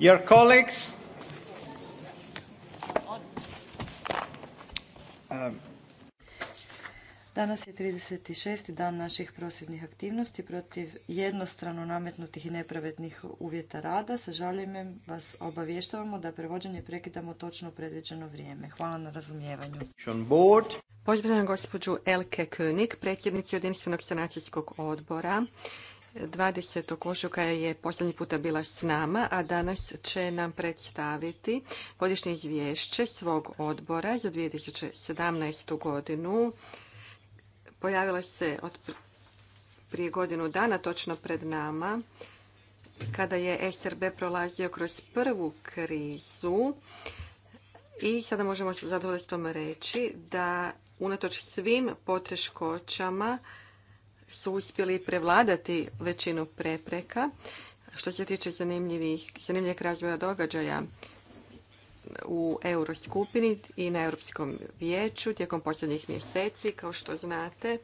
Your colleagues. Um. Danas je 36. dan naših prosjednih aktivnosti protiv jednostrano nametnutih i nepravednih uvjeta rada. Sa žaljenjem vas obavještavamo da prevođenje prekidamo točno predviđeno vrijeme. Hvala na razumijevanju. Pozdravljam gospođu Elke König, predsjednici Jedinstvenog sanacijskog odbora. 20. ožujka je posljednji puta bila s nama, a danas će nam predstaviti godišnje izvješće svog odbora za 2017. godinu. Pojavila se od prije godinu dana točno pred nama kada je SRB prolazio kroz prvu krizu i sada možemo sa zadovoljstvom reći da unatoč svim potreškoćama su uspjeli prevladati većinu prepreka. Što se tiče zanimljivih, razvoja događaja u Euroskupini i na Europskom vijeću tijekom posljednjih mjeseci, kao što znate,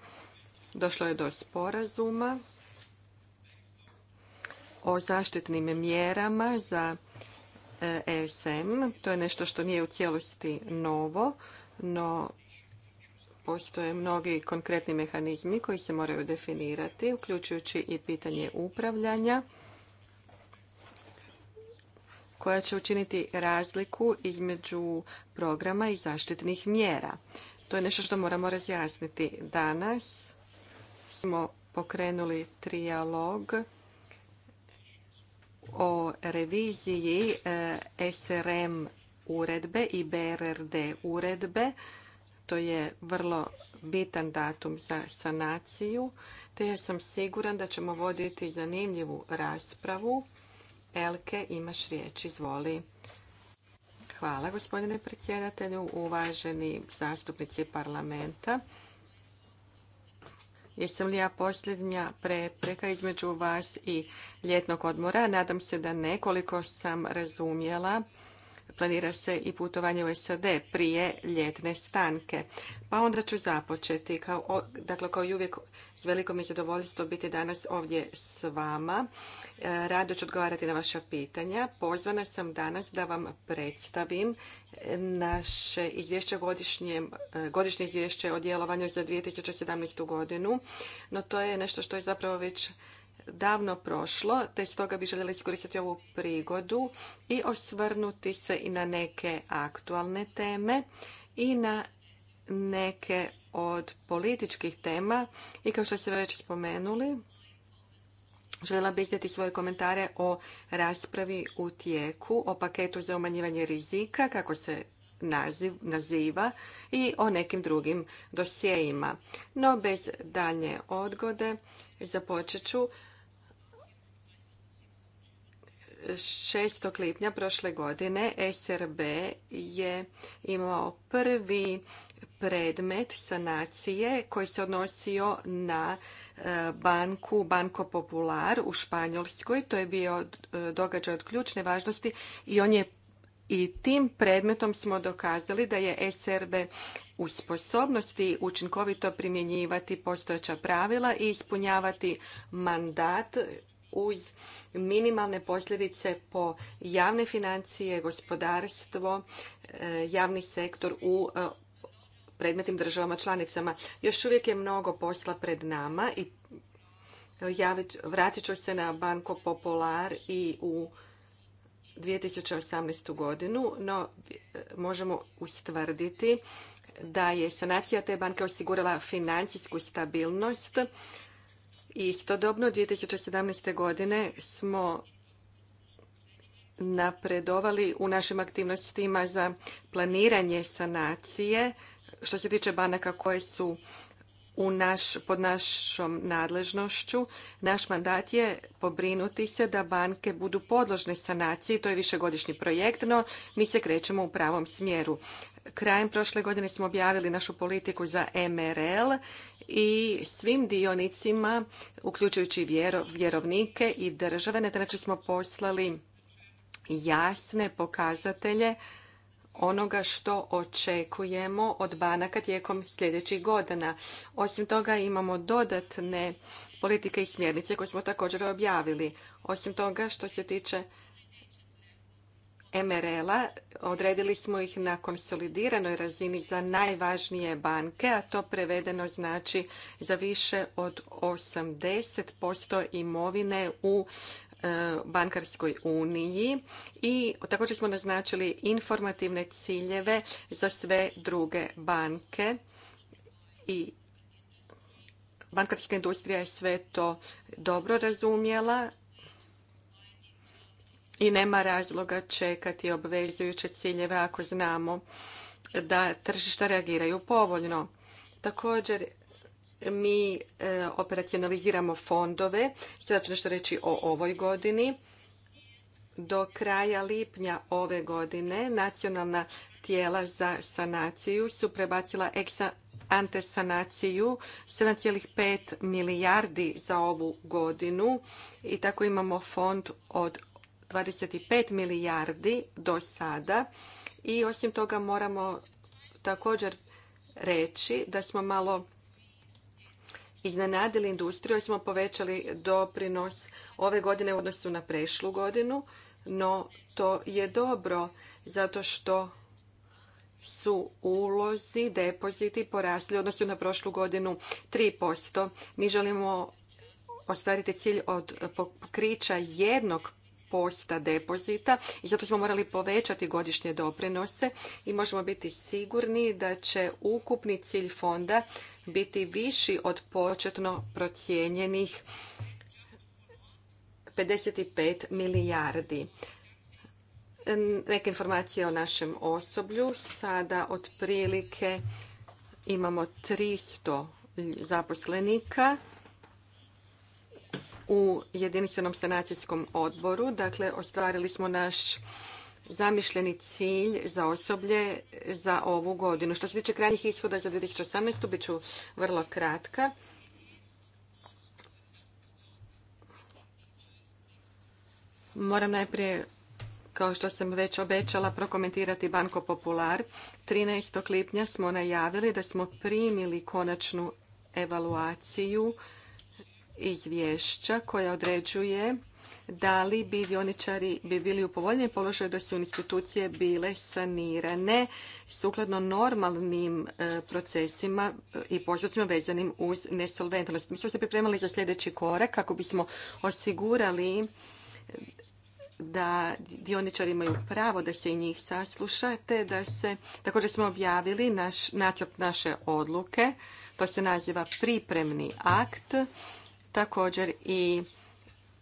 došlo je do sporazuma o zaštitnim mjerama za ESM. E to je nešto što nije u cijelosti novo, no postoje mnogi konkretni mehanizmi koji se moraju definirati, uključujući i pitanje upravljanja koja će učiniti razliku između programa i zaštitnih mjera. To je nešto što moramo razjasniti. Danas smo pokrenuli trijalog o reviziji eh, SRM uredbe i BRRD uredbe to je vrlo bitan datum za sanaciju, te ja sam siguran da ćemo voditi zanimljivu raspravu. Elke, imaš riječ, izvoli. Hvala, gospodine predsjedatelju, uvaženi zastupnici parlamenta. Jesam li ja posljednja prepreka između vas i ljetnog odmora? Nadam se da nekoliko sam razumjela planira se i putovanje u SAD prije ljetne stanke. Pa onda ću započeti. Kao, dakle, kao i uvijek s velikom zadovoljstvom biti danas ovdje s vama. E, rado ću odgovarati na vaša pitanja. Pozvana sam danas da vam predstavim naše izvješće godišnje, e, godišnje izvješće o djelovanju za 2017. godinu, no to je nešto što je zapravo već davno prošlo, te stoga bi željela iskoristiti ovu prigodu i osvrnuti se i na neke aktualne teme i na neke od političkih tema i kao što ste već spomenuli, Željela bih iznijeti svoje komentare o raspravi u tijeku, o paketu za umanjivanje rizika, kako se naziva, i o nekim drugim dosjejima. No, bez daljnje odgode započet ću 6. lipnja prošle godine SRB je imao prvi predmet sanacije koji se odnosio na e, banku Banco Popular u Španjolskoj. To je bio e, događaj od ključne važnosti i on je i tim predmetom smo dokazali da je SRB u sposobnosti učinkovito primjenjivati postojeća pravila i ispunjavati mandat uz minimalne posljedice po javne financije, gospodarstvo, e, javni sektor u e, predmetnim državama članicama. Još uvijek je mnogo posla pred nama i e, vratit ću se na Banko Popular i u 2018. godinu, no možemo ustvrditi da je sanacija te banke osigurala financijsku stabilnost Istodobno 2017. godine smo napredovali u našim aktivnostima za planiranje sanacije što se tiče banaka koje su u pod našom nadležnošću. Naš mandat je pobrinuti se da banke budu podložne sanaciji. To je višegodišnji projekt, no mi se krećemo u pravom smjeru. Krajem prošle godine smo objavili našu politiku za MRL i svim dionicima, uključujući vjerovnike i države, znači smo poslali jasne pokazatelje onoga što očekujemo od banaka tijekom sljedećih godina. Osim toga imamo dodatne politike i smjernice koje smo također objavili. Osim toga što se tiče MRL-a odredili smo ih na konsolidiranoj razini za najvažnije banke, a to prevedeno znači za više od 80% imovine u E, bankarskoj uniji i također smo naznačili informativne ciljeve za sve druge banke i bankarska industrija je sve to dobro razumjela i nema razloga čekati obvezujuće ciljeve ako znamo da tržišta reagiraju povoljno. Također mi e, operacionaliziramo fondove. Sada ću nešto reći o ovoj godini. Do kraja lipnja ove godine nacionalna tijela za sanaciju su prebacila antesanaciju sanaciju 7,5 milijardi za ovu godinu i tako imamo fond od 25 milijardi do sada i osim toga moramo također reći da smo malo iznenadili industriju jer smo povećali doprinos ove godine u odnosu na prešlu godinu, no to je dobro zato što su ulozi, depoziti porasli u odnosu na prošlu godinu 3%. Mi želimo ostvariti cilj od pokrića jednog posta depozita i zato smo morali povećati godišnje doprinose i možemo biti sigurni da će ukupni cilj fonda biti viši od početno procijenjenih 55 milijardi. Neke informacije o našem osoblju. Sada otprilike imamo 300 zaposlenika u jedinstvenom sanacijskom odboru. Dakle, ostvarili smo naš zamišljeni cilj za osoblje za ovu godinu. Što se tiče krajnjih ishoda za 2018. bit ću vrlo kratka. Moram najprije, kao što sam već obećala, prokomentirati Banko Popular. 13. lipnja smo najavili da smo primili konačnu evaluaciju izvješća koja određuje da li bi dioničari bi bili u povoljnijem položaju da su institucije bile sanirane sukladno normalnim e, procesima e, i postupcima vezanim uz nesolventnost. Mi smo se pripremali za sljedeći korak kako bismo osigurali e, da dioničari imaju pravo da se i njih saslušate. da se, također smo objavili naš nacrt naše odluke, to se naziva pripremni akt, također i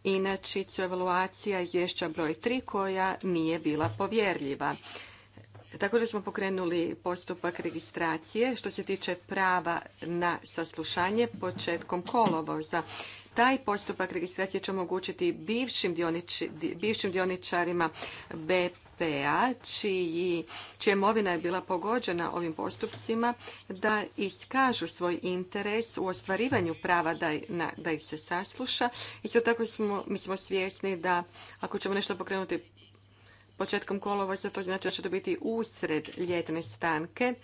inačicu evaluacija izvješća broj 3 koja nije bila povjerljiva. Također smo pokrenuli postupak registracije što se tiče prava na saslušanje početkom kolovoza. Taj postupak registracije će omogućiti bivšim dioničarima BP čije a čija imovina je bila pogođena ovim postupcima, da iskažu svoj interes u ostvarivanju prava da, ih se sasluša. Isto tako mi smo svjesni da ako ćemo nešto pokrenuti početkom kolovoza, to znači da će to biti usred ljetne stanke.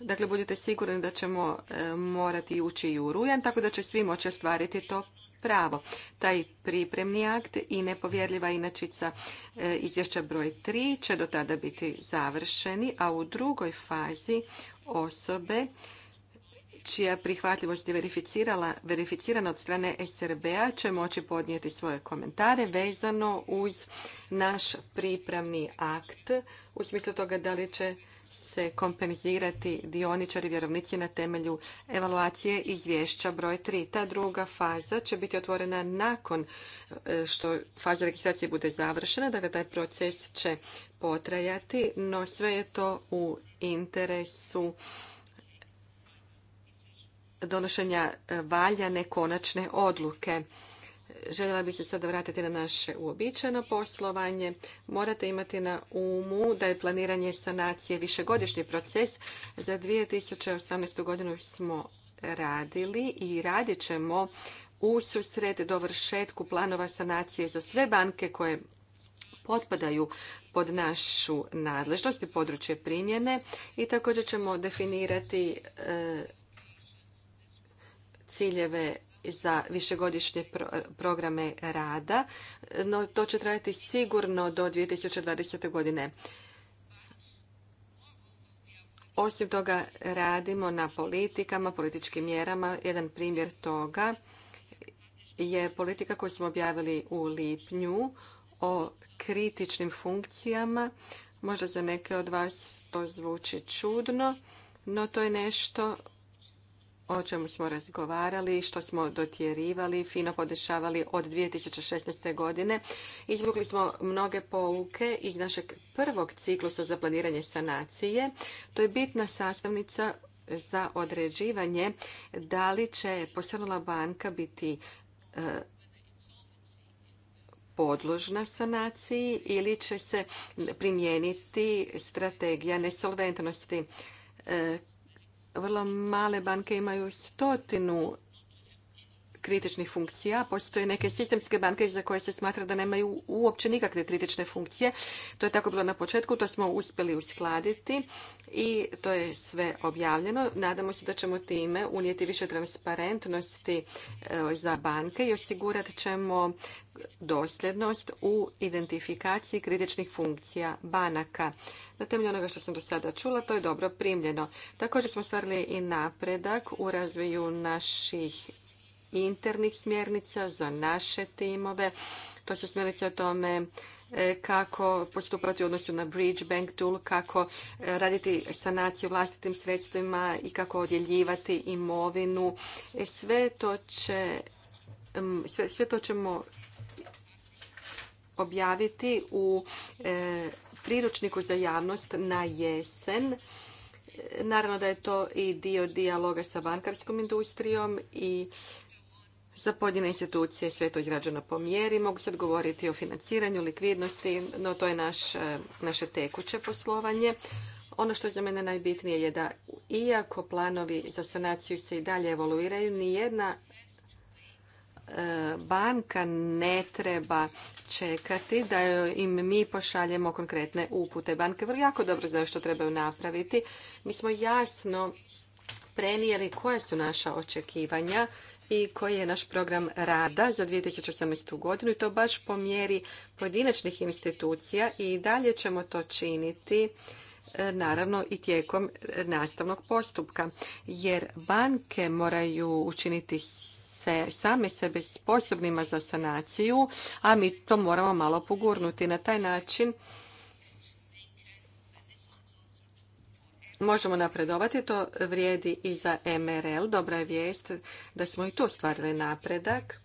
Dakle, budite sigurni da ćemo e, morati ući i u rujan, tako da će svi moći ostvariti to pravo. Taj pripremni akt i nepovjerljiva inačica e, izvješća broj 3 će do tada biti završeni, a u drugoj fazi osobe čija prihvatljivost je verificirana od strane SRB-a će moći podnijeti svoje komentare vezano uz naš pripravni akt u smislu toga da li će se kompenzirati dioničari vjerovnici na temelju evaluacije izvješća broj 3. Ta druga faza će biti otvorena nakon e, što faza registracije bude završena, dakle taj proces će potrajati, no sve je to u interesu donošenja valjane konačne odluke. Željela bi se sada vratiti na naše uobičajeno poslovanje. Morate imati na umu da je planiranje sanacije višegodišnji proces. Za 2018. godinu smo radili i radit ćemo u susret dovršetku planova sanacije za sve banke koje potpadaju pod našu nadležnost i područje primjene i također ćemo definirati e, ciljeve za višegodišnje programe rada, no to će trajati sigurno do 2020. godine. Osim toga radimo na politikama, političkim mjerama. Jedan primjer toga je politika koju smo objavili u lipnju o kritičnim funkcijama. Možda za neke od vas to zvuči čudno, no to je nešto o čemu smo razgovarali, što smo dotjerivali, fino podešavali od 2016. godine. Izvukli smo mnoge pouke iz našeg prvog ciklusa za planiranje sanacije. To je bitna sastavnica za određivanje da li će posrnula banka biti e, podložna sanaciji ili će se primijeniti strategija nesolventnosti e, vrlo male banke imaju stotinu kritičnih funkcija. Postoje neke sistemske banke za koje se smatra da nemaju uopće nikakve kritične funkcije. To je tako bilo na početku, to smo uspjeli uskladiti i to je sve objavljeno. Nadamo se da ćemo time unijeti više transparentnosti e, za banke i osigurat ćemo dosljednost u identifikaciji kritičnih funkcija banaka. Na temelju onoga što sam do sada čula, to je dobro primljeno. Također smo stvarili i napredak u razvoju naših internih smjernica za naše timove. To su smjernice o tome e, kako postupati u odnosu na Bridge Bank Tool, kako e, raditi sanaciju vlastitim sredstvima i kako odjeljivati imovinu. E, sve to, sve to ćemo objaviti u priručniku za javnost na jesen. Naravno da je to i dio dijaloga sa bankarskom industrijom i za pojedine institucije, sve to izrađeno po mjeri. Mogu sad govoriti o financiranju, likvidnosti, no to je naš, e, naše tekuće poslovanje. Ono što je za mene najbitnije je da iako planovi za sanaciju se i dalje evoluiraju, nijedna e, banka ne treba čekati da im mi pošaljemo konkretne upute. Banke vrlo jako dobro znaju što trebaju napraviti. Mi smo jasno prenijeli koje su naša očekivanja i koji je naš program rada za 2018. godinu i to baš po mjeri pojedinačnih institucija i dalje ćemo to činiti e, naravno i tijekom nastavnog postupka jer banke moraju učiniti se same sebe sposobnima za sanaciju, a mi to moramo malo pogurnuti. Na taj način možemo napredovati, to vrijedi i za MRL. Dobra je vijest da smo i tu ostvarili napredak.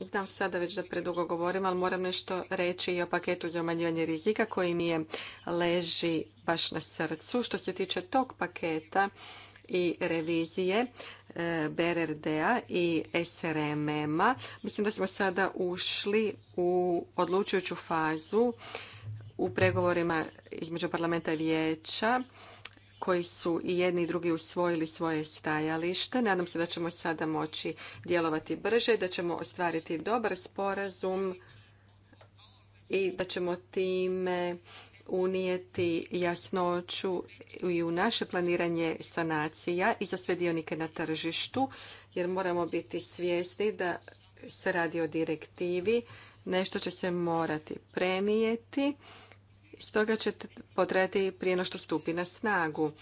Znam sada već da predugo govorim, ali moram nešto reći i o paketu za umanjivanje rizika koji mi je leži baš na srcu. Što se tiče tog paketa i revizije e, BRRD-a i SRMM-a, mislim da smo sada ušli u odlučujuću fazu u pregovorima između parlamenta i vijeća koji su i jedni i drugi usvojili svoje stajalište. Nadam se da ćemo sada moći djelovati brže, da ćemo ostvariti dobar sporazum i da ćemo time unijeti jasnoću i u naše planiranje sanacija i za sve dionike na tržištu, jer moramo biti svjesni da se radi o direktivi, nešto će se morati prenijeti stoga će potrajati prije no što stupi na snagu.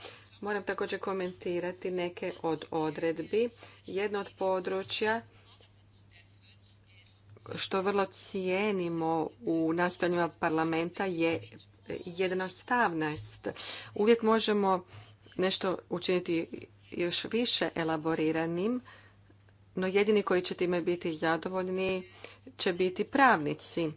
Moram također komentirati neke od odredbi. Jedno od područja što vrlo cijenimo u nastojanjima parlamenta je jednostavnost. Uvijek možemo nešto učiniti još više elaboriranim, no jedini koji će time biti zadovoljni će biti pravnici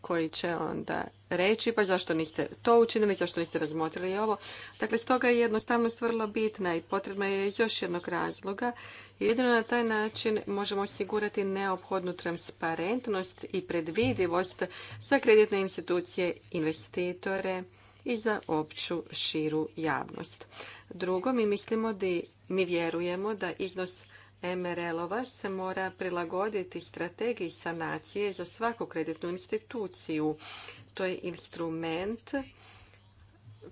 koji će onda reći, pa zašto niste to učinili, zašto niste razmotrili ovo. Dakle, stoga je jednostavnost vrlo bitna i potrebna je iz još jednog razloga. Jedino na taj način možemo osigurati neophodnu transparentnost i predvidivost za kreditne institucije, investitore i za opću širu javnost. Drugo, mi mislimo da mi vjerujemo da iznos MRL-ova se mora prilagoditi strategiji sanacije za svaku kreditnu instituciju. To je instrument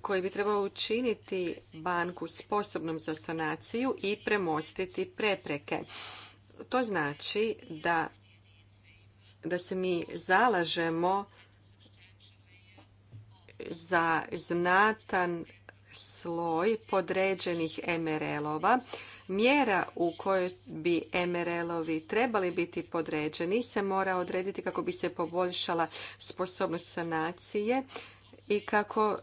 koji bi trebao učiniti banku sposobnom za sanaciju i premostiti prepreke. To znači da, da se mi zalažemo za znatan sloj podređenih MRL-ova Mjera u kojoj bi MRL-ovi trebali biti podređeni se mora odrediti kako bi se poboljšala sposobnost sanacije i kako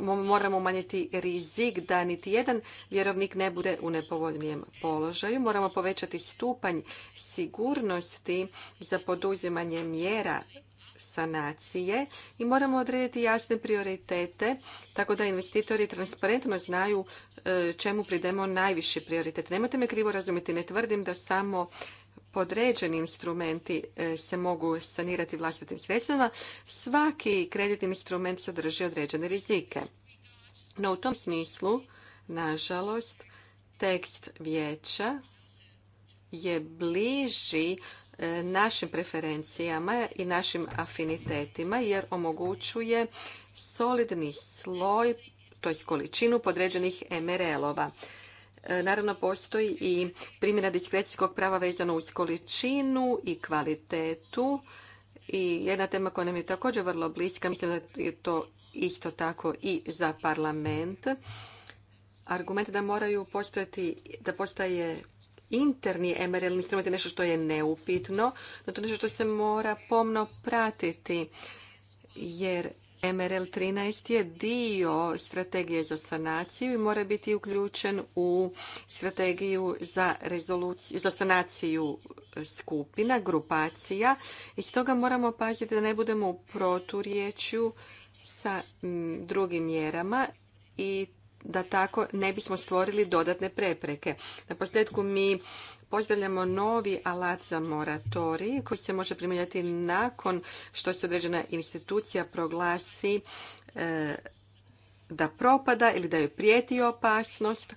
moramo, umanjiti rizik da niti jedan vjerovnik ne bude u nepovoljnijem položaju. Moramo povećati stupanj sigurnosti za poduzimanje mjera sanacije i moramo odrediti jasne prioritete tako da investitori transparentno znaju E, čemu pridemo najviši prioritet. Nemojte me krivo razumjeti, ne tvrdim da samo podređeni instrumenti e, se mogu sanirati vlastitim sredstvima. Svaki kreditni instrument sadrži određene rizike. No u tom smislu, nažalost, tekst vijeća je bliži e, našim preferencijama i našim afinitetima jer omogućuje solidni sloj to količinu podređenih MRL-ova. E, naravno, postoji i primjena diskrecijskog prava vezano uz količinu i kvalitetu. I jedna tema koja nam je također vrlo bliska, mislim da je to isto tako i za parlament. Argument da moraju postojati, da postaje interni MRL instrument je nešto što je neupitno, no to nešto što se mora pomno pratiti, jer MRL 13 je dio strategije za sanaciju i mora biti uključen u strategiju za, za sanaciju skupina, grupacija i stoga moramo paziti da ne budemo u proturječju sa drugim mjerama i da tako ne bismo stvorili dodatne prepreke. Na posljedku mi pozdravljamo novi alat za moratorij koji se može primijeniti nakon što se određena institucija proglasi e, da propada ili da joj prijeti opasnost,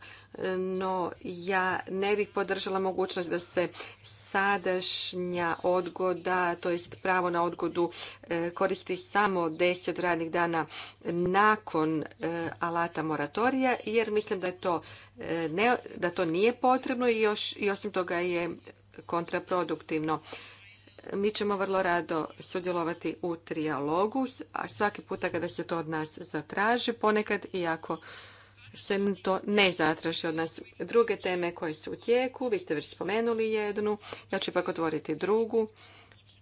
no ja ne bih podržala mogućnost da se sadašnja odgoda, to jest pravo na odgodu e, koristi samo 10 radnih dana nakon e, alata moratorija, jer mislim da, je to, e, da to nije potrebno i, još, i osim toga je kontraproduktivno. Mi ćemo vrlo rado sudjelovati u trijalogu, a svaki puta kada se to od nas zatraži, ponekad i ako se to ne zatraži od nas. Druge teme koje su u tijeku, vi ste već spomenuli jednu, ja ću ipak otvoriti drugu.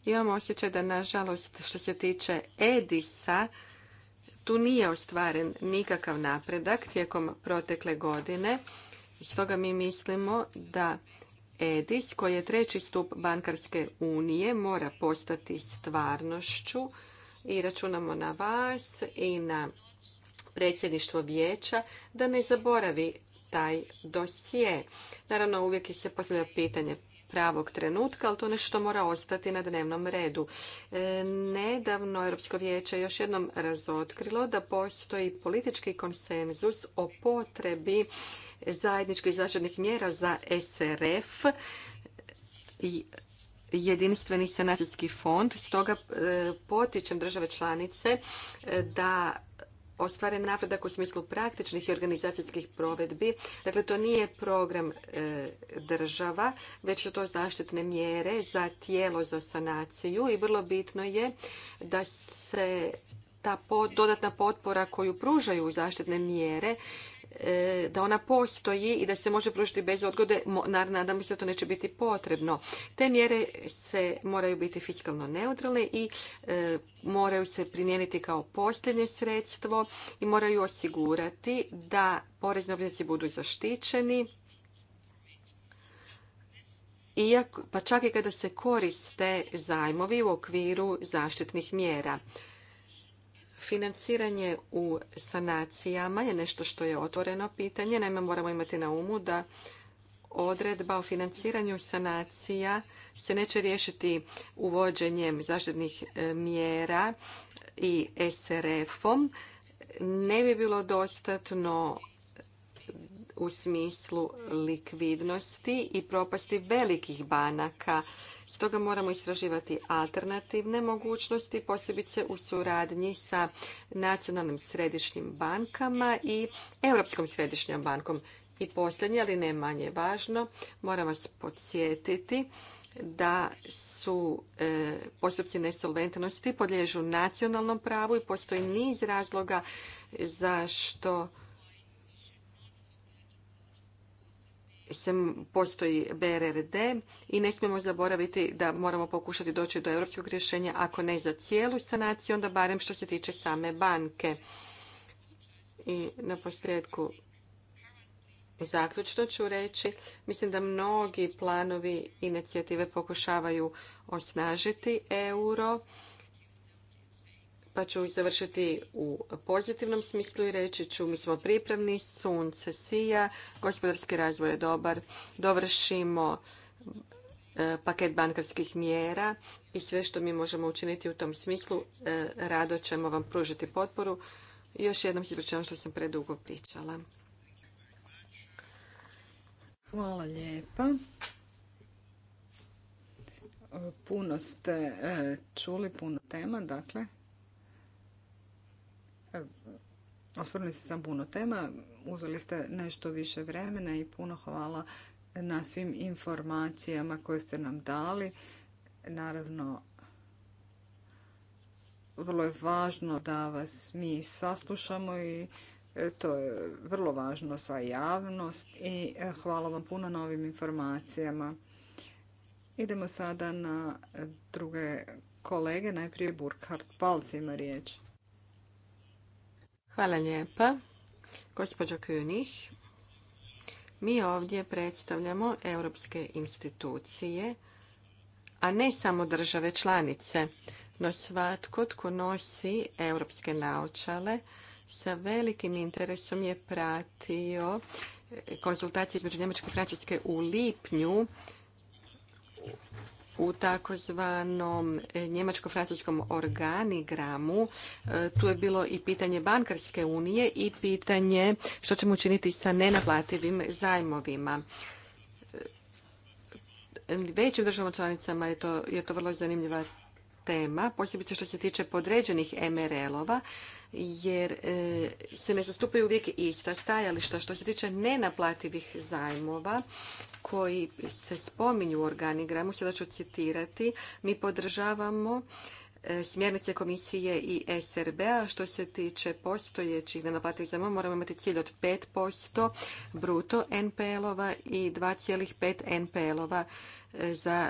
Imam osjećaj da, nažalost, što se tiče Edisa, tu nije ostvaren nikakav napredak tijekom protekle godine. Stoga mi mislimo da EDIS, koji je treći stup bankarske unije, mora postati stvarnošću i računamo na vas i na predsjedništvo vijeća da ne zaboravi taj dosje. Naravno, uvijek se postavlja pitanje pravog trenutka, ali to nešto mora ostati na dnevnom redu. E, nedavno Europsko vijeće još jednom razotkrilo da postoji politički konsenzus o potrebi zajedničkih zaštitnih mjera za SRF i jedinstveni sanacijski fond. Stoga e, potičem države članice e, da ostvaren napredak u smislu praktičnih i organizacijskih provedbi. Dakle, to nije program e, država, već su to zaštitne mjere za tijelo za sanaciju i vrlo bitno je da se ta dodatna potpora koju pružaju zaštitne mjere E, da ona postoji i da se može pružiti bez odgode, naravno nadam se da to neće biti potrebno. Te mjere se moraju biti fiskalno neutralne i e, moraju se primijeniti kao posljednje sredstvo i moraju osigurati da porezni obveznici budu zaštićeni pa čak i kada se koriste zajmovi u okviru zaštitnih mjera. Financiranje u sanacijama je nešto što je otvoreno pitanje. Naime, moramo imati na umu da odredba o financiranju sanacija se neće riješiti uvođenjem zaštitnih e, mjera i SRF-om. Ne bi bilo dostatno u smislu likvidnosti i propasti velikih banaka. Stoga moramo istraživati alternativne mogućnosti, posebice u suradnji sa nacionalnim središnjim bankama i Europskom središnjom bankom. I posljednje, ali ne manje važno, moram vas podsjetiti da su e, postupci nesolventnosti podliježu nacionalnom pravu i postoji niz razloga zašto se postoji BRRD i ne smijemo zaboraviti da moramo pokušati doći do europskog rješenja, ako ne za cijelu sanaciju, onda barem što se tiče same banke. I na posljedku zaključno ću reći, mislim da mnogi planovi inicijative pokušavaju osnažiti euro pa ću završiti u pozitivnom smislu i reći ću mi smo pripravni, sunce sija, gospodarski razvoj je dobar, dovršimo e, paket bankarskih mjera i sve što mi možemo učiniti u tom smislu, e, rado ćemo vam pružiti potporu. Još jednom se pričavam što sam predugo pričala. Hvala lijepa. Puno ste e, čuli, puno tema, dakle. Ehm, Osvrnili ste sam puno tema, uzeli ste nešto više vremena i puno hvala na svim informacijama koje ste nam dali. Naravno, vrlo je važno da vas mi saslušamo i e, to je vrlo važno za javnost i e, hvala vam puno na ovim informacijama. Idemo sada na druge kolege, najprije Burkhard Palci ima riječ. Hvala lijepa. Gospođo Kunih. mi ovdje predstavljamo europske institucije, a ne samo države članice, no svatko tko nosi europske naočale sa velikim interesom je pratio konzultacije između Njemačke i Francuske u lipnju u takozvanom e, njemačko-francuskom organigramu. E, tu je bilo i pitanje bankarske unije i pitanje što ćemo učiniti sa nenaplativim zajmovima. E, većim državama članicama je to, je to vrlo zanimljiva tema, posebice što se tiče podređenih MRL-ova jer e, se ne zastupaju uvijek ista stajališta. Što se tiče nenaplativih zajmova koji se spominju u organigramu, sada ću citirati, mi podržavamo e, smjernice komisije i SRB-a. Što se tiče postojećih nenaplativih zajmova, moramo imati cilj od 5% bruto NPL-ova i 2,5 NPL-ova e, za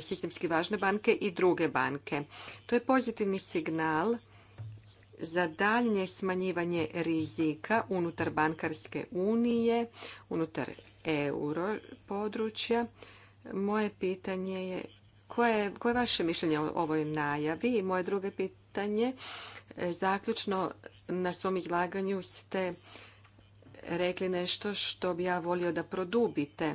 sistemski važne banke i druge banke. To je pozitivni signal za daljnje smanjivanje rizika unutar bankarske unije, unutar euro područja. Moje pitanje je koje, je vaše mišljenje o ovoj najavi? I moje druge pitanje, e, zaključno na svom izlaganju ste rekli nešto što bi ja volio da produbite.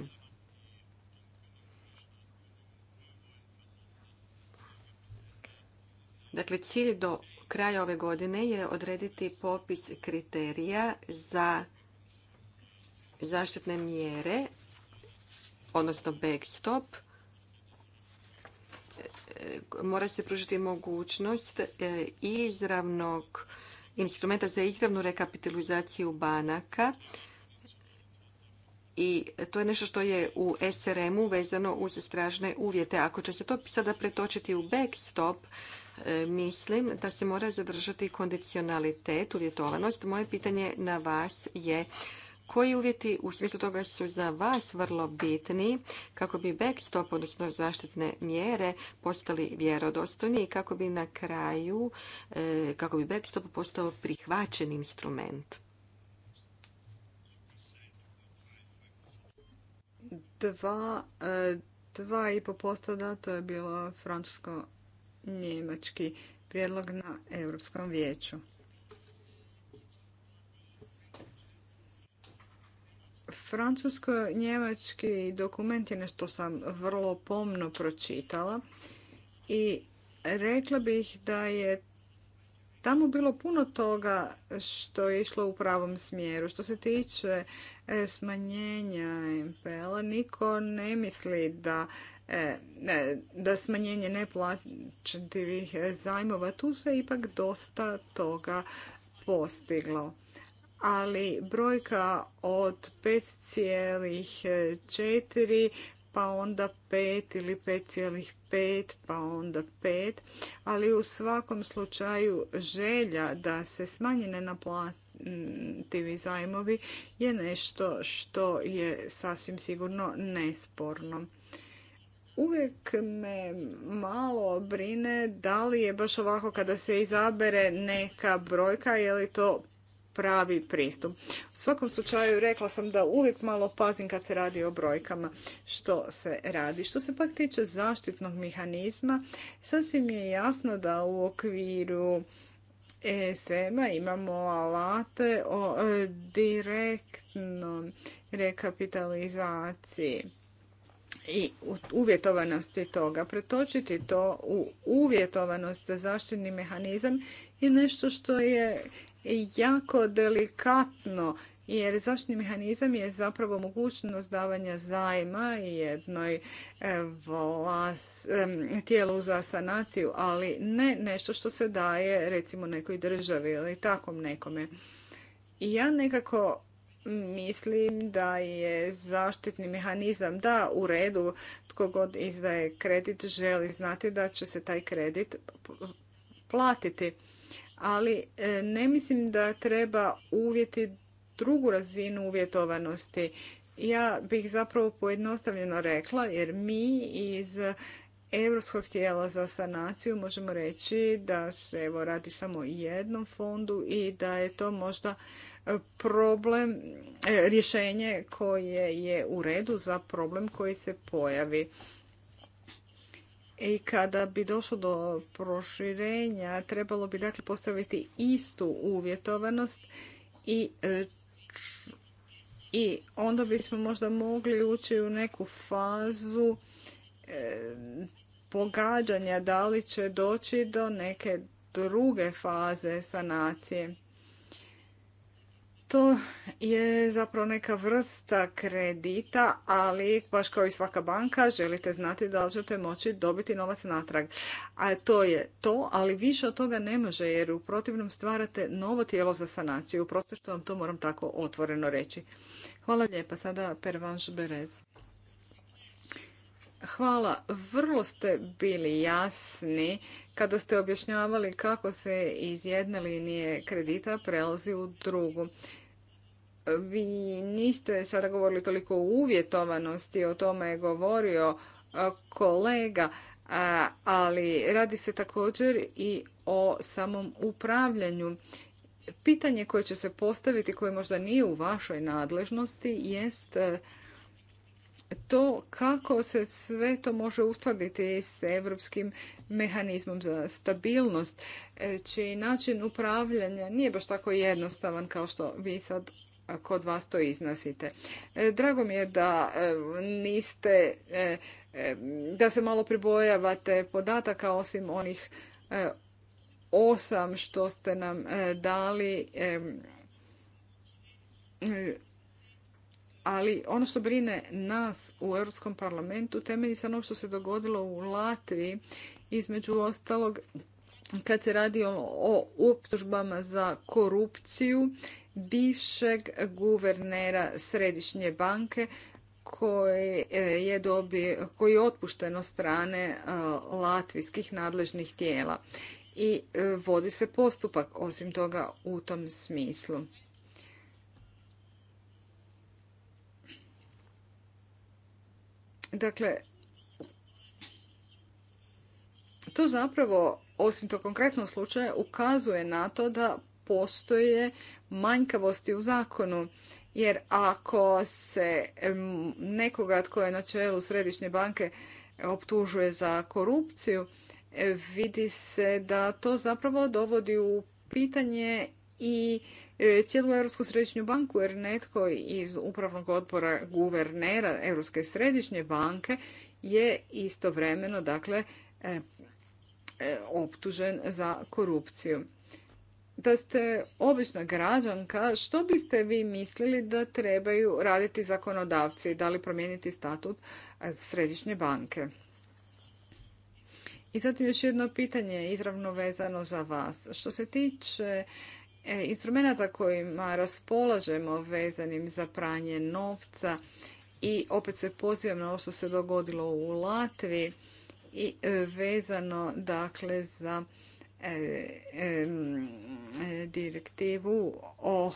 Dakle, cilj do Kraja ove godine je odrediti popis kriterija za zaštitne mjere, odnosno backstop. E, mora se pružiti mogućnost e, izravnog instrumenta za izravnu rekapitalizaciju banaka i to je nešto što je u SRM-u vezano uz stražne uvjete. Ako će se to sada pretočiti u backstop, E, mislim da se mora zadržati kondicionalitet, uvjetovanost. Moje pitanje na vas je koji uvjeti u smislu toga su za vas vrlo bitni kako bi backstop, odnosno zaštitne mjere, postali vjerodostojni i kako bi na kraju, e, kako bi backstop postao prihvaćen instrument? E, posto da, to je bilo francusko njemački prijedlog na Europskom vijeću. Francusko-njemački dokument je nešto sam vrlo pomno pročitala i rekla bih da je tamo bilo puno toga što je išlo u pravom smjeru. Što se tiče e, smanjenja MPL-a, niko ne misli da E, e, da smanjenje neplaćenih zajmova, tu se ipak dosta toga postiglo. Ali brojka od 5,4 pa onda 5 ili 5,5 pa onda 5, ali u svakom slučaju želja da se smanji nenaplativi zajmovi je nešto što je sasvim sigurno nesporno. Uvijek me malo brine da li je baš ovako kada se izabere neka brojka, je li to pravi pristup. U svakom slučaju rekla sam da uvijek malo pazim kad se radi o brojkama što se radi. Što se pak tiče zaštitnog mehanizma, sasvim je jasno da u okviru ESM-a imamo alate o e, direktnom rekapitalizaciji i uvjetovanosti toga. Pretočiti to u uvjetovanost za zaštitni mehanizam je nešto što je jako delikatno jer zaštitni mehanizam je zapravo mogućnost davanja zajma jednoj e, vlas, tijelu za sanaciju, ali ne nešto što se daje recimo nekoj državi ili takvom nekome. I ja nekako mislim da je zaštitni mehanizam da u redu tko god izdaje kredit želi znati da će se taj kredit platiti. Ali e, ne mislim da treba uvjeti drugu razinu uvjetovanosti. Ja bih zapravo pojednostavljeno rekla jer mi iz Europskog tijela za sanaciju možemo reći da se evo radi samo o jednom fondu i da je to možda problem, e, rješenje koje je u redu za problem koji se pojavi. I kada bi došlo do proširenja, trebalo bi dakle postaviti istu uvjetovanost i e, i onda bismo možda mogli ući u neku fazu e, pogađanja da li će doći do neke druge faze sanacije. To je zapravo neka vrsta kredita, ali baš kao i svaka banka želite znati da li ćete moći dobiti novac natrag. A to je to, ali više od toga ne može jer u protivnom stvarate novo tijelo za sanaciju. Prosto što vam to moram tako otvoreno reći. Hvala lijepa. Sada Pervanš Berez. Hvala, vrlo ste bili jasni kada ste objašnjavali kako se iz jedne linije kredita prelazi u drugu. Vi niste sada govorili toliko o uvjetovanosti, o tome je govorio kolega, ali radi se također i o samom upravljanju. Pitanje koje će se postaviti, koje možda nije u vašoj nadležnosti, jest to kako se sve to može uskladiti s europskim mehanizmom za stabilnost, e, čiji način upravljanja nije baš tako jednostavan kao što vi sad kod vas to iznosite. E, drago mi je da e, niste, da se malo pribojavate podataka osim onih osam što ste nam dali ali ono što brine nas u Europskom parlamentu temelji se ono što se dogodilo u Latviji između ostalog kad se radi o optužbama za korupciju bivšeg guvernera Središnje banke koji e, je, koji je otpušten od strane e, latvijskih nadležnih tijela i e, vodi se postupak osim toga u tom smislu. Dakle, to zapravo, osim to konkretnog slučaja, ukazuje na to da postoje manjkavosti u zakonu. Jer ako se nekoga tko je na čelu središnje banke optužuje za korupciju, vidi se da to zapravo dovodi u pitanje i e, cijelu Europsku središnju banku jer netko iz upravnog odbora guvernera Europske središnje banke je istovremeno dakle e, e, optužen za korupciju. Da ste obična građanka, što biste vi mislili da trebaju raditi zakonodavci? Da li promijeniti statut Središnje banke? I zatim još jedno pitanje izravno vezano za vas. Što se tiče E, instrumenta kojima raspolažemo vezanim za pranje novca i opet se pozivam na ovo što se dogodilo u Latviji i e, vezano dakle za e, direktivu o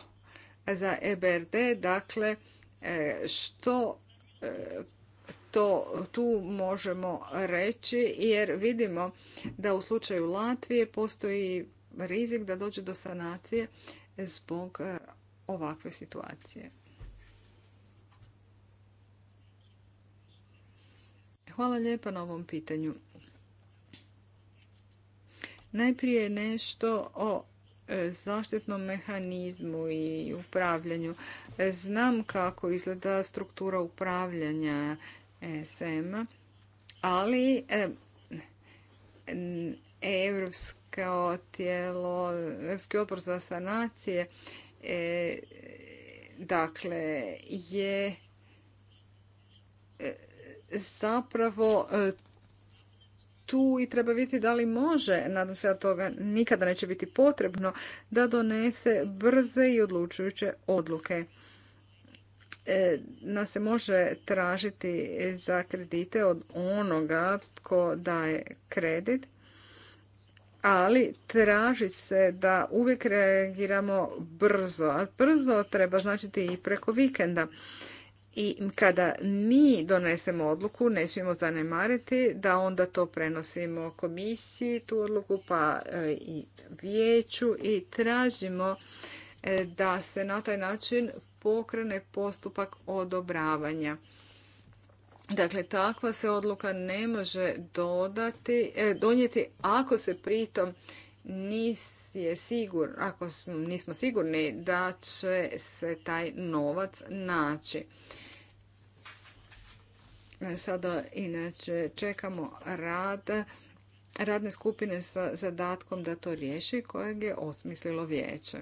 za EBRD, dakle što to tu možemo reći jer vidimo da u slučaju Latvije postoji rizik da dođe do sanacije zbog e, ovakve situacije. Hvala lijepa na ovom pitanju. Najprije nešto o e, zaštitnom mehanizmu i upravljanju. E, znam kako izgleda struktura upravljanja sm ali Evropska kao tijelo, Europski odbor za sanacije, e, dakle, je e, zapravo e, tu i treba vidjeti da li može, nadam se da toga nikada neće biti potrebno, da donese brze i odlučujuće odluke. Nas se može tražiti za kredite od onoga tko daje kredit, ali traži se da uvijek reagiramo brzo, a brzo treba značiti i preko vikenda. I kada mi donesemo odluku, ne smijemo zanemariti da onda to prenosimo komisiji, tu odluku pa e, i vijeću i tražimo e, da se na taj način pokrene postupak odobravanja. Dakle, takva se odluka ne može dodati, e, donijeti ako se pritom nisi je sigur, ako nismo sigurni da će se taj novac naći. E, sada inače čekamo rad radne skupine sa zadatkom da to riješi kojeg je osmislilo vijeće.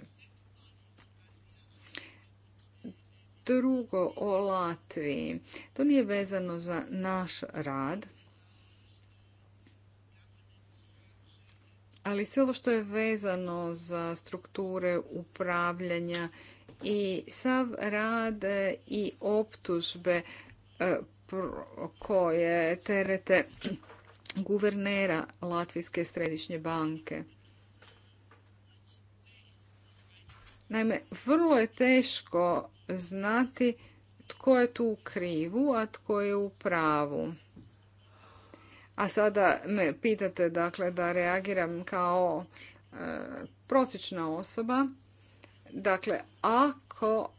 drugo o Latviji. To nije vezano za naš rad, ali sve ovo što je vezano za strukture upravljanja i sav rad i optužbe e, koje terete guvernera Latvijske središnje banke. Naime, vrlo je teško znati tko je tu u krivu, a tko je u pravu. A sada me pitate dakle, da reagiram kao e, prosječna osoba. Dakle, ako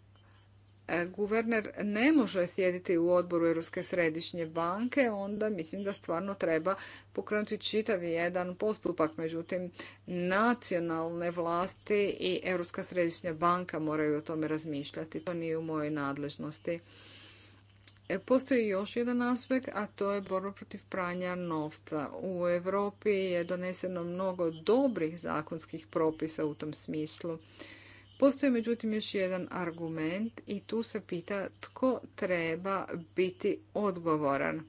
E, guverner ne može sjediti u odboru Europske središnje banke, onda mislim da stvarno treba pokrenuti čitav jedan postupak. Međutim, nacionalne vlasti i Europska središnja banka moraju o tome razmišljati. To nije u mojoj nadležnosti. E, postoji još jedan aspekt, a to je borba protiv pranja novca. U Europi je doneseno mnogo dobrih zakonskih propisa u tom smislu. Postoji međutim još jedan argument i tu se pita tko treba biti odgovoran.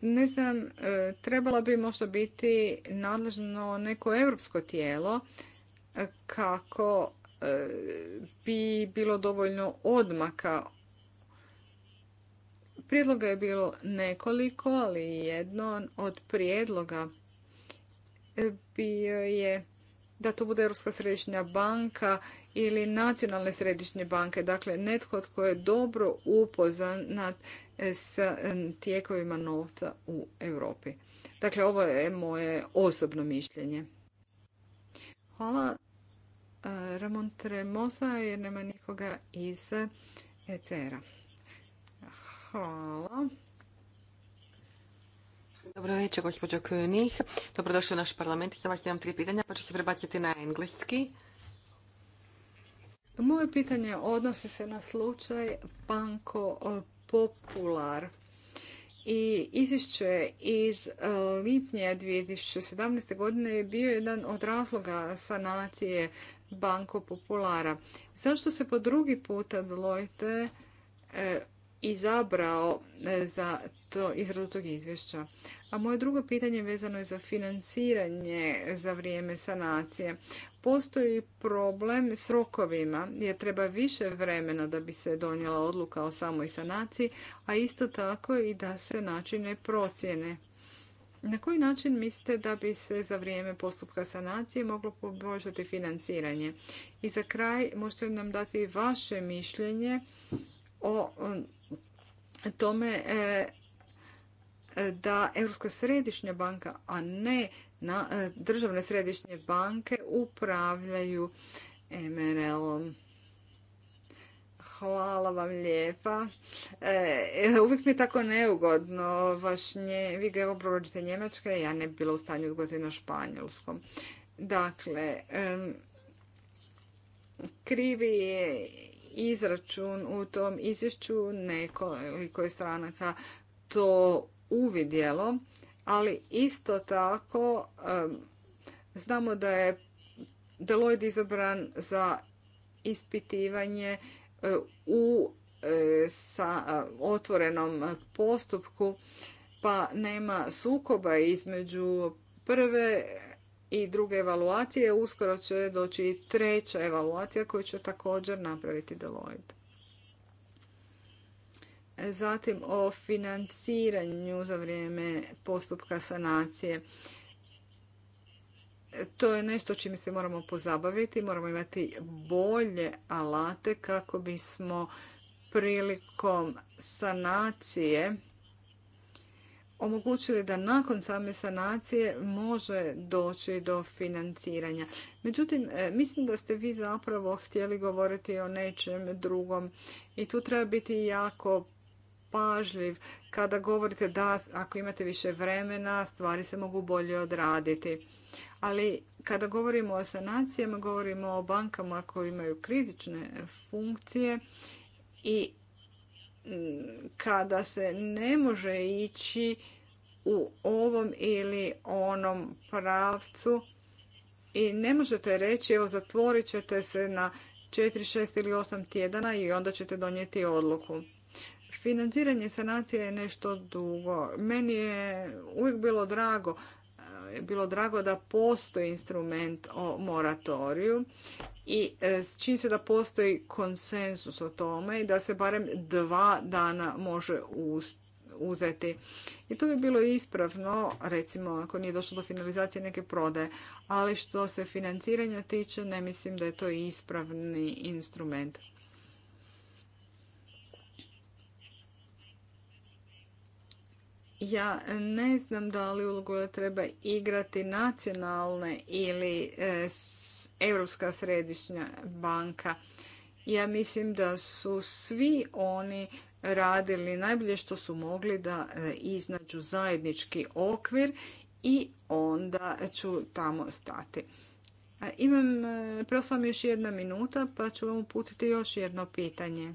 Ne znam, e, trebalo bi možda biti nadležno neko europsko tijelo e, kako e, bi bilo dovoljno odmaka Prijedloga je bilo nekoliko, ali jedno od prijedloga e, bio je da to bude Europska središnja banka ili nacionalne središnje banke. Dakle, netko tko je dobro upoznat e, s e, tijekovima novca u Europi. Dakle, ovo je moje osobno mišljenje. Hvala Ramon Tremosa jer nema nikoga iz ECR-a. Hvala. Dobro večer, gospođo König. Dobrodošli u naš parlament i za vas imam tri pitanja, pa ću se prebaciti na engleski. Moje pitanje odnosi se na slučaj Banko Popular. I izvješće iz e, lipnja 2017. godine je bio jedan od razloga sanacije Banko Populara. Zašto se po drugi puta Deloitte e, izabrao e, za to izradu tog izvješća. A moje drugo pitanje vezano je za financiranje za vrijeme sanacije. Postoji problem s rokovima jer treba više vremena da bi se donijela odluka o samoj sanaciji, a isto tako i da se načine procjene. Na koji način mislite da bi se za vrijeme postupka sanacije moglo poboljšati financiranje? I za kraj možete nam dati vaše mišljenje o tome e, da Europska središnja banka, a ne e, državne središnje banke upravljaju MRL-om. Hvala vam lijepa. E, uvijek mi je tako neugodno. Vaš vi ga provodite Njemačke, ja ne bi bila u stanju odgovoriti na španjolskom. Dakle, krivi je izračun u tom izvješću, nekoliko je stranaka to uvidjelo, ali isto tako znamo da je Deloitte izabran za ispitivanje e, u e, e, otvorenom postupku, pa nema sukoba između prve i druge evaluacije. Uskoro će doći i treća evaluacija koju će također napraviti Deloitte. Zatim o financiranju za vrijeme postupka sanacije. To je nešto čime se moramo pozabaviti. Moramo imati bolje alate kako bismo prilikom sanacije omogućili da nakon same sanacije može doći do financiranja. Međutim, e, mislim da ste vi zapravo htjeli govoriti o nečem drugom i tu treba biti jako pažljiv kada govorite da ako imate više vremena stvari se mogu bolje odraditi. Ali kada govorimo o sanacijama, govorimo o bankama koje imaju kritične funkcije i kada se ne može ići u ovom ili onom pravcu i ne možete reći evo zatvorit ćete se na 4, 6 ili 8 tjedana i onda ćete donijeti odluku. Financiranje sanacije je nešto dugo. Meni je uvijek bilo drago bilo drago da postoji instrument o moratoriju i e, čini se da postoji konsensus o tome i da se barem dva dana može uzeti. I to bi bilo ispravno, recimo ako nije došlo do finalizacije neke prodaje, ali što se financiranja tiče ne mislim da je to ispravni instrument. Ja ne znam da li ulogu da treba igrati nacionalne ili e, Europska središnja banka. Ja mislim da su svi oni radili najbolje što su mogli da e, iznađu zajednički okvir i onda ću tamo stati. E, imam, prosto još jedna minuta pa ću vam uputiti još jedno pitanje.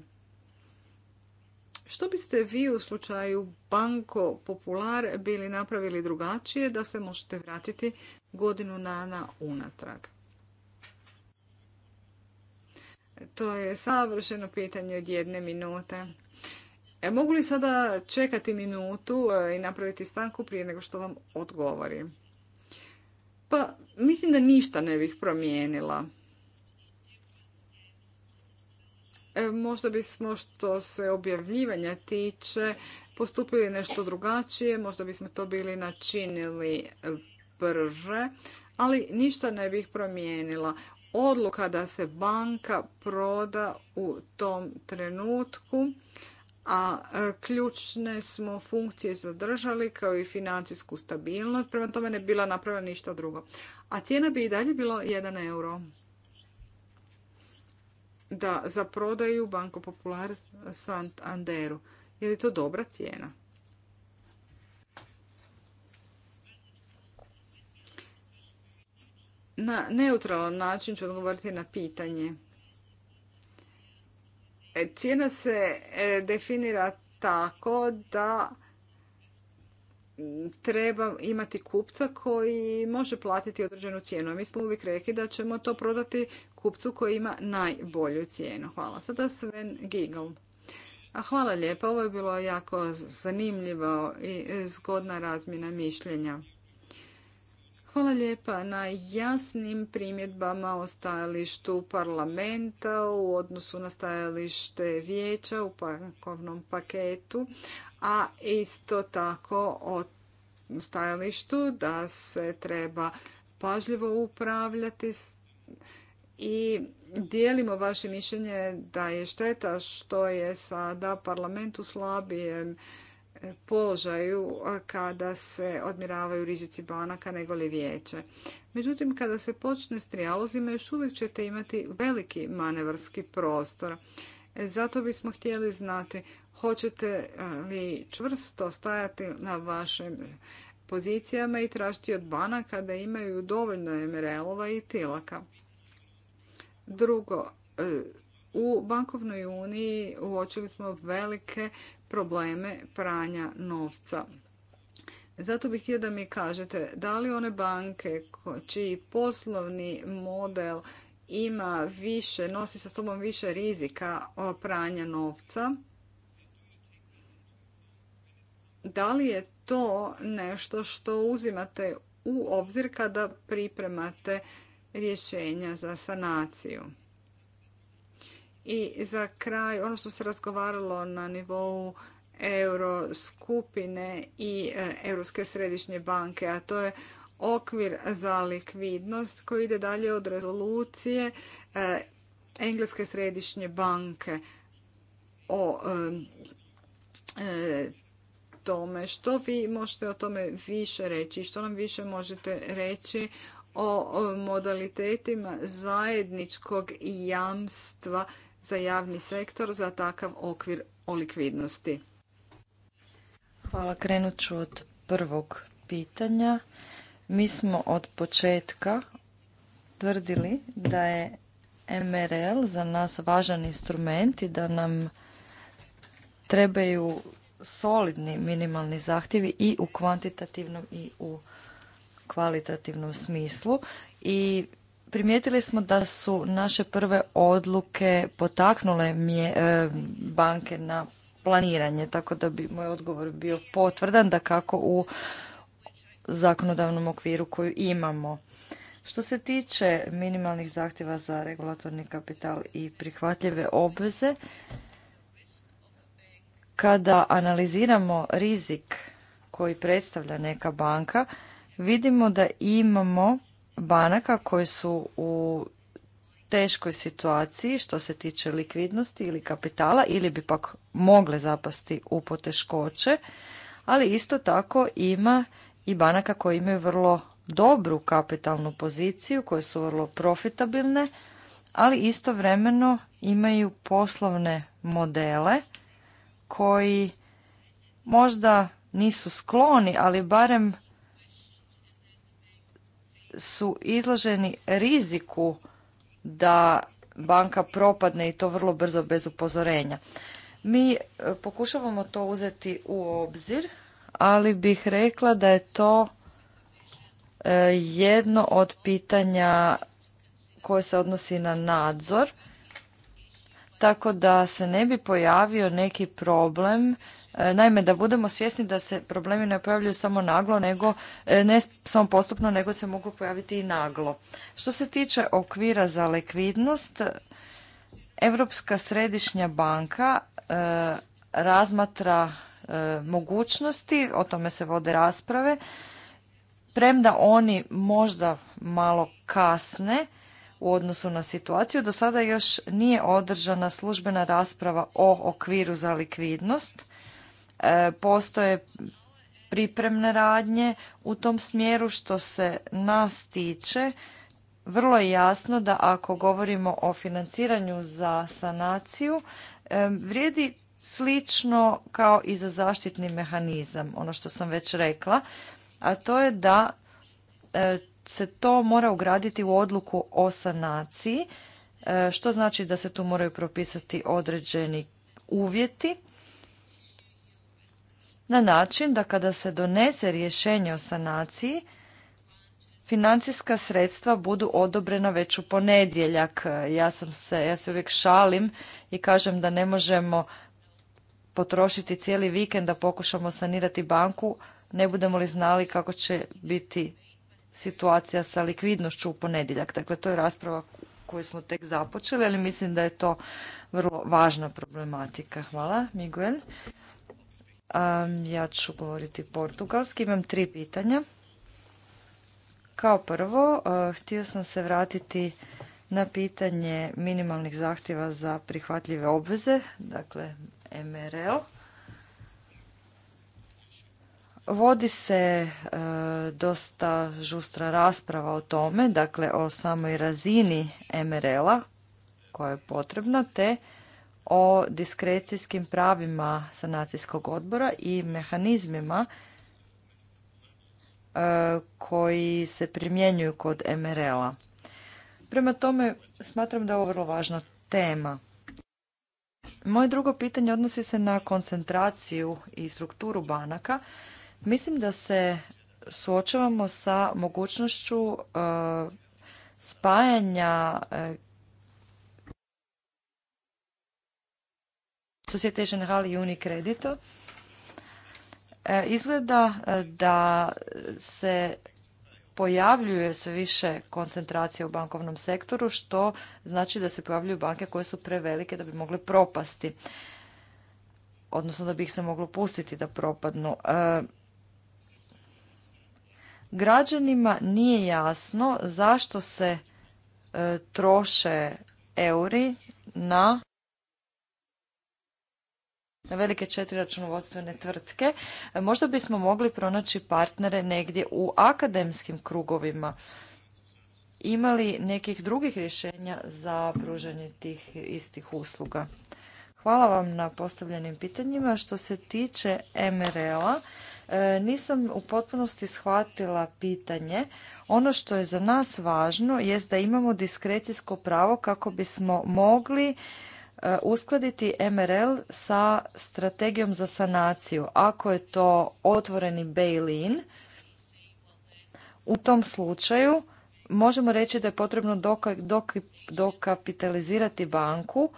Što biste vi u slučaju Banko Popular bili napravili drugačije da se možete vratiti godinu dana unatrag? To je savršeno pitanje od jedne minute. E, mogu li sada čekati minutu e, i napraviti stanku prije nego što vam odgovorim? Pa, mislim da ništa ne bih promijenila. E, možda bismo što se objavljivanja tiče postupili nešto drugačije, možda bismo to bili načinili brže, ali ništa ne bih promijenila. Odluka da se banka proda u tom trenutku, a e, ključne smo funkcije zadržali kao i financijsku stabilnost, prema tome ne bila napravljena ništa drugo. A cijena bi i dalje bila 1 euro da za prodaju Banko Popular Sant Anderu. Je li to dobra cijena? Na neutralan način ću odgovoriti na pitanje. E, cijena se e, definira tako da treba imati kupca koji može platiti određenu cijenu. mi smo uvijek rekli da ćemo to prodati kupcu koji ima najbolju cijenu. Hvala. Sada Sven Gigl. A hvala lijepa, ovo je bilo jako zanimljivo i zgodna razmjena mišljenja. Hvala lijepa na jasnim primjedbama o stajalištu parlamenta u odnosu na stajalište vijeća u pakovnom paketu, a isto tako o stajalištu da se treba pažljivo upravljati i dijelimo vaše mišljenje da je šteta što je sada parlament u slabijem e, položaju kada se odmiravaju rizici banaka nego li vijeće. Međutim, kada se počne s trijalozima još uvijek ćete imati veliki manevarski prostor. E, zato bismo htjeli znati Hoćete eh, li čvrsto stajati na vašim pozicijama i tražiti od banaka da imaju dovoljno mrl i tilaka? Drugo, eh, u bankovnoj uniji uočili smo velike probleme pranja novca. Zato bih htio da mi kažete da li one banke čiji poslovni model ima više, nosi sa sobom više rizika pranja novca, da li je to nešto što uzimate u obzir kada pripremate rješenja za sanaciju? I za kraj, ono što se razgovaralo na nivou euro skupine i e, Europske središnje banke, a to je okvir za likvidnost koji ide dalje od rezolucije e, Engleske središnje banke o e, tome. Što vi možete o tome više reći? Što nam više možete reći o modalitetima zajedničkog jamstva za javni sektor za takav okvir o likvidnosti? Hvala, krenut ću od prvog pitanja. Mi smo od početka tvrdili da je MRL za nas važan instrument i da nam trebaju solidni minimalni zahtjevi i u kvantitativnom i u kvalitativnom smislu i primijetili smo da su naše prve odluke potaknule mje, e, banke na planiranje, tako da bi moj odgovor bio potvrdan da kako u zakonodavnom okviru koju imamo. Što se tiče minimalnih zahtjeva za regulatorni kapital i prihvatljive obveze, kada analiziramo rizik koji predstavlja neka banka, vidimo da imamo banaka koje su u teškoj situaciji što se tiče likvidnosti ili kapitala ili bi pak mogle zapasti u poteškoće, ali isto tako ima i banaka koje imaju vrlo dobru kapitalnu poziciju, koje su vrlo profitabilne, ali istovremeno imaju poslovne modele koji možda nisu skloni, ali barem su izloženi riziku da banka propadne i to vrlo brzo bez upozorenja. Mi e, pokušavamo to uzeti u obzir, ali bih rekla da je to e, jedno od pitanja koje se odnosi na nadzor tako da se ne bi pojavio neki problem e, Naime, da budemo svjesni da se problemi ne pojavljuju samo naglo, nego e, ne samo postupno, nego se mogu pojaviti i naglo. Što se tiče okvira za likvidnost, Europska središnja banka e, razmatra mogućnosti, o tome se vode rasprave, premda oni možda malo kasne, u odnosu na situaciju. Do sada još nije održana službena rasprava o okviru za likvidnost. E, postoje pripremne radnje u tom smjeru što se nas tiče. Vrlo je jasno da ako govorimo o financiranju za sanaciju, e, vrijedi slično kao i za zaštitni mehanizam, ono što sam već rekla, a to je da e, se to mora ugraditi u odluku o sanaciji, e, što znači da se tu moraju propisati određeni uvjeti na način da kada se donese rješenje o sanaciji, financijska sredstva budu odobrena već u ponedjeljak. Ja, sam se, ja se uvijek šalim i kažem da ne možemo potrošiti cijeli vikend da pokušamo sanirati banku, ne budemo li znali kako će biti situacija sa likvidnošću u ponedjeljak. Dakle, to je rasprava koju smo tek započeli, ali mislim da je to vrlo važna problematika. Hvala, Miguel. Ja ću govoriti portugalski. Imam tri pitanja. Kao prvo, e, htio sam se vratiti na pitanje minimalnih zahtjeva za prihvatljive obveze, dakle MRL. Vodi se e, dosta žustra rasprava o tome, dakle o samoj razini MRL-a koja je potrebna, te o diskrecijskim pravima sanacijskog odbora i mehanizmima e, koji se primjenjuju kod MRL-a. Prema tome, smatram da je ovo vrlo važna tema. Moje drugo pitanje odnosi se na koncentraciju i strukturu banaka. Mislim da se suočavamo sa mogućnošću e, spajanja e, Societe Generale i Unicredito. E, izgleda da se pojavljuje sve više koncentracije u bankovnom sektoru, što znači da se pojavljuju banke koje su prevelike da bi mogle propasti, odnosno da bi ih se moglo pustiti da propadnu. Građanima nije jasno zašto se e, troše euri na na velike četiri računovodstvene tvrtke. Možda bismo mogli pronaći partnere negdje u akademskim krugovima. Imali nekih drugih rješenja za pružanje tih istih usluga? Hvala vam na postavljenim pitanjima. Što se tiče MRL-a, E, nisam u potpunosti shvatila pitanje. Ono što je za nas važno jest da imamo diskrecijsko pravo kako bismo mogli e, uskladiti MRL sa strategijom za sanaciju. Ako je to otvoreni bail-in, u tom slučaju možemo reći da je potrebno dokapitalizirati banku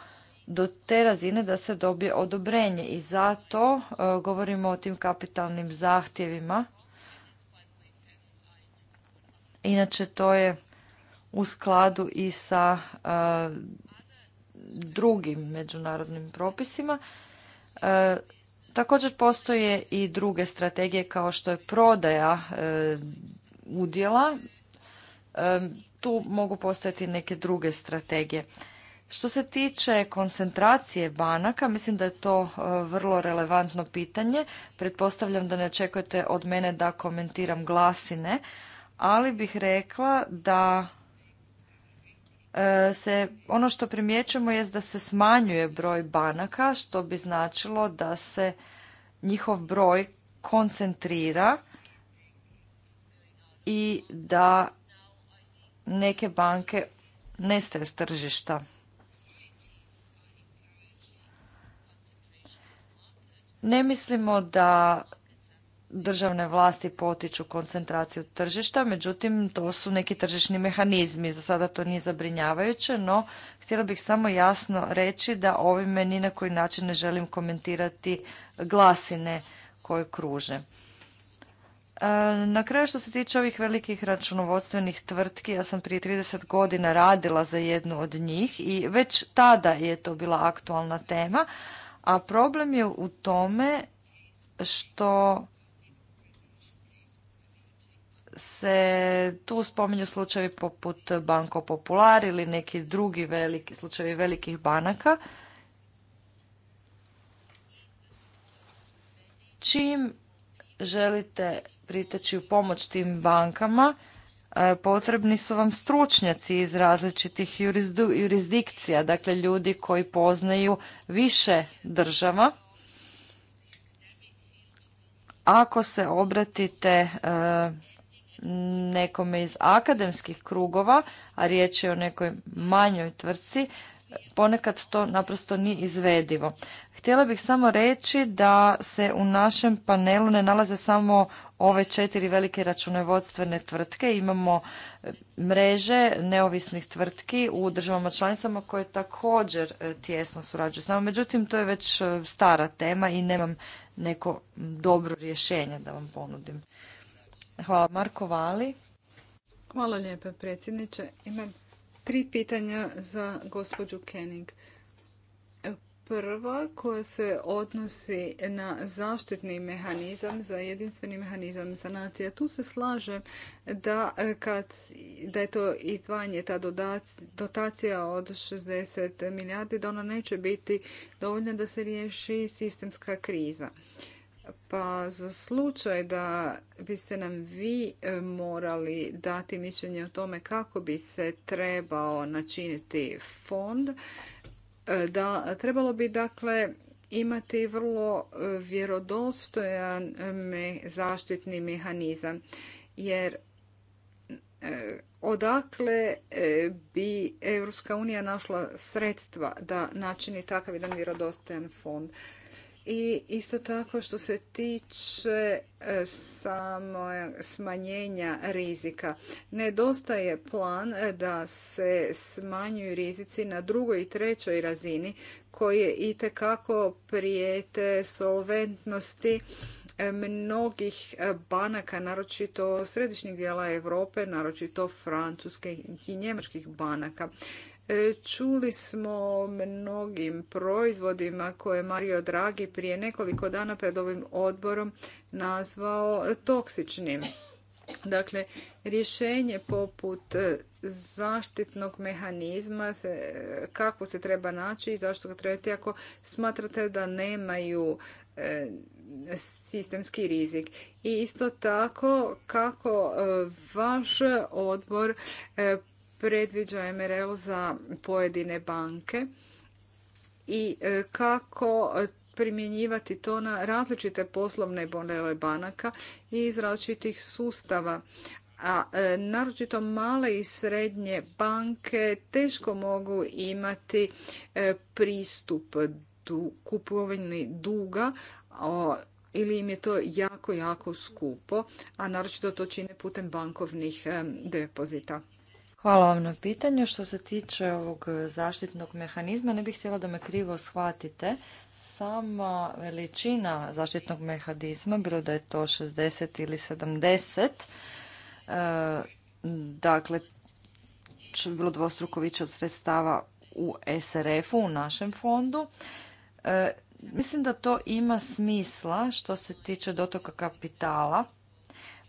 do te razine da se dobije odobrenje i zato e, govorimo o tim kapitalnim zahtjevima. Inače to je u skladu i sa e, drugim međunarodnim propisima. E, također postoje i druge strategije kao što je prodaja udjela. Tu mogu postojati neke druge strategije. Što se tiče koncentracije banaka, mislim da je to e, vrlo relevantno pitanje. Pretpostavljam da ne očekujete od mene da komentiram glasine, ali bih rekla da e, se ono što primjećujemo je da se smanjuje broj banaka, što bi značilo da se njihov broj koncentrira i da neke banke nestaju s tržišta. Ne mislimo da državne vlasti potiču koncentraciju tržišta, međutim to su neki tržišni mehanizmi, za sada to nije zabrinjavajuće, no htjela bih samo jasno reći da ovime ni na koji način ne želim komentirati glasine koje kruže. E, na kraju što se tiče ovih velikih računovodstvenih tvrtki, ja sam prije 30 godina radila za jednu od njih i već tada je to bila aktualna tema, a problem je u tome što se tu spominju slučajevi poput Banko Popular ili neki drugi veliki, slučajevi velikih banaka. Čim želite priteći u pomoć tim bankama, E, potrebni su vam stručnjaci iz različitih jurisdikcija, dakle ljudi koji poznaju više država. Ako se obratite e, nekome iz akademskih krugova, a riječ je o nekoj manjoj tvrtci, ponekad to naprosto nije izvedivo. Htjela bih samo reći da se u našem panelu ne nalaze samo ove četiri velike računovodstvene tvrtke. Imamo e, mreže neovisnih tvrtki u državama članicama koje također e, tjesno surađuju s nama. Međutim, to je već e, stara tema i nemam neko dobro rješenje da vam ponudim. Hvala. Marko Vali. Hvala lijepa predsjedniče. Imam tri pitanja za gospođu Kenning. Prva koja se odnosi na zaštitni mehanizam, za jedinstveni mehanizam sanacija. Tu se slažem da, kad, da je to izdvajanje, ta dotacija od 60 milijardi, da ona neće biti dovoljna da se riješi sistemska kriza. Pa za slučaj da biste nam vi e, morali dati mišljenje o tome kako bi se trebao načiniti fond, da trebalo bi dakle imati vrlo vjerodostojan zaštitni mehanizam jer e, odakle e, bi Europska unija našla sredstva da načini takav jedan vjerodostojan fond. I isto tako što se tiče e, samo smanjenja rizika. Nedostaje plan e, da se smanjuju rizici na drugoj i trećoj razini koje i tekako prijete solventnosti e, mnogih banaka, naročito središnjeg dijela Europe, naročito francuskih i njemačkih banaka. E, čuli smo o mnogim proizvodima koje Mario Draghi prije nekoliko dana pred ovim odborom nazvao toksičnim. Dakle, rješenje poput e, zaštitnog mehanizma e, kako se treba naći i zašto ga trebate ako smatrate da nemaju sistemski rizik. I isto tako kako vaš odbor predviđa MRL za pojedine banke i e, kako primjenjivati to na različite poslovne bonele banaka i iz različitih sustava. A e, naročito male i srednje banke teško mogu imati e, pristup kupovini duga ili im je to jako, jako skupo, a naročito to čine putem bankovnih depozita. Hvala vam na pitanju. Što se tiče ovog zaštitnog mehanizma, ne bih htjela da me krivo shvatite. Sama veličina zaštitnog mehanizma, bilo da je to 60 ili 70, e, dakle, bilo dvostruko više od sredstava u SRF-u, u našem fondu. E, mislim da to ima smisla što se tiče dotoka kapitala.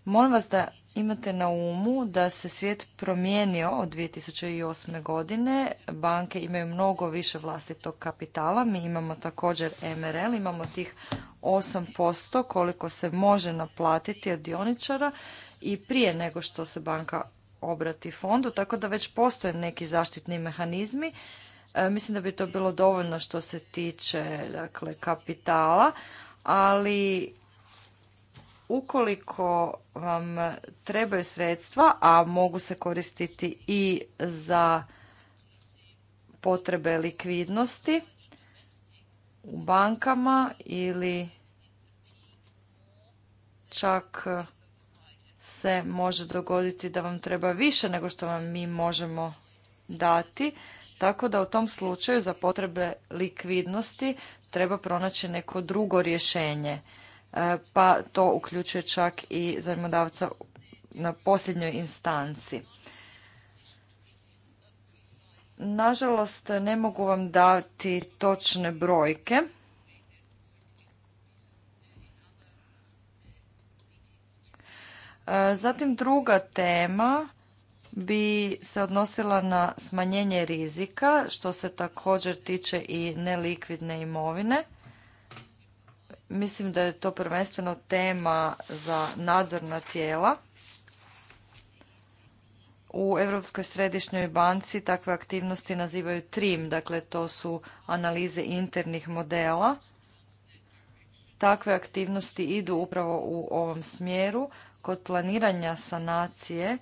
Molim vas da imate na umu da se svijet promijenio od 2008. godine. Banke imaju mnogo više vlastitog kapitala. Mi imamo također MRL, imamo tih 8% koliko se može naplatiti od dioničara i prije nego što se banka obrati fondu, tako da već postoje neki zaštitni mehanizmi. E, mislim da bi to bilo dovoljno što se tiče dakle, kapitala, ali ukoliko vam trebaju sredstva, a mogu se koristiti i za potrebe likvidnosti u bankama ili čak se može dogoditi da vam treba više nego što vam mi možemo dati, tako da u tom slučaju za potrebe likvidnosti treba pronaći neko drugo rješenje. E, pa to uključuje čak i zajmodavca na posljednjoj instanci. Nažalost, ne mogu vam dati točne brojke. E, zatim druga tema bi se odnosila na smanjenje rizika, što se također tiče i nelikvidne imovine. Mislim da je to prvenstveno tema za nadzorna tijela. U Europskoj središnjoj banci takve aktivnosti nazivaju trim, dakle to su analize internih modela. Takve aktivnosti idu upravo u ovom smjeru. Kod planiranja sanacije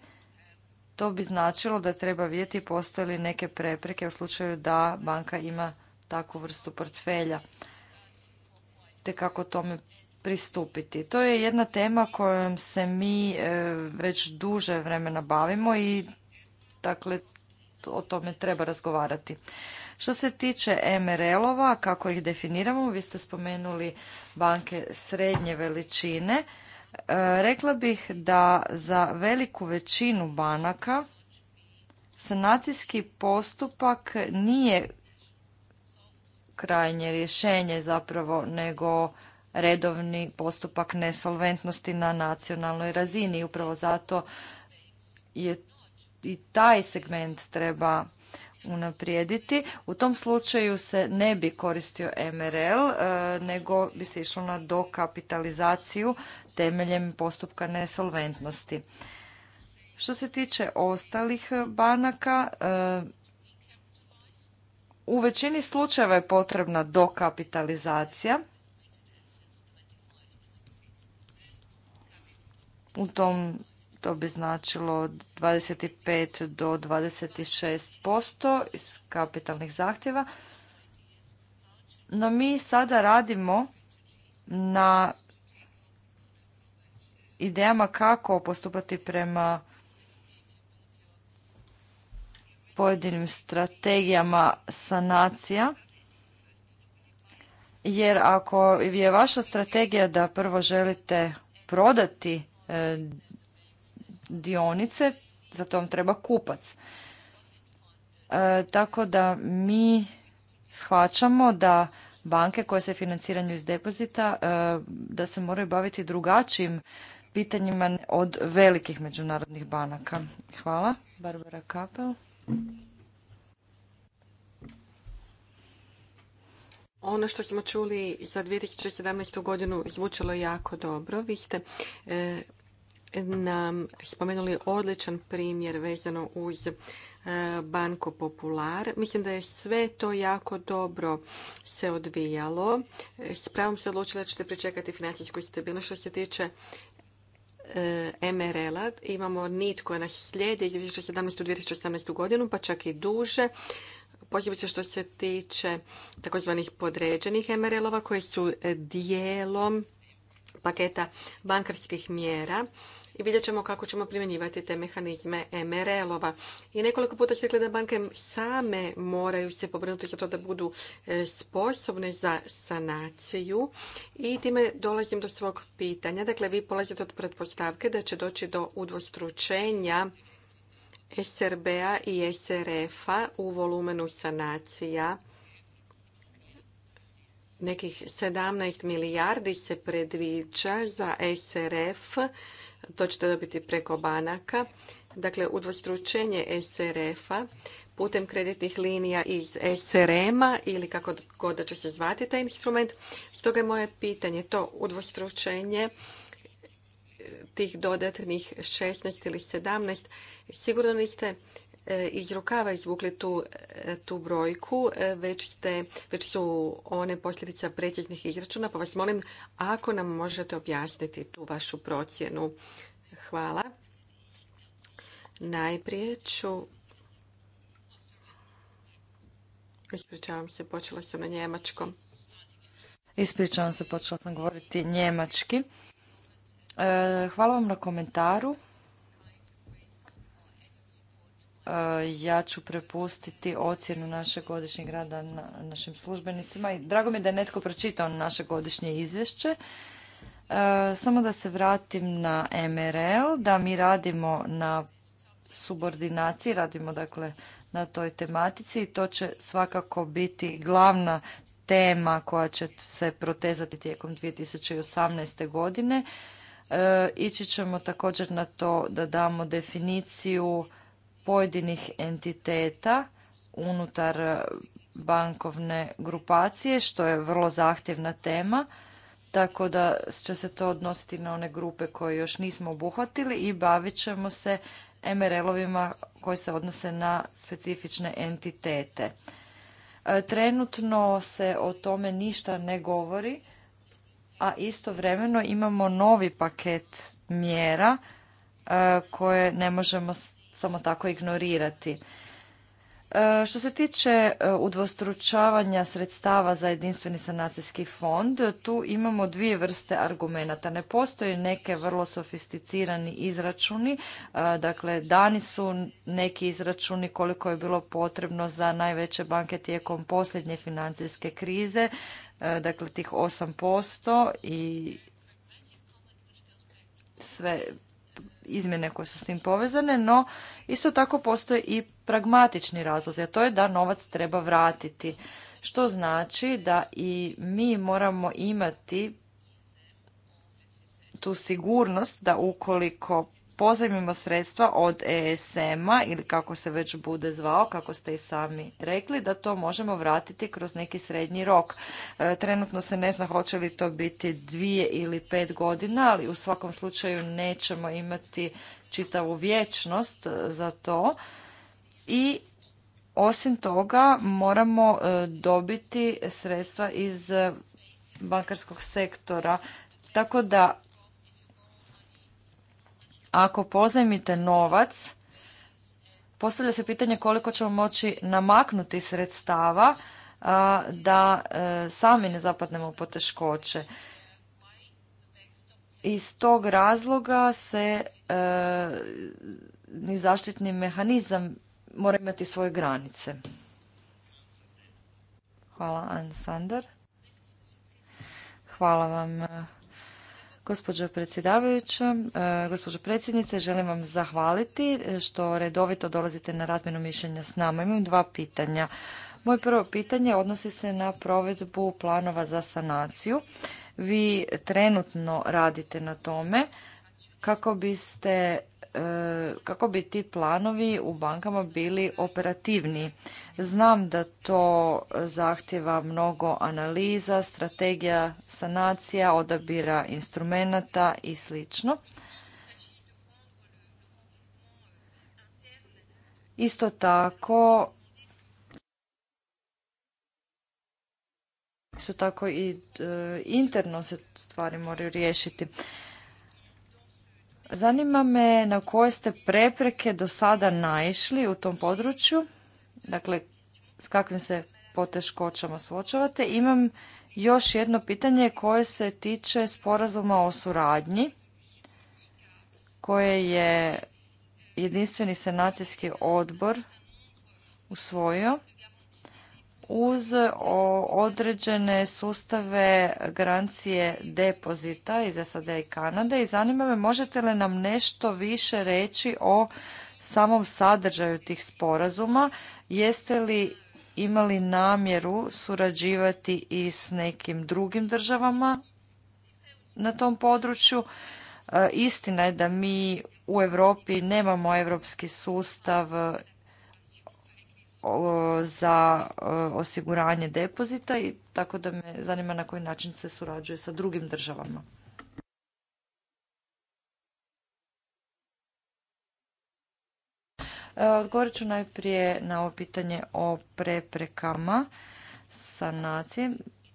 to bi značilo da treba vidjeti postoje li neke prepreke u slučaju da banka ima takvu vrstu portfelja te kako tome pristupiti. To je jedna tema kojom se mi e, već duže vremena bavimo i dakle o tome treba razgovarati. Što se tiče MRL-ova, kako ih definiramo, vi ste spomenuli banke srednje veličine. E, rekla bih da za veliku većinu banaka sanacijski postupak nije krajnje rješenje zapravo nego redovni postupak nesolventnosti na nacionalnoj razini. Upravo zato je i taj segment treba unaprijediti. U tom slučaju se ne bi koristio MRL, e, nego bi se išlo na dokapitalizaciju temeljem postupka nesolventnosti. Što se tiče ostalih banaka, e, u većini slučajeva je potrebna dokapitalizacija. U tom to bi značilo 25 do 26% iz kapitalnih zahtjeva. No mi sada radimo na idejama kako postupati prema pojedinim strategijama sanacija jer ako je vaša strategija da prvo želite prodati e, dionice, za to vam treba kupac. E, tako da mi shvaćamo da banke koje se financiraju iz depozita e, da se moraju baviti drugačijim pitanjima od velikih međunarodnih banaka. Hvala. Barbara Kapel. Ono što smo čuli za 2017. godinu zvučalo jako dobro. Vi ste e, nam spomenuli odličan primjer vezano uz e, Banko Popular. Mislim da je sve to jako dobro se odvijalo. E, s pravom se odlučila da ćete pričekati financijsku stabilnost. Što se tiče E, MRL-a. Imamo nit koja nas slijedi iz 2017. u 2017. godinu, pa čak i duže. Posebice što se tiče takozvanih podređenih MRL-ova koji su e, dijelom paketa bankarskih mjera i vidjet ćemo kako ćemo primjenjivati te mehanizme MRL-ova. I nekoliko puta ste rekli da banke same moraju se pobrinuti za to da budu e, sposobne za sanaciju i time dolazim do svog pitanja. Dakle, vi polazite od pretpostavke da će doći do udvostručenja SRB-a i SRF-a u volumenu sanacija Nekih 17 milijardi se predviđa za SRF, to ćete dobiti preko banaka. Dakle, udvostručenje SRF-a putem kreditnih linija iz SRM-a ili kako god da će se zvati taj instrument. Stoga je moje pitanje to udvostručenje eh, tih dodatnih 16 ili 17. Sigurno niste E, iz rukava izvukli tu, e, brojku, e, već, ste, već su one posljedica preciznih izračuna, pa vas molim ako nam možete objasniti tu vašu procjenu. Hvala. Najprije ću... Ispričavam se, počela sam na njemačkom. Ispričavam se, počela sam govoriti njemački. Hvala vam na komentaru. E, ja ću prepustiti ocjenu našeg godišnjeg rada na našim službenicima i drago mi je da je netko pročitao naše godišnje izvješće. E, samo da se vratim na MRL, da mi radimo na subordinaciji, radimo dakle na toj tematici i to će svakako biti glavna tema koja će se protezati tijekom 2018. godine. E, ići ćemo također na to da damo definiciju pojedinih entiteta unutar e, bankovne grupacije, što je vrlo zahtjevna tema, tako da će se to odnositi na one grupe koje još nismo obuhvatili i bavit ćemo se MRL-ovima koji se odnose na specifične entitete. E, trenutno se o tome ništa ne govori, a istovremeno imamo novi paket mjera e, koje ne možemo samo tako ignorirati. E, što se tiče e, udvostručavanja sredstava za jedinstveni sanacijski fond, tu imamo dvije vrste argumenata. Ne postoje neke vrlo sofisticirani izračuni, e, dakle dani su neki izračuni koliko je bilo potrebno za najveće banke tijekom posljednje financijske krize, dakle tih 8% i sve izmjene koje su s tim povezane, no isto tako postoje i pragmatični razlozi, a to je da novac treba vratiti. Što znači da i mi moramo imati tu sigurnost da ukoliko pozajmimo sredstva od ESM-a ili kako se već bude zvao, kako ste i sami rekli, da to možemo vratiti kroz neki srednji rok. E, trenutno se ne zna hoće li to biti dvije ili pet godina, ali u svakom slučaju nećemo imati čitavu vječnost e, za to. I osim toga moramo e, dobiti sredstva iz bankarskog sektora. Tako da ako pozajmite novac, postavlja se pitanje koliko ćemo moći namaknuti sredstava da e, sami ne zapadnemo u poteškoće. Iz tog razloga se e, ni zaštitni mehanizam mora imati svoje granice. Hvala, Ann Sander. Hvala vam, Gospođo predsjedavajuća, e, gospođo predsjednice, želim vam zahvaliti e, što redovito dolazite na razmjenu mišljenja s nama. Imam dva pitanja. Moje prvo pitanje odnosi se na provedbu planova za sanaciju. Vi trenutno radite na tome kako biste E, kako bi ti planovi u bankama bili operativni. Znam da to zahtjeva mnogo analiza, strategija sanacija, odabira instrumenata i slično. Isto tako Isto tako i e, interno se stvari moraju riješiti. Zanima me na koje ste prepreke do sada naišli u tom području, dakle s kakvim se poteškoćama suočavate. Imam još jedno pitanje koje se tiče sporazuma o suradnji koje je jedinstveni sanacijski odbor usvojio uz e, određene sustave garancije depozita iz SAD i Kanade i zanima me možete li nam nešto više reći o samom sadržaju tih sporazuma. Jeste li imali namjeru surađivati i s nekim drugim državama na tom području? E, istina je da mi u Europi nemamo europski sustav za e, osiguranje depozita i tako da me zanima na koji način se surađuje sa drugim državama. E, odgovorit ću najprije na ovo pitanje o preprekama sanacije.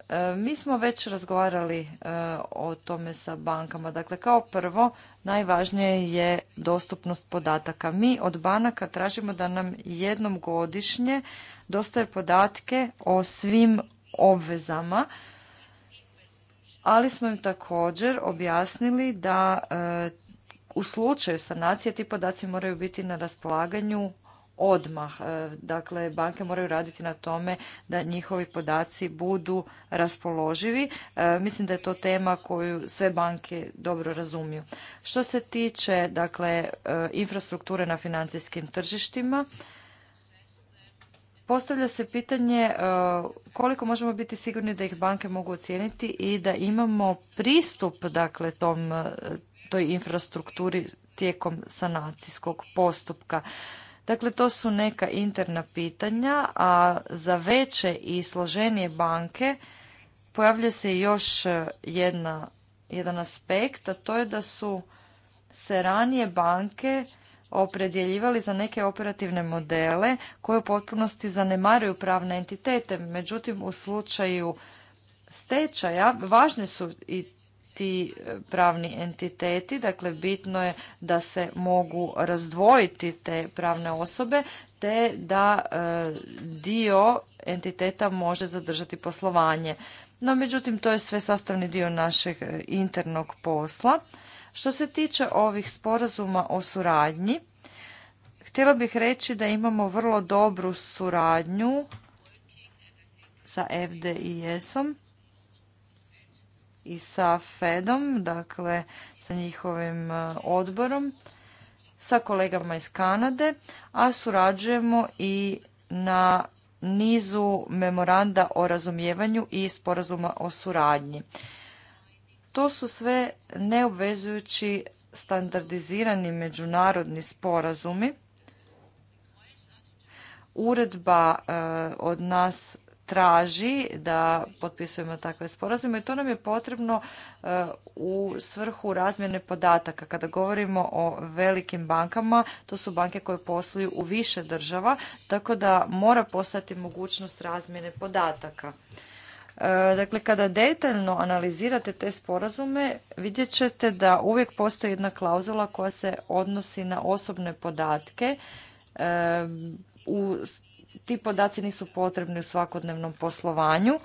E, mi smo već razgovarali e, o tome sa bankama. Dakle, kao prvo, najvažnije je dostupnost podataka. Mi od banaka tražimo da nam jednom godišnje dostaje podatke o svim obvezama, ali smo im također objasnili da e, u slučaju sanacije ti podaci moraju biti na raspolaganju odmah. E, dakle, banke moraju raditi na tome da njihovi podaci budu raspoloživi. E, mislim da je to tema koju sve banke dobro razumiju. Što se tiče dakle, e, infrastrukture na financijskim tržištima, Postavlja se pitanje koliko možemo biti sigurni da ih banke mogu ocijeniti i da imamo pristup dakle, tom, toj infrastrukturi tijekom sanacijskog postupka. Dakle, to su neka interna pitanja, a za veće i složenije banke pojavlja se još e, jedna, jedan aspekt, a to je da su se ranije banke opredjeljivali za neke operativne modele koje u potpunosti zanemaruju pravne entitete. Međutim, u slučaju stečaja važne su i ti e, pravni entiteti, dakle bitno je da se mogu razdvojiti te pravne osobe te da e, dio entiteta može zadržati poslovanje. No međutim to je sve sastavni dio našeg e, internog posla. Što se tiče ovih sporazuma o suradnji, htjela bih reći da imamo vrlo dobru suradnju sa FDIS-om i sa Fedom, dakle sa njihovim e, odborom, sa kolegama iz Kanade, a surađujemo i na nizu memoranda o razumijevanju i sporazuma o suradnji. To su sve neobvezujući standardizirani međunarodni sporazumi. Uredba e, od nas traži da potpisujemo takve sporazume i to nam je potrebno e, u svrhu razmjene podataka. Kada govorimo o velikim bankama, to su banke koje posluju u više država, tako da mora postati mogućnost razmjene podataka. E, dakle, kada detaljno analizirate te sporazume, vidjet ćete da uvijek postoji jedna klauzula koja se odnosi na osobne podatke e, u ti podaci nisu potrebni u svakodnevnom poslovanju,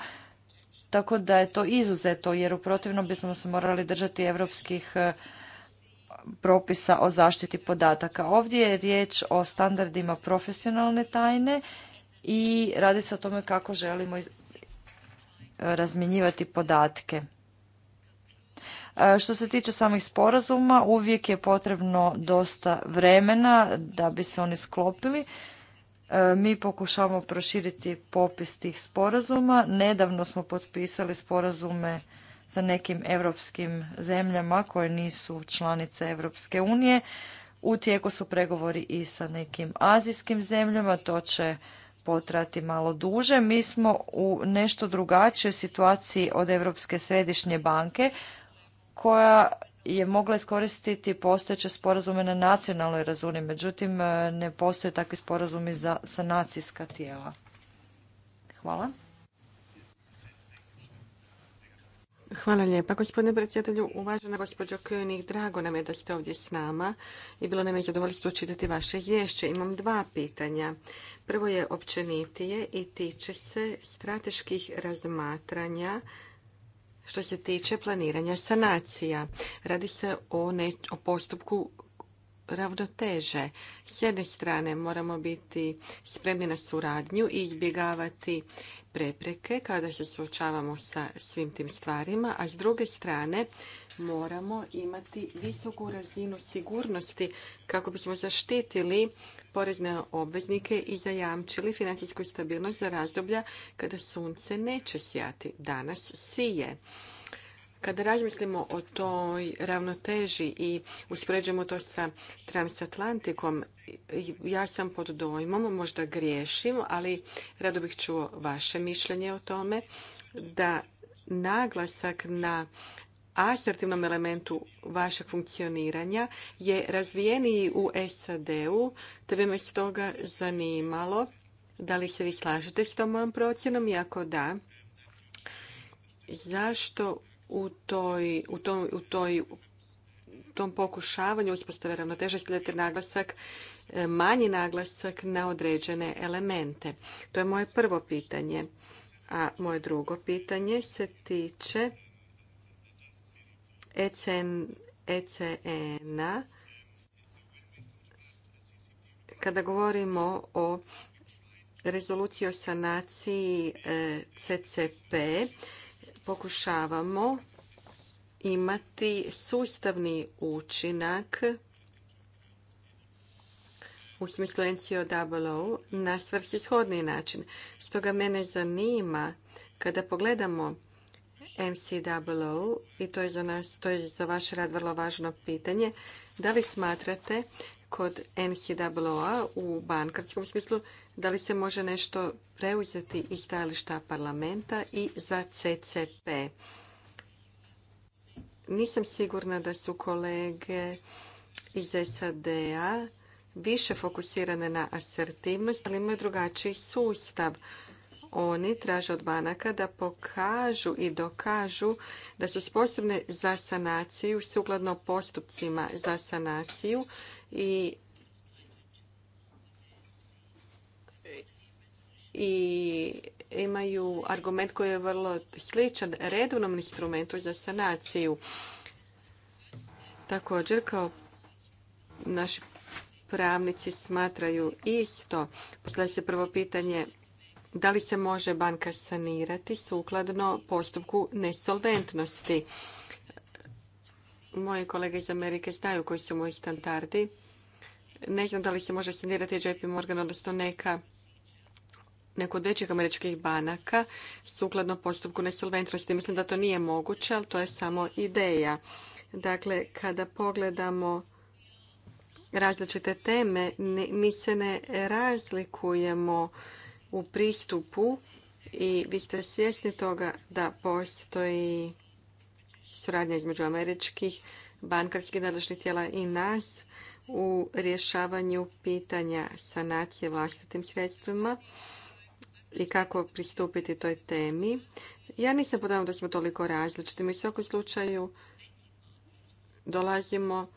tako da je to izuzeto jer u protivnom bismo se morali držati europskih e, propisa o zaštiti podataka. Ovdje je riječ o standardima profesionalne tajne i radi se o tome kako želimo e, razmjenjivati podatke. E, što se tiče samih sporazuma, uvijek je potrebno dosta vremena da bi se oni sklopili. E, mi pokušavamo proširiti popis tih sporazuma. Nedavno smo potpisali sporazume sa nekim europskim zemljama koje nisu članice Europske unije. U tijeku su pregovori i sa nekim azijskim zemljama, to će potrati malo duže. Mi smo u nešto drugačijoj situaciji od Europske središnje banke koja je mogla iskoristiti postojeće sporazume na nacionalnoj razini, međutim e, ne postoje takvi sporazumi za sanacijska tijela. Hvala. Hvala lijepa, gospodine predsjedatelju. Uvažena gospođo König, drago nam je da ste ovdje s nama i bilo nam je zadovoljstvo čitati vaše izvješće. Imam dva pitanja. Prvo je općenitije i tiče se strateških razmatranja što se tiče planiranja sanacija. Radi se o, o postupku ravnoteže. S jedne strane moramo biti spremni na suradnju i izbjegavati prepreke kada se suočavamo sa svim tim stvarima, a s druge strane moramo imati visoku razinu sigurnosti kako bismo zaštitili porezne obveznike i zajamčili financijsku stabilnost za razdoblja kada sunce neće sjati. Danas sije. Kada razmislimo o toj ravnoteži i uspoređujemo to sa transatlantikom, ja sam pod dojmom, možda griješim, ali rado bih čuo vaše mišljenje o tome, da naglasak na asertivnom elementu vašeg funkcioniranja je razvijeniji u SAD-u, te bi me stoga zanimalo da li se vi slažete s tom mojom procjenom i ako da, zašto u, toj, u, u tom pokušavanju uspostave ravnoteže stavljate naglasak, e, manji naglasak na određene elemente? To je moje prvo pitanje. A moje drugo pitanje se tiče ECN-a kada govorimo o rezoluciji o sanaciji e, CCP pokušavamo imati sustavni učinak u smislu NCOW na svrsishodni način. Stoga mene zanima kada pogledamo MCWO i to je, za nas, to je za vaš rad vrlo važno pitanje. Da li smatrate kod ncw u bankarskom smislu, da li se može nešto preuzeti iz stajališta parlamenta i za CCP? Nisam sigurna da su kolege iz SAD-a više fokusirane na asertivnost, ali imaju drugačiji sustav oni traže od banaka da pokažu i dokažu da su sposobne za sanaciju sukladno postupcima za sanaciju i i imaju argument koji je vrlo sličan redovnom instrumentu za sanaciju. Također kao naši pravnici smatraju isto. Postavlja se prvo pitanje da li se može banka sanirati sukladno postupku nesolventnosti. Moji kolege iz Amerike znaju koji su moji standardi. Ne znam da li se može sanirati JP Morgan, odnosno neka neko od većih američkih banaka sukladno postupku nesolventnosti. Mislim da to nije moguće, ali to je samo ideja. Dakle, kada pogledamo različite teme, mi se ne razlikujemo u pristupu i vi ste svjesni toga da postoji suradnja između američkih bankarskih nadležnih tijela i nas u rješavanju pitanja sanacije vlastitim sredstvima i kako pristupiti toj temi. Ja nisam podavljena da smo toliko različiti. Mi u svakom slučaju dolazimo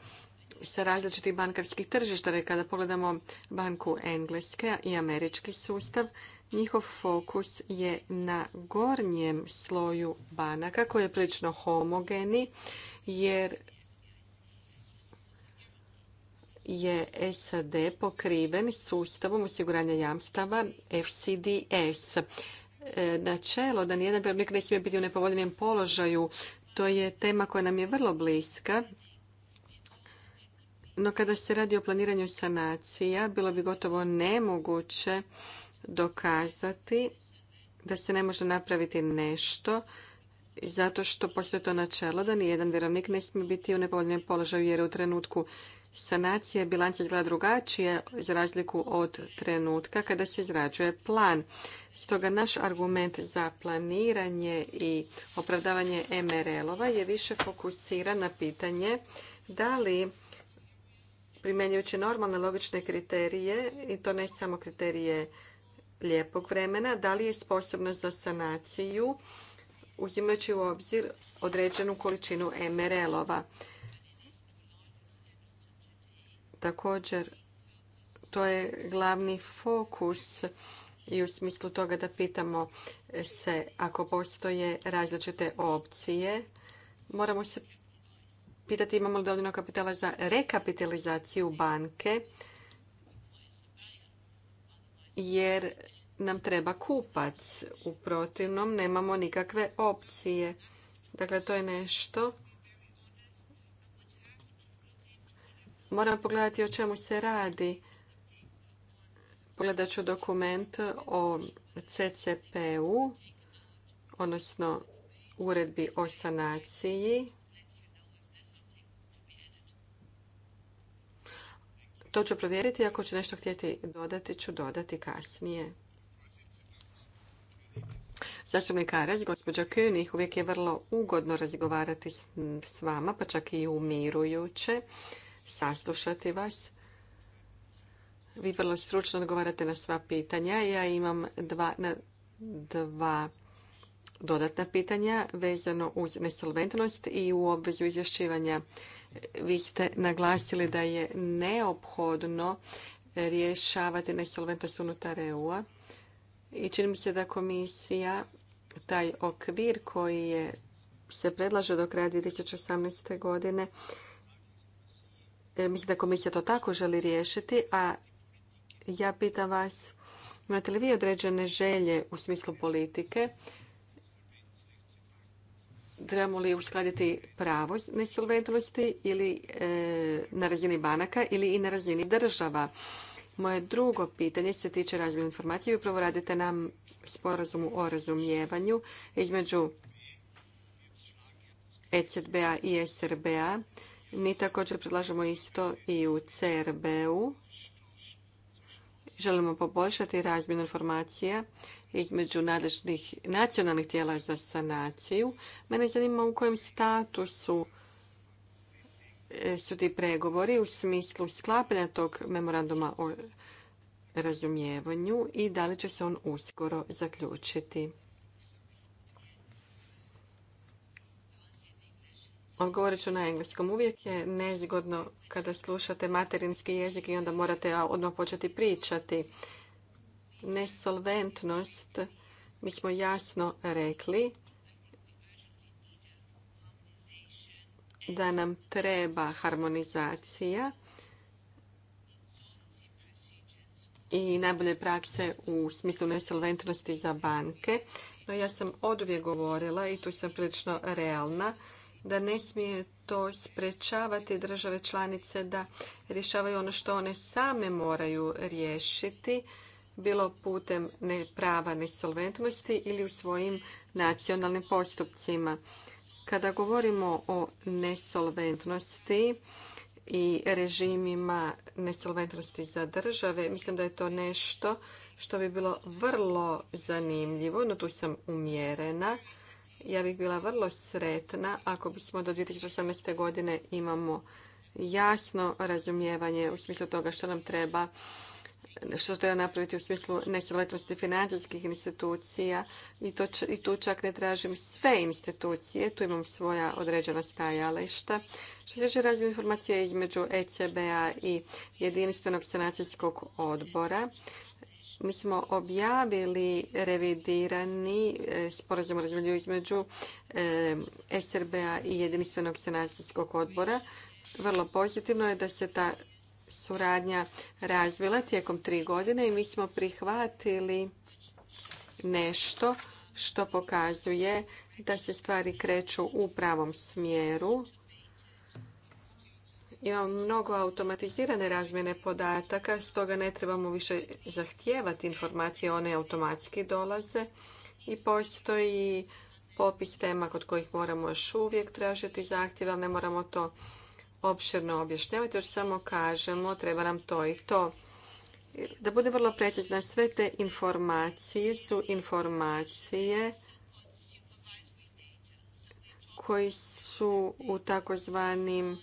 sa različitih bankarskih tržišta. Kada pogledamo banku Engleske i američki sustav, njihov fokus je na gornjem sloju banaka koji je prilično homogeni jer je SAD pokriven sustavom osiguranja jamstava FCDS. E, načelo da nijedan vjerovnik ne smije biti u nepovoljnijem položaju, to je tema koja nam je vrlo bliska no kada se radi o planiranju sanacija, bilo bi gotovo nemoguće dokazati da se ne može napraviti nešto zato što postoje to načelo da jedan vjerovnik ne smije biti u nepovoljnom položaju jer u trenutku sanacije bilanca izgleda drugačije za razliku od trenutka kada se izrađuje plan. Stoga naš argument za planiranje i opravdavanje MRL-ova je više fokusiran na pitanje da li primjenjujući normalne logične kriterije i to ne samo kriterije lijepog vremena, da li je sposobnost za sanaciju uzimajući u obzir određenu količinu MRL-ova. Također, to je glavni fokus i u smislu toga da pitamo se ako postoje različite opcije. Moramo se pitati imamo li dovoljno kapitala za rekapitalizaciju banke jer nam treba kupac. U protivnom nemamo nikakve opcije. Dakle, to je nešto. Moram pogledati o čemu se radi. Pogledat ću dokument o CCPU, odnosno uredbi o sanaciji. To ću provjeriti. Ako ću nešto htjeti dodati, ću dodati kasnije. Zastupnik Karas, gospođa König, uvijek je vrlo ugodno razgovarati s vama, pa čak i umirujuće, saslušati vas. Vi vrlo stručno odgovarate na sva pitanja. Ja imam dva, na dva dodatna pitanja vezano uz nesolventnost i u obvezu izvješćivanja. Vi ste naglasili da je neophodno rješavati nesolventnost unutar EU-a i čini mi se da komisija taj okvir koji je, se predlaže do kraja 2018. godine e, mislim da komisija to tako želi riješiti, a ja pitam vas, imate li vi određene želje u smislu politike trebamo li uskladiti pravo nesolventnosti ili e, na razini banaka ili i na razini država. Moje drugo pitanje se tiče razmjene informacije. Upravo radite nam sporazumu o razumijevanju između ECB-a i SRB-a. Mi također predlažemo isto i u CRB-u. Želimo poboljšati razmjenu informacija između nadležnih nacionalnih tijela za sanaciju. Mene zanima u kojem statusu e, su ti pregovori u smislu sklapanja tog memoranduma o razumijevanju i da li će se on uskoro zaključiti. Odgovorit ću na engleskom. Uvijek je nezgodno kada slušate materinski jezik i onda morate odmah početi pričati. Nesolventnost, mi smo jasno rekli da nam treba harmonizacija i najbolje prakse u smislu nesolventnosti za banke. No ja sam uvijek govorila i tu sam prilično realna da ne smije to sprečavati države članice da rješavaju ono što one same moraju riješiti, bilo putem prava nesolventnosti ili u svojim nacionalnim postupcima. Kada govorimo o nesolventnosti i režimima nesolventnosti za države, mislim da je to nešto što bi bilo vrlo zanimljivo, no tu sam umjerena. Ja bih bila vrlo sretna ako bismo do 2018. godine imamo jasno razumijevanje u smislu toga što nam treba što treba napraviti u smislu nesoljetnosti financijskih institucija I, tu čak ne tražim sve institucije, tu imam svoja određena stajališta. Što se tiče razmjene informacija između ECB-a i jedinstvenog sanacijskog odbora, mi smo objavili revidirani e, sporazum razvoju između e, SRB-a i Jedinstvenog sanacijskog odbora. Vrlo pozitivno je da se ta suradnja razvila tijekom tri godine i mi smo prihvatili nešto što pokazuje da se stvari kreću u pravom smjeru. Imamo mnogo automatizirane razmjene podataka, stoga ne trebamo više zahtijevati informacije, one automatski dolaze i postoji popis tema kod kojih moramo još uvijek tražiti zahtjeve, ali ne moramo to opširno objašnjavati, još samo kažemo treba nam to i to. Da bude vrlo precizna, sve te informacije su informacije koji su u takozvanim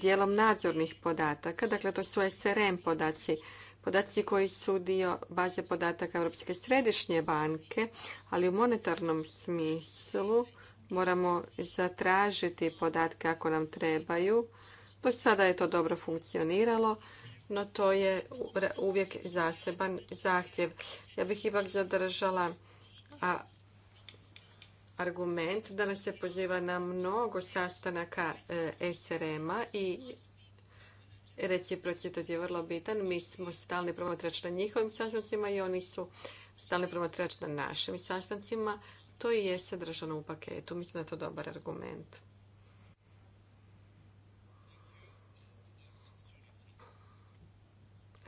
dijelom nadzornih podataka. Dakle, to su SRM podaci, podaci koji su dio baze podataka Europske središnje banke, ali u monetarnom smislu moramo zatražiti podatke ako nam trebaju. Do sada je to dobro funkcioniralo, no to je uvijek zaseban zahtjev. Ja bih ipak zadržala argument danas se poziva na mnogo sastanaka e, SRM-a i reciprocitet je vrlo bitan. Mi smo stalni promotrač na njihovim sastancima i oni su stalni promotrač na našim sastancima. To i je sadržano u paketu. Mislim da je to dobar argument.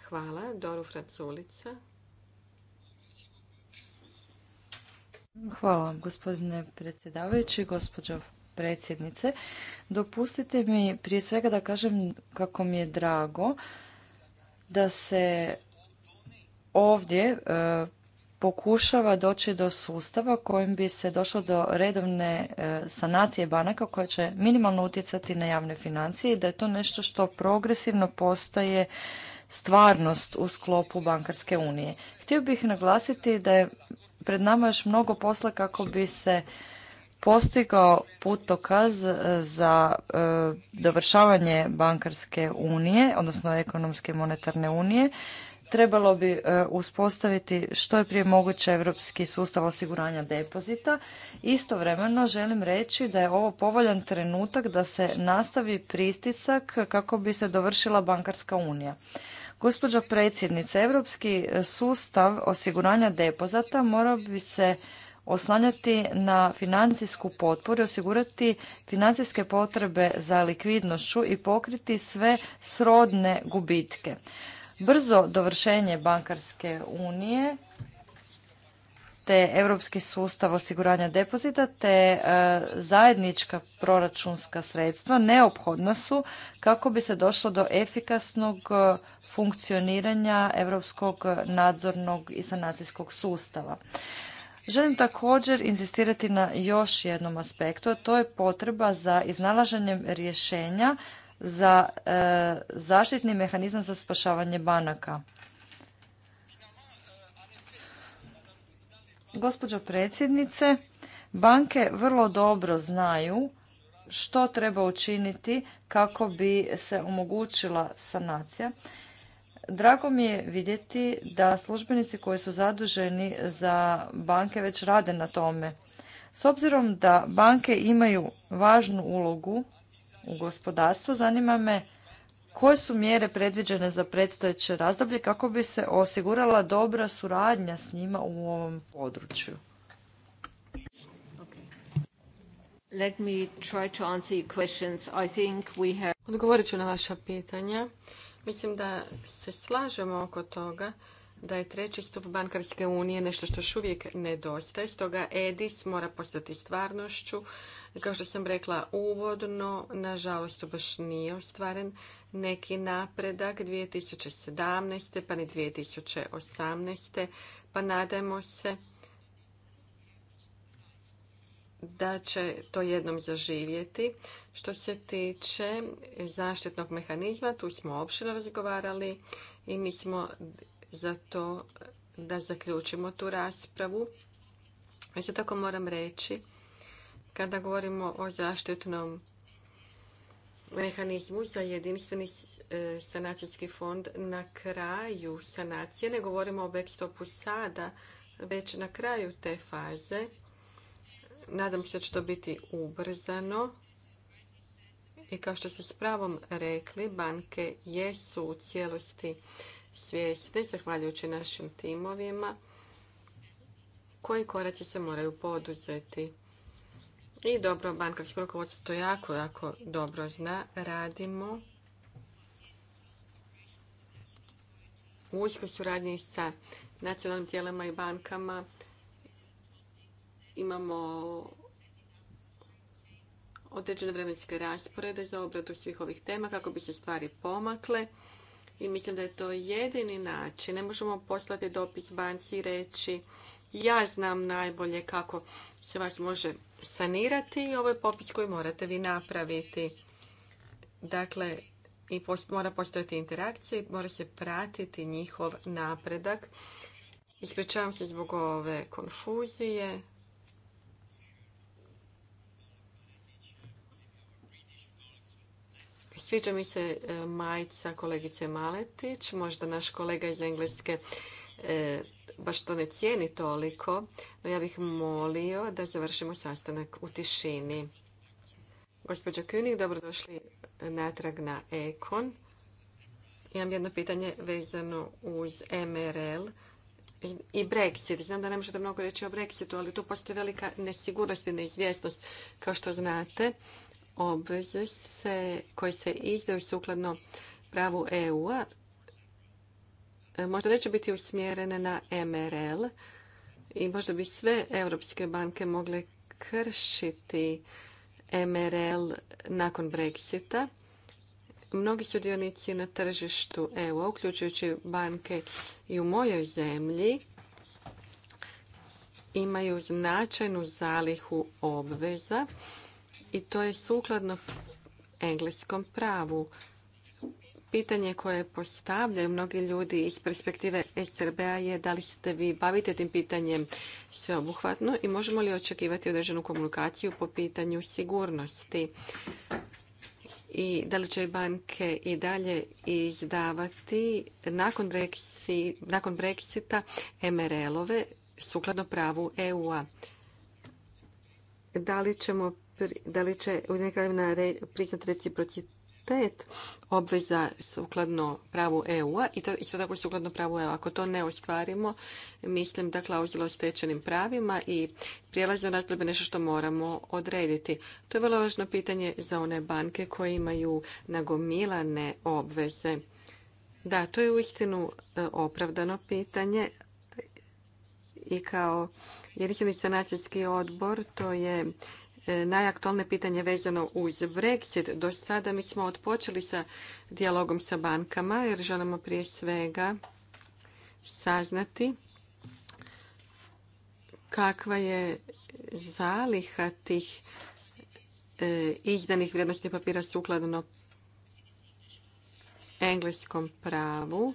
Hvala. Doru Franculica. Hvala vam gospodine predsjedavajući, gospođo predsjednice. Dopustite mi prije svega da kažem kako mi je drago da se ovdje e, pokušava doći do sustava kojim bi se došlo do redovne e, sanacije banaka koja će minimalno utjecati na javne financije i da je to nešto što progresivno postaje stvarnost u sklopu bankarske unije. Htio bih naglasiti da je pred nama još mnogo posla kako bi se postigao putokaz e, za e, dovršavanje bankarske unije, odnosno ekonomske i monetarne unije. Trebalo bi e, uspostaviti što je prije moguće europski sustav osiguranja depozita. Istovremeno želim reći da je ovo povoljan trenutak da se nastavi pristisak kako bi se dovršila bankarska unija. Gospođo predsjednice, europski sustav osiguranja depozata morao bi se oslanjati na financijsku potporu i osigurati financijske potrebe za likvidnošću i pokriti sve srodne gubitke. Brzo dovršenje bankarske unije te europski sustav osiguranja depozita te e, zajednička proračunska sredstva neophodna su kako bi se došlo do efikasnog e, funkcioniranja europskog nadzornog i sanacijskog sustava. Želim također inzistirati na još jednom aspektu, a to je potreba za iznalaženjem rješenja za e, zaštitni mehanizam za spašavanje banaka. Gospođo predsjednice, banke vrlo dobro znaju što treba učiniti kako bi se omogućila sanacija. Drago mi je vidjeti da službenici koji su zaduženi za banke već rade na tome. S obzirom da banke imaju važnu ulogu u gospodarstvu, zanima me koje su mjere predviđene za predstojeće razdoblje kako bi se osigurala dobra suradnja s njima u ovom području? Odgovorit ću na vaša pitanja. Mislim da se slažemo oko toga da je treći stup bankarske unije nešto što još uvijek nedostaje. Stoga EDIS mora postati stvarnošću. Kao što sam rekla uvodno, nažalost, to baš nije ostvaren neki napredak 2017. pa ni 2018. pa nadajmo se da će to jednom zaživjeti. Što se tiče zaštitnog mehanizma, tu smo opširno razgovarali i mi smo za to da zaključimo tu raspravu. Isto tako moram reći, kada govorimo o zaštitnom mehanizmu za jedinstveni e, sanacijski fond na kraju sanacije. Ne govorimo o backstopu sada, već na kraju te faze. Nadam se da će to biti ubrzano. I kao što ste s pravom rekli, banke jesu u cijelosti svjesne, zahvaljujući našim timovima, koji koraci se moraju poduzeti. I dobro, bankarski rukovodstvo to jako, jako dobro zna. Radimo u uskoj suradnji sa nacionalnim tijelima i bankama. Imamo određene vremenske rasporede za obradu svih ovih tema kako bi se stvari pomakle. I mislim da je to jedini način. Ne možemo poslati dopis banci i reći ja znam najbolje kako se vas može sanirati i ovo je popis koji morate vi napraviti. Dakle, i post, mora postojati interakcija i mora se pratiti njihov napredak. Ispričavam se zbog ove konfuzije. Sviđa mi se e, majca kolegice Maletić, možda naš kolega iz Engleske e, baš to ne cijeni toliko, no ja bih molio da završimo sastanak u tišini. Gospođo König, dobrodošli natrag na Ekon. Imam jedno pitanje vezano uz MRL i Brexit. Znam da ne možete mnogo reći o Brexitu, ali tu postoji velika nesigurnost i neizvjesnost. Kao što znate, obveze se, koje se izdaju sukladno pravu EU-a E, možda neće biti usmjerene na MRL i možda bi sve europske banke mogle kršiti MRL nakon Brexita. Mnogi sudionici na tržištu EU, uključujući banke i u mojoj zemlji, imaju značajnu zalihu obveza i to je sukladno engleskom pravu. Pitanje koje postavljaju mnogi ljudi iz perspektive SRBA a je da li ste vi bavite tim pitanjem sveobuhvatno i možemo li očekivati određenu komunikaciju po pitanju sigurnosti i da li će banke i dalje izdavati nakon, breksita nakon Brexita MRL-ove sukladno pravu EU-a. Da li ćemo da li će priznati reciprocitet pet obveza sukladno pravu EU-a i isto tako sukladno pravu EU-a. Ako to ne ostvarimo, mislim da klauzula o stečenim pravima i prijelazno razdoblje nešto što moramo odrediti. To je vrlo važno pitanje za one banke koje imaju nagomilane obveze. Da, to je uistinu e, opravdano pitanje i kao jedinstveni sanacijski odbor to je E, najaktualne pitanje vezano uz Brexit. Do sada mi smo odpočeli sa dijalogom sa bankama jer želimo prije svega saznati kakva je zaliha tih e, izdanih vrijednostnih papira sukladno engleskom pravu.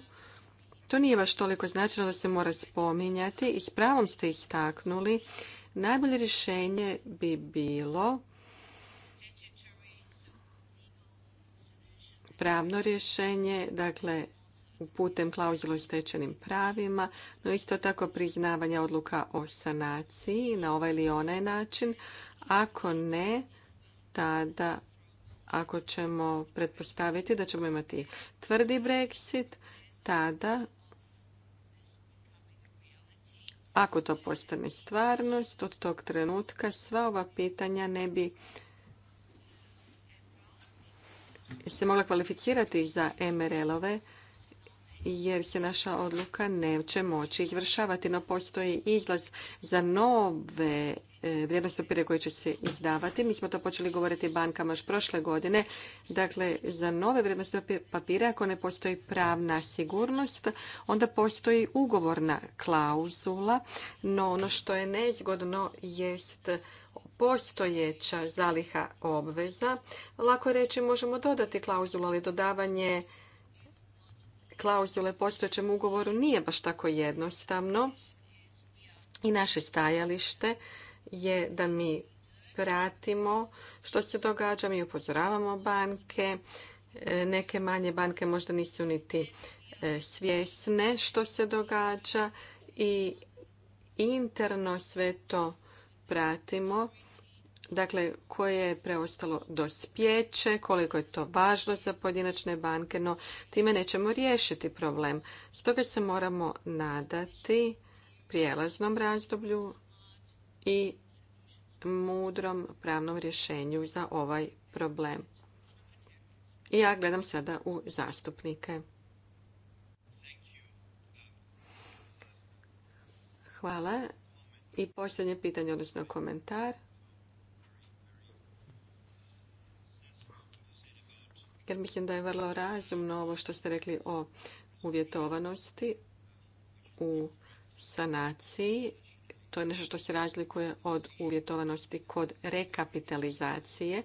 To nije baš toliko značajno da se mora spominjati i s pravom ste istaknuli Najbolje rješenje bi bilo pravno rješenje, dakle putem klauzule o stečenim pravima, no isto tako priznavanje odluka o sanaciji na ovaj ili onaj način. Ako ne, tada ako ćemo pretpostaviti da ćemo imati tvrdi Brexit, tada ako to postane stvarnost, od tog trenutka sva ova pitanja ne bi se mogla kvalificirati za MRL-ove, jer se naša odluka neće moći izvršavati, no postoji izlaz za nove E, vrijednost papire koje će se izdavati. Mi smo to počeli govoriti bankama još prošle godine. Dakle, za nove vrijednosti papire, ako ne postoji pravna sigurnost, onda postoji ugovorna klauzula. No, ono što je nezgodno jest postojeća zaliha obveza. Lako reći možemo dodati klauzulu, ali dodavanje klauzule postojećem ugovoru nije baš tako jednostavno. I naše stajalište je da mi pratimo što se događa, mi upozoravamo banke, e, neke manje banke možda nisu niti e, svjesne što se događa i interno sve to pratimo. Dakle, koje je preostalo dospjeće, koliko je to važno za pojedinačne banke, no time nećemo riješiti problem. Stoga se moramo nadati prijelaznom razdoblju i mudrom pravnom rješenju za ovaj problem. I ja gledam sada u zastupnike. Hvala. I posljednje pitanje, odnosno komentar. Jer mislim da je vrlo razumno ovo što ste rekli o uvjetovanosti u sanaciji to je nešto što se razlikuje od uvjetovanosti kod rekapitalizacije.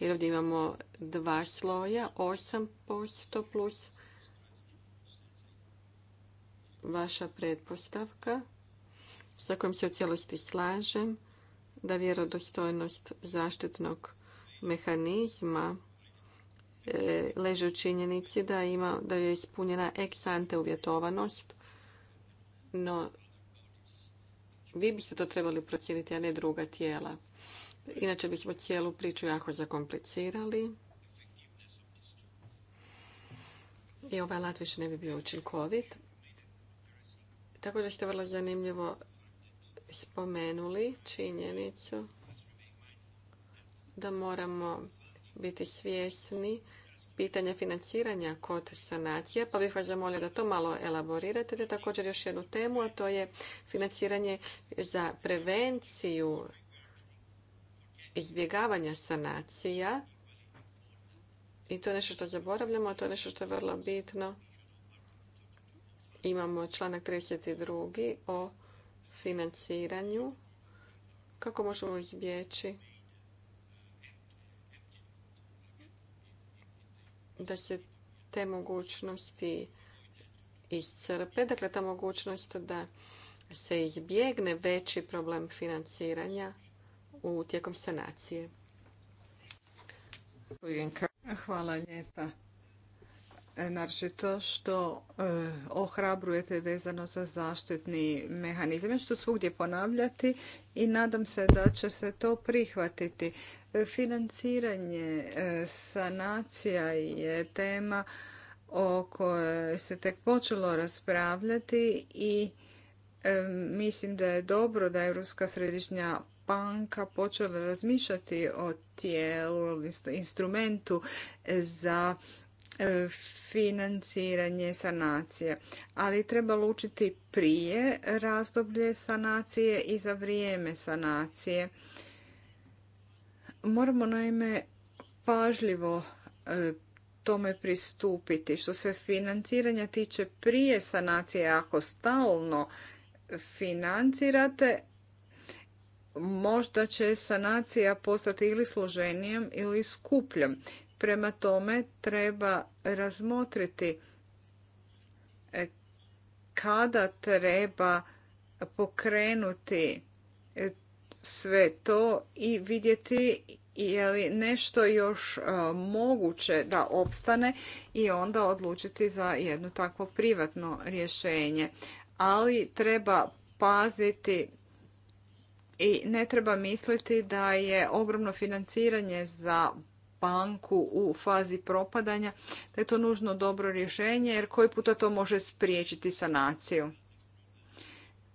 Jer ovdje imamo dva sloja, 8% plus vaša pretpostavka sa kojom se u cijelosti slažem da vjerodostojnost zaštitnog mehanizma e, leže u činjenici da, ima, da je ispunjena ex ante uvjetovanost, no vi biste to trebali procijeniti, a ne druga tijela. Inače bismo cijelu priču jako zakomplicirali. I ovaj lat više ne bi bio učinkovit. Tako da ste vrlo zanimljivo spomenuli činjenicu da moramo biti svjesni pitanje financiranja kod sanacije, pa bih vas zamolio da to malo elaborirate. Te također još jednu temu, a to je financiranje za prevenciju izbjegavanja sanacija. I to je nešto što zaboravljamo, a to je nešto što je vrlo bitno. Imamo članak 32. o financiranju. Kako možemo izbjeći da se te mogućnosti iscrpe, dakle ta mogućnost da se izbjegne veći problem financiranja u tijekom sanacije. Hvala lijepa. E, to što e, ohrabrujete vezano za zaštitni mehanizam, što svugdje ponavljati i nadam se da će se to prihvatiti. E, financiranje sanacija je tema o kojoj se tek počelo raspravljati i mislim da je dobro da Europska središnja banka počela razmišljati o tijelu, instrumentu za E, financiranje sanacije. Ali treba lučiti prije razdoblje sanacije i za vrijeme sanacije. Moramo naime pažljivo e, tome pristupiti. Što se financiranja tiče prije sanacije, ako stalno financirate, možda će sanacija postati ili složenijom ili skupljom. Prema tome treba razmotriti e, kada treba pokrenuti e, sve to i vidjeti je li nešto još e, moguće da opstane i onda odlučiti za jedno takvo privatno rješenje. Ali treba paziti i ne treba misliti da je ogromno financiranje za banku u fazi propadanja, da je to nužno dobro rješenje jer koji puta to može spriječiti sanaciju.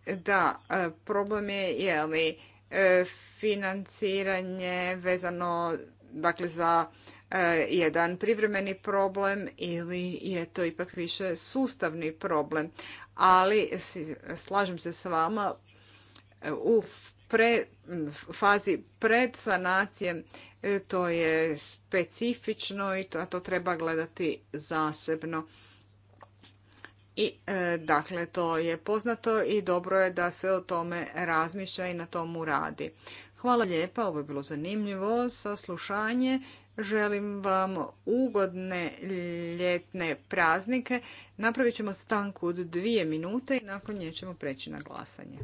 Da, e, problem je je li e, financiranje vezano dakle za e, jedan privremeni problem ili je to ipak više sustavni problem. Ali slažem se s vama u fazi pred sanacije, e, to je specifično i to, treba gledati zasebno. I e, dakle, to je poznato i dobro je da se o tome razmišlja i na tomu radi. Hvala lijepa, ovo je bilo zanimljivo saslušanje. Želim vam ugodne ljetne praznike. Napravit ćemo stanku od dvije minute i nakon nje ćemo preći na glasanje.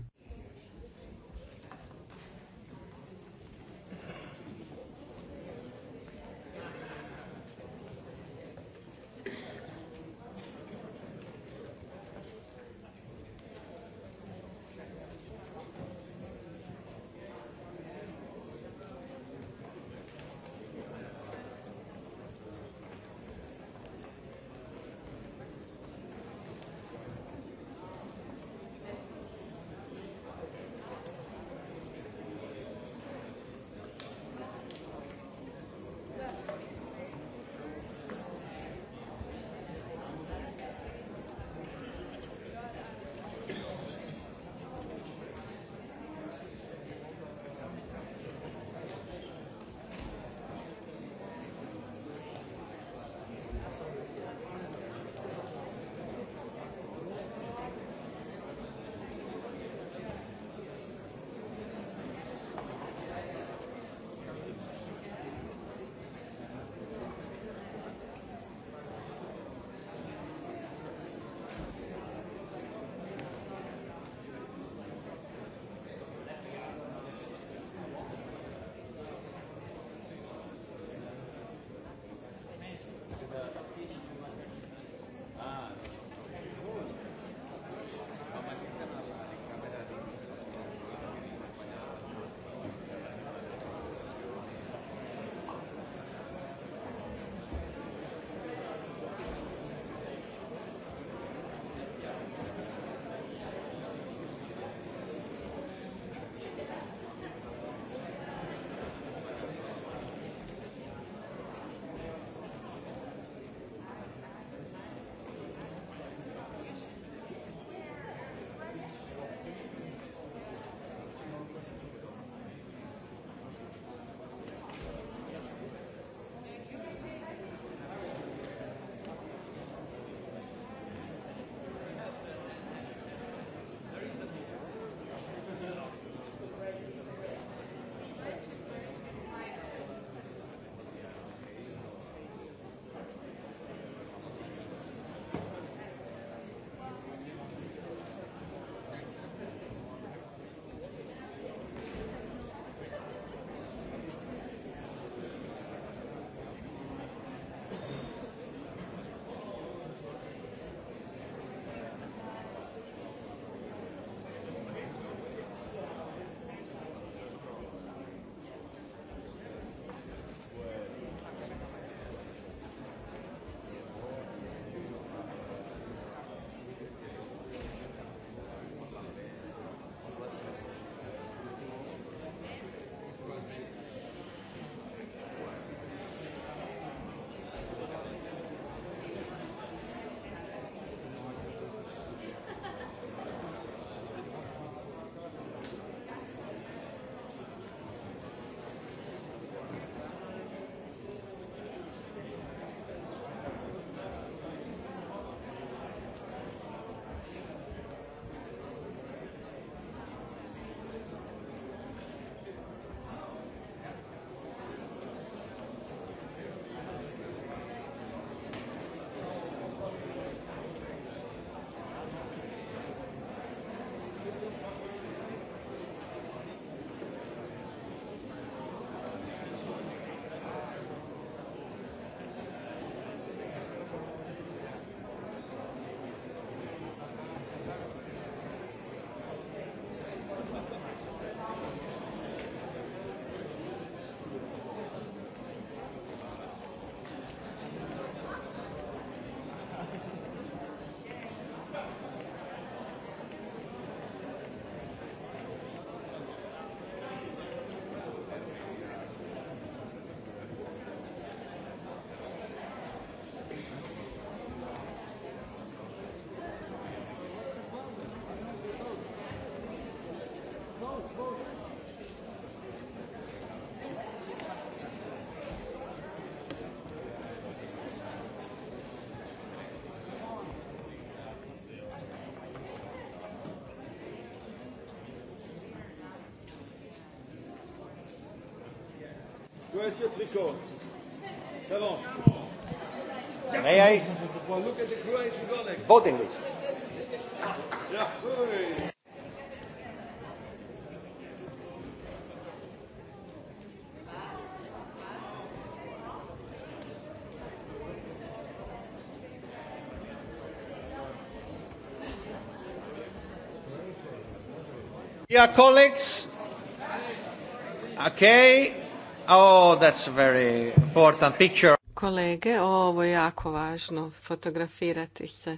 Croatia tricot. Come Voting colleagues, okay, Oh, that's very important picture. Kolege, ovo je jako važno, fotografirati se.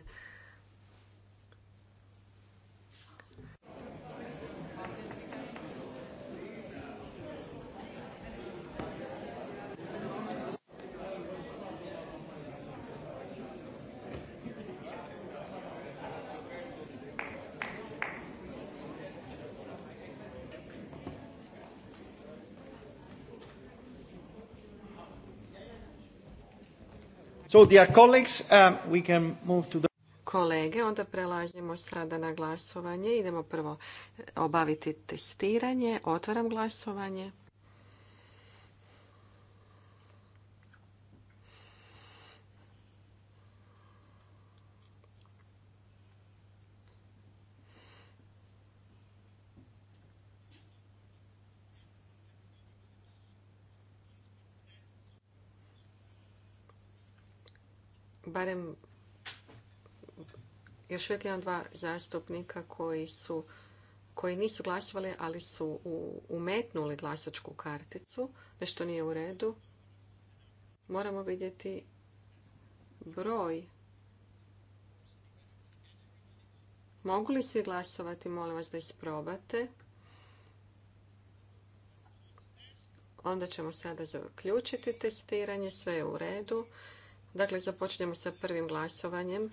So, um, Kolege, onda prelažemo sada na glasovanje. Idemo prvo obaviti testiranje. Otvaram glasovanje. barem još uvijek imam dva zastupnika koji su koji nisu glasovali, ali su umetnuli glasačku karticu. Nešto nije u redu. Moramo vidjeti broj. Mogu li svi glasovati? Molim vas da isprobate. Onda ćemo sada zaključiti testiranje. Sve je u redu. Dakle, započnemo sa prvim glasovanjem.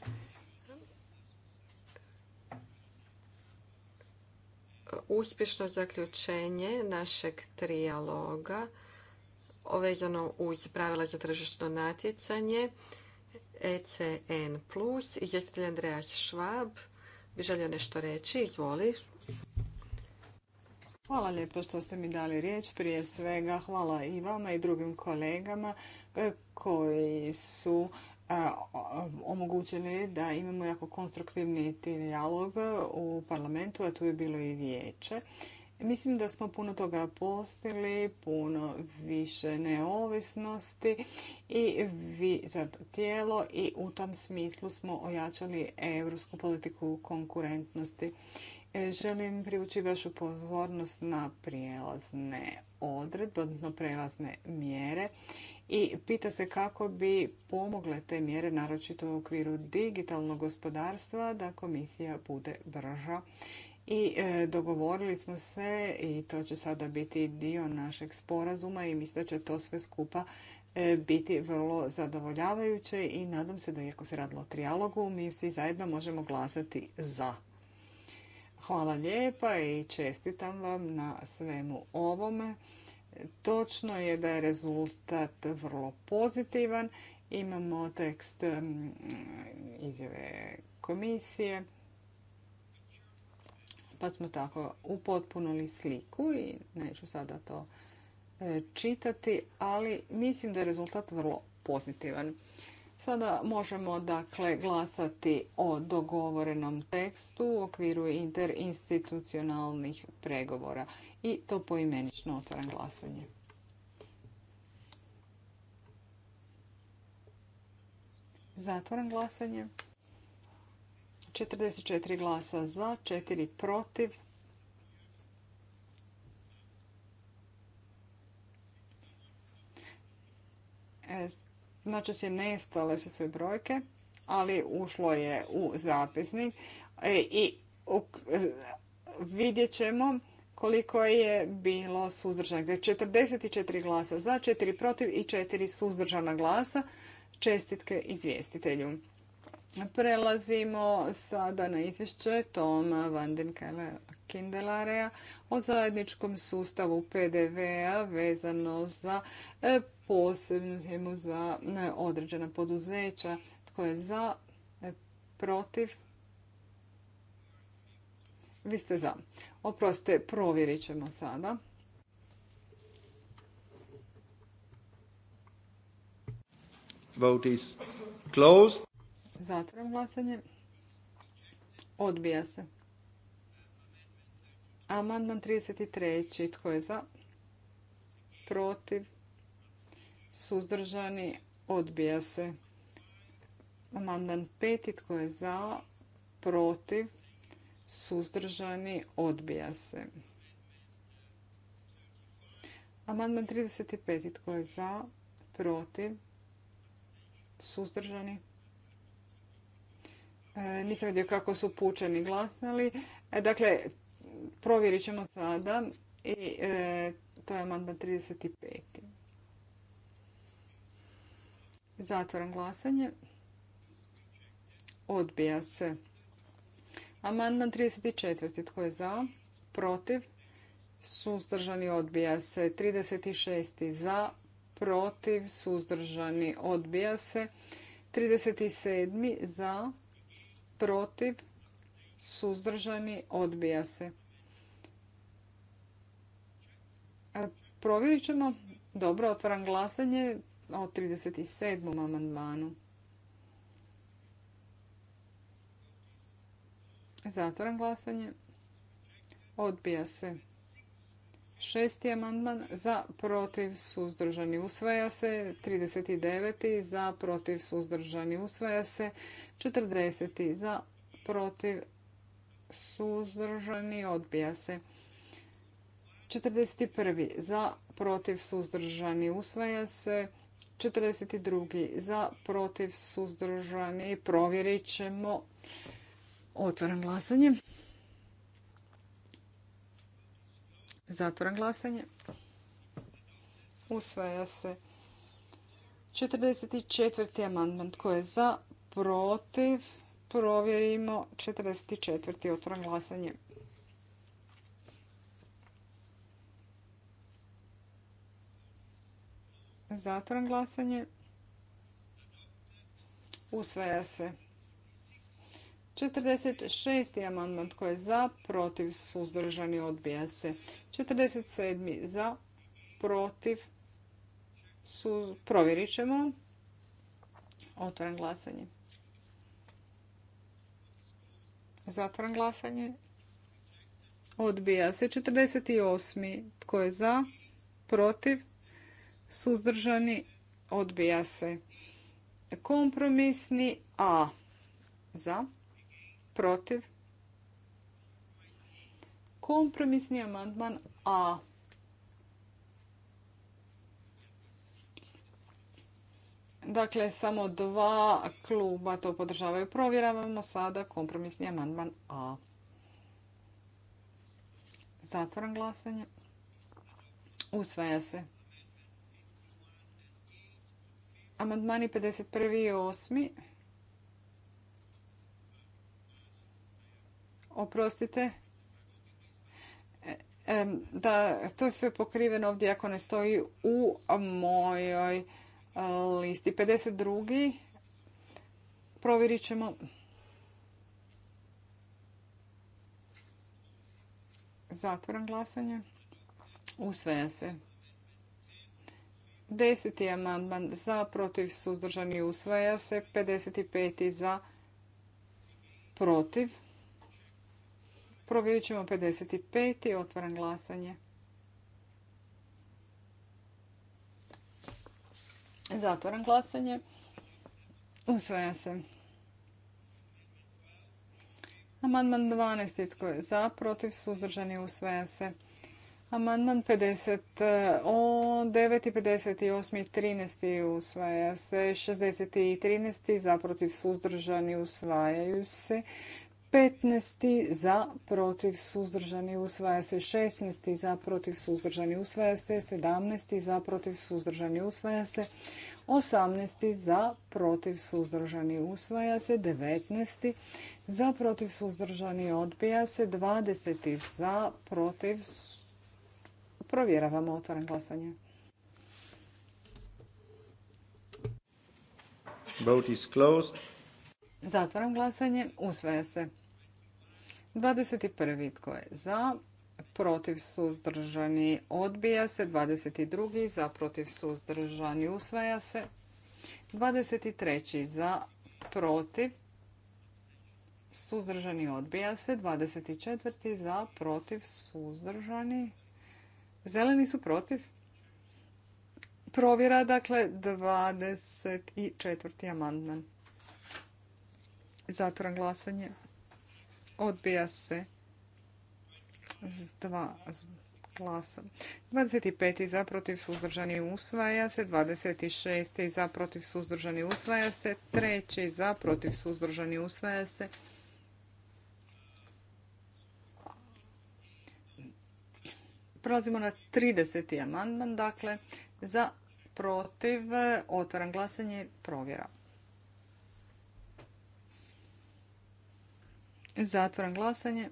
Uspješno zaključenje našeg trijaloga ovezano uz pravila za tržišno natjecanje ECN+. Izvjestitelj Andreas Schwab bi želio nešto reći. Izvoli. Hvala lijepo što ste mi dali riječ. Prije svega hvala i vama i drugim kolegama e, koji su e, omogućili da imamo jako konstruktivni dialog u parlamentu, a tu je bilo i vijeće. Mislim da smo puno toga postili, puno više neovisnosti i vi za tijelo i u tom smislu smo ojačali europsku politiku konkurentnosti. E, želim privući vašu pozornost na prijelazne odredbe, odnosno prijelazne mjere i pita se kako bi pomogle te mjere, naročito u okviru digitalnog gospodarstva, da komisija bude brža. I e, dogovorili smo se i to će sada biti dio našeg sporazuma i mislim da će to sve skupa e, biti vrlo zadovoljavajuće i nadam se da iako se radilo o trijalogu, mi svi zajedno možemo glasati za. Hvala lijepa i čestitam vam na svemu ovome. Točno je da je rezultat vrlo pozitivan. Imamo tekst mm, izjave komisije. Pa smo tako upotpunili sliku i neću sada to e, čitati, ali mislim da je rezultat vrlo pozitivan. Sada možemo dakle glasati o dogovorenom tekstu u okviru interinstitucionalnih pregovora i to poimenično otvaram glasanje. Zatvoreno glasanje. 44 glasa za, 4 protiv. E, Znači se nestale su sve brojke, ali ušlo je u zapisnik e, i vidjet ćemo koliko je bilo suzdržanih. 44 glasa za, 4 protiv i 4 suzdržana glasa. Čestitke izvjestitelju. Prelazimo sada na izvješće Toma van o zajedničkom sustavu PDV-a vezano za e, posebnu za e, određena poduzeća. Tko je za, e, protiv? Vi ste za. Oprostite, provjerit ćemo sada. closed. Zatvaram glasanje. Odbija se. Amandman 33. Tko je za? Protiv? Suzdržani? Odbija se. Amandman 5. Tko je za? Protiv? Suzdržani? Odbija se. Amandman 35. Tko je za? Protiv? Suzdržani? E, nisam vidio kako su pučani glasnali. E, dakle, provjerit ćemo sada i e, to je amandman 35. Zatvoram glasanje. Odbija se. Amandman 34. Tko je za? Protiv? Suzdržani odbija se. 36. Za? Protiv? Suzdržani odbija se. 37. Za? protiv, suzdržani, odbija se. Provjerit ćemo. Dobro, otvaram glasanje o 37. amandmanu. Zatvaram glasanje. Odbija se. Šesti amandman za protiv suzdržani usvaja se. 39. za protiv suzdržani usvaja se. 40. za protiv suzdržani odbija se. 41. za protiv suzdržani usvaja se. 42. za protiv suzdržani provjerit ćemo. Otvaram glasanje. Zatvoram glasanje. Usvaja se. 44. amandman. Tko je za? Protiv? Provjerimo. 44. Otvoram glasanje. Zatvoram glasanje. Usvaja se. 46. amandman tko je za, protiv, suzdržani, odbija se. 47. za, protiv, su, provjerit ćemo. Otvoram glasanje. Zatvoram glasanje. Odbija se. 48. Tko je za? Protiv? Suzdržani? Odbija se. Kompromisni A. Za? protiv. Kompromisni amandman A. Dakle, samo dva kluba to podržavaju. Provjeravamo sada kompromisni amandman A. Zatvoran glasanje. Usvaja se. Amandmani 51. i 8. oprostite, e, da to je sve pokriveno ovdje ako ne stoji u mojoj listi. 52. Provjerit ćemo. Zatvoram glasanje. Usvaja se. Deseti amandman za, protiv, suzdržani, usvaja se. 55. za, protiv, Provjerit ćemo 55. Otvaram glasanje. Zatvaram glasanje. Usvaja se. Amandman 12. Tko je za, protiv, suzdržani, usvaja se. Amandman 59. i 58. i 13. usvaja se. 60. i 13. zaprotiv suzdržani, usvajaju se. 15. za protiv suzdržani usvaja se 16. za protiv suzdržani usvaja se 17. za protiv suzdržani usvaja se 18. za protiv suzdržani usvaja se 19. za protiv suzdržani odbija se 20. za protiv provjeravamo otvaram glasanje Vote is closed. Zatvaram glasanje. Usvaja se. 21. tko je za, protiv suzdržani odbija se. 22. za, protiv suzdržani usvaja se. 23. za, protiv suzdržani odbija se. 24. za, protiv suzdržani. Zeleni su protiv. Provjera, dakle, 24. amandman. Zatvoram glasanje odbija se dva glasa. 25. za protiv suzdržani usvaja se, 26. za protiv suzdržani usvaja se, 3. za protiv suzdržani usvaja se, Prelazimo na 30. amandman, dakle za protiv otvaram glasanje provjera. Zatvoram glasanje.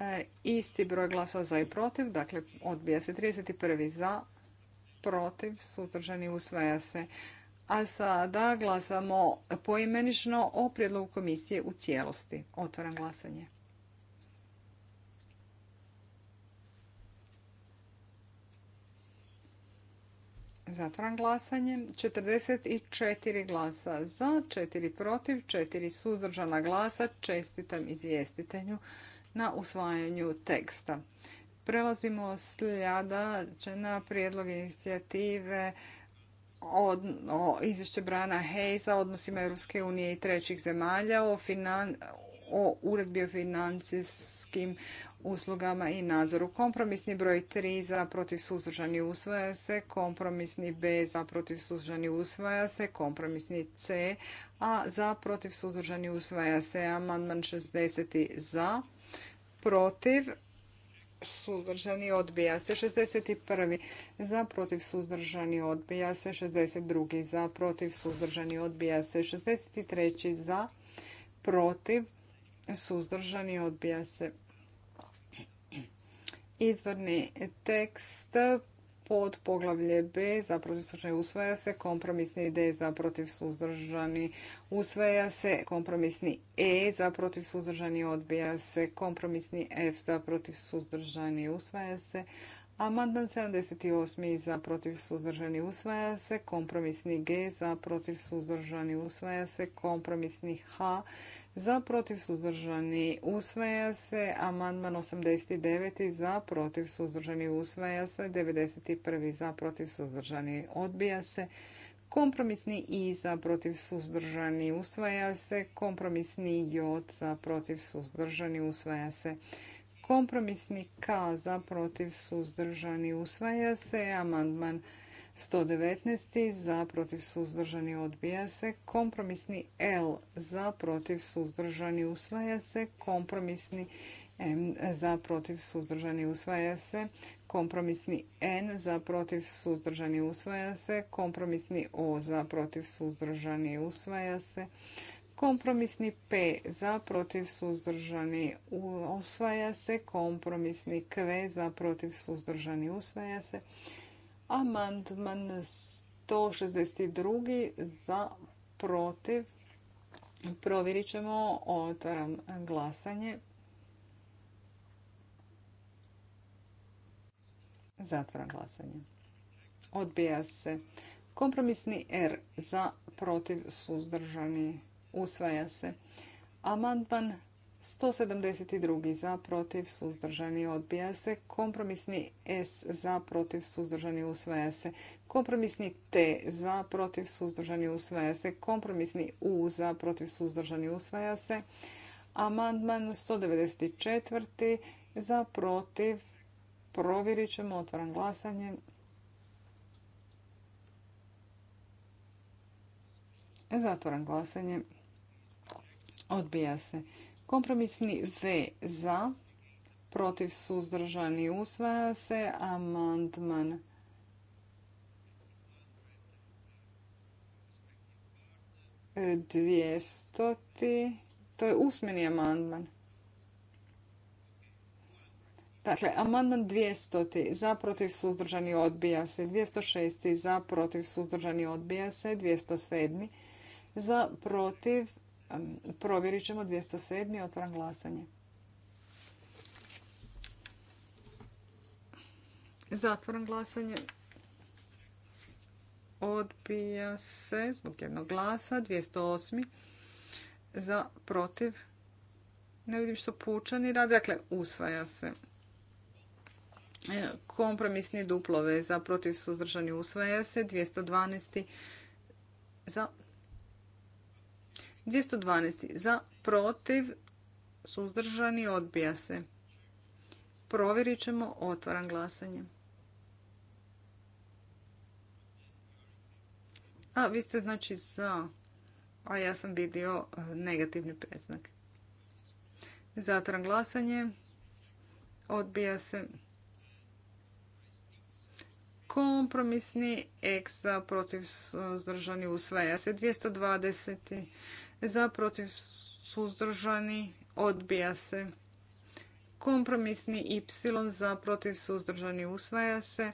E, isti broj glasova za i protiv, dakle odbija se 31. za, protiv, suzdržani usvaja se. A sada glasamo poimenično o prijedlogu komisije u cijelosti. Otvaram glasanje. Zatvoram glasanje. 44 glasa za, 4 protiv, 4 suzdržana glasa. Čestitam izvjestitelju na usvajanju teksta. Prelazimo sljada na prijedlog inicijative o izvješće Brana Hejza odnosima Europske unije i trećih zemalja o, o uredbi o financijskim uslugama i nadzoru. Kompromisni broj 3 za protiv suzdržani usvaja se, kompromisni B za protiv suzdržani usvaja se, kompromisni C, a za protiv suzdržani usvaja se amandman 60 za, protiv suzdržani odbija se 61. za protiv suzdržani odbija se 62. za protiv suzdržani odbija se 63. za protiv suzdržani odbija se izvorni tekst pod poglavlje B za protiv usvaja se, kompromisni D za protiv suzdržani usvaja se, kompromisni E za protiv suzdržani odbija se, kompromisni F za protiv suzdržani usvaja se, Amandman 78. za protiv suzdržani usvaja se. Kompromisni G za protiv suzdržani usvaja se. Kompromisni H za protiv suzdržani usvaja se. Amandman 89. za protiv suzdržani usvaja se. 91. za protiv suzdržani odbija se. Kompromisni I za protiv suzdržani usvaja se. Kompromisni J za protiv suzdržani usvaja se. Kompromisni K za protiv suzdržani usvaja se. Amandman 119. za protiv suzdržani odbija se. Kompromisni L za protiv suzdržani usvaja se. Kompromisni M za protiv suzdržani usvaja se. Kompromisni N za protiv suzdržani usvaja se. Kompromisni O za protiv suzdržani usvaja se. Kompromisni P za protiv suzdržani osvaja se. Kompromisni Q za protiv suzdržani usvaja se. Amandman 162 za protiv. Provjerit ćemo. Otvaram glasanje. Zatvaram glasanje. Odbija se. Kompromisni R za protiv suzdržani Usvaja se. Amandman 172. za, protiv, suzdržani, odbija se. Kompromisni S za, protiv, suzdržani, usvaja se. Kompromisni T za, protiv, suzdržani, usvaja se. Kompromisni U za, protiv, suzdržani, usvaja se. Amandman 194. za, protiv, provjerit ćemo, otvoran glasanje. Zatvaram glasanje. Odbija se. Kompromisni V za, protiv suzdržani usvaja se. Amandman dvijestoti. To je usmeni amandman. Dakle, amandman 200. za protiv suzdržani odbija se. 206. za protiv suzdržani odbija se. 207. za protiv Provjerit ćemo 207. Otvoram glasanje. Zatvoram glasanje. Odbija se zbog jednog glasa. 208. Za protiv. Ne vidim što pučani radi. Dakle, usvaja se. E, kompromisni duplove za protiv suzdržani usvaja se. 212. Za 212. Za, protiv, suzdržani, odbija se. Provjerit ćemo, otvaram glasanje. A, vi ste znači za, a ja sam vidio e, negativni predznak. Zatvaram glasanje, odbija se. Kompromisni eksa, za protiv suzdržani usvaja se 220 za protiv suzdržani odbija se. Kompromisni y za protiv suzdržani usvaja se.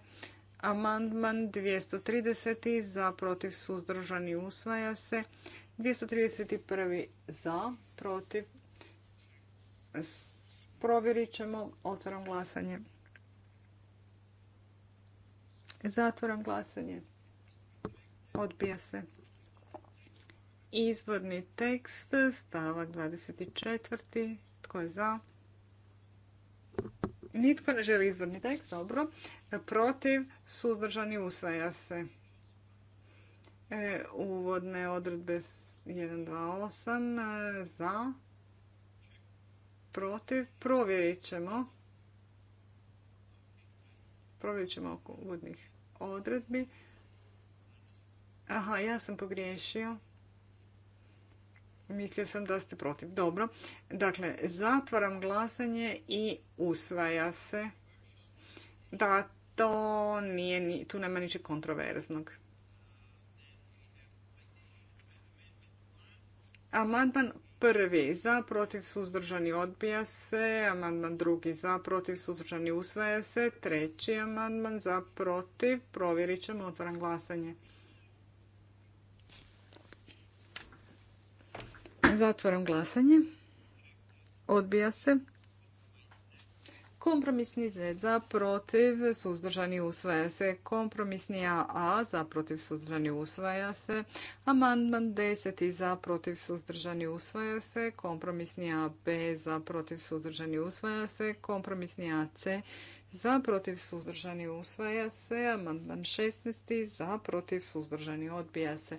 Amandman 230. za protiv suzdržani usvaja se. 231. za protiv. Provjerit ćemo. Otvaram glasanje. Zatvaram glasanje. Odbija se izvorni tekst, stavak 24. Tko je za? Nitko ne želi izvorni tekst, dobro. Protiv, suzdržani, usvaja se. E, uvodne odredbe 128 e, za, protiv, provjerit ćemo. Provjerit ćemo uvodnih odredbi. Aha, ja sam pogriješio. Mislio sam da ste protiv. Dobro. Dakle, zatvaram glasanje i usvaja se. Da, to nije, tu nema ničeg kontroverznog. Amandman prvi za, protiv suzdržani odbija se. Amandman drugi za, protiv suzdržani usvaja se. Treći amandman za, protiv. Provjerit ćemo, otvaram glasanje. Zatvaram glasanje. Odbija se. Kompromisni Z za protiv, suzdržani usvaja se. Kompromisni A, za protiv, suzdržani usvaja se. Amandman 10 za protiv, suzdržani usvaja se. Kompromisni B, za protiv, suzdržani usvaja se. Kompromisni AC za protiv, suzdržani usvaja se. Amandman 16 za protiv, suzdržani odbija se.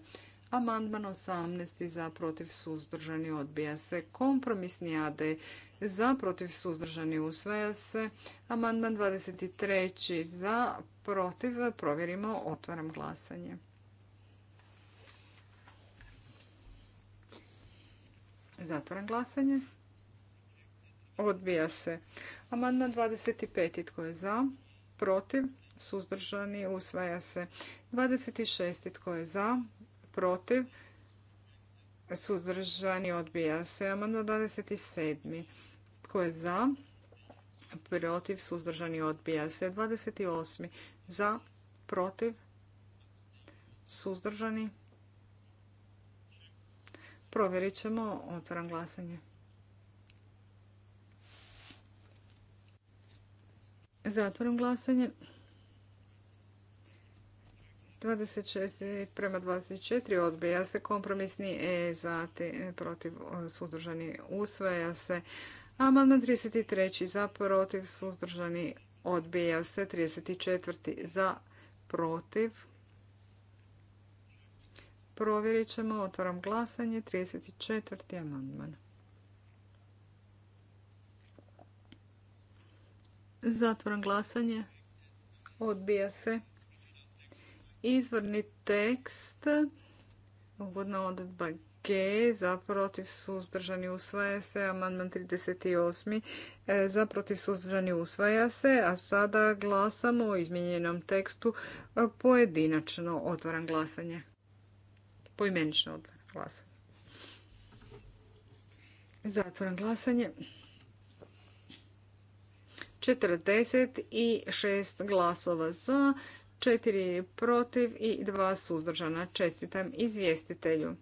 Amandman 18 za protiv suzdržani odbija se. Kompromisni ADE za protiv suzdržani usvaja se. Amandman 23 za protiv provjerimo otvaram glasanje. Zatvaram glasanje. Odbija se. Amandman 25. Tko je za? Protiv? Suzdržani? Usvaja se. 26. Tko je za? protiv, suzdržani odbija se. Amandman 27. Tko je za? Protiv, suzdržani odbija se. 28. Za, protiv, suzdržani. Provjerit ćemo. Otvaram glasanje. Zatvaram glasanje. 26 prema 24 odbija se kompromisni E za e, protiv e, suzdržani usvaja se. Amandman 33 za protiv suzdržani odbija se. 34 za protiv. Provjerit ćemo. Otvoram glasanje. 34. amandman. Zatvoram glasanje. Odbija se. Izvorni tekst, uvodna odredba G, za protiv suzdržani usvaja se, amandman 38. E, za protiv suzdržani usvaja se, a sada glasamo o izmijenjenom tekstu e, pojedinačno. Otvaram glasanje. Poimenično otvaram glasanje. Zatvoram glasanje. 46 glasova za, Četiri protiv i dva suzdržana. Čestitam izvjestitelju.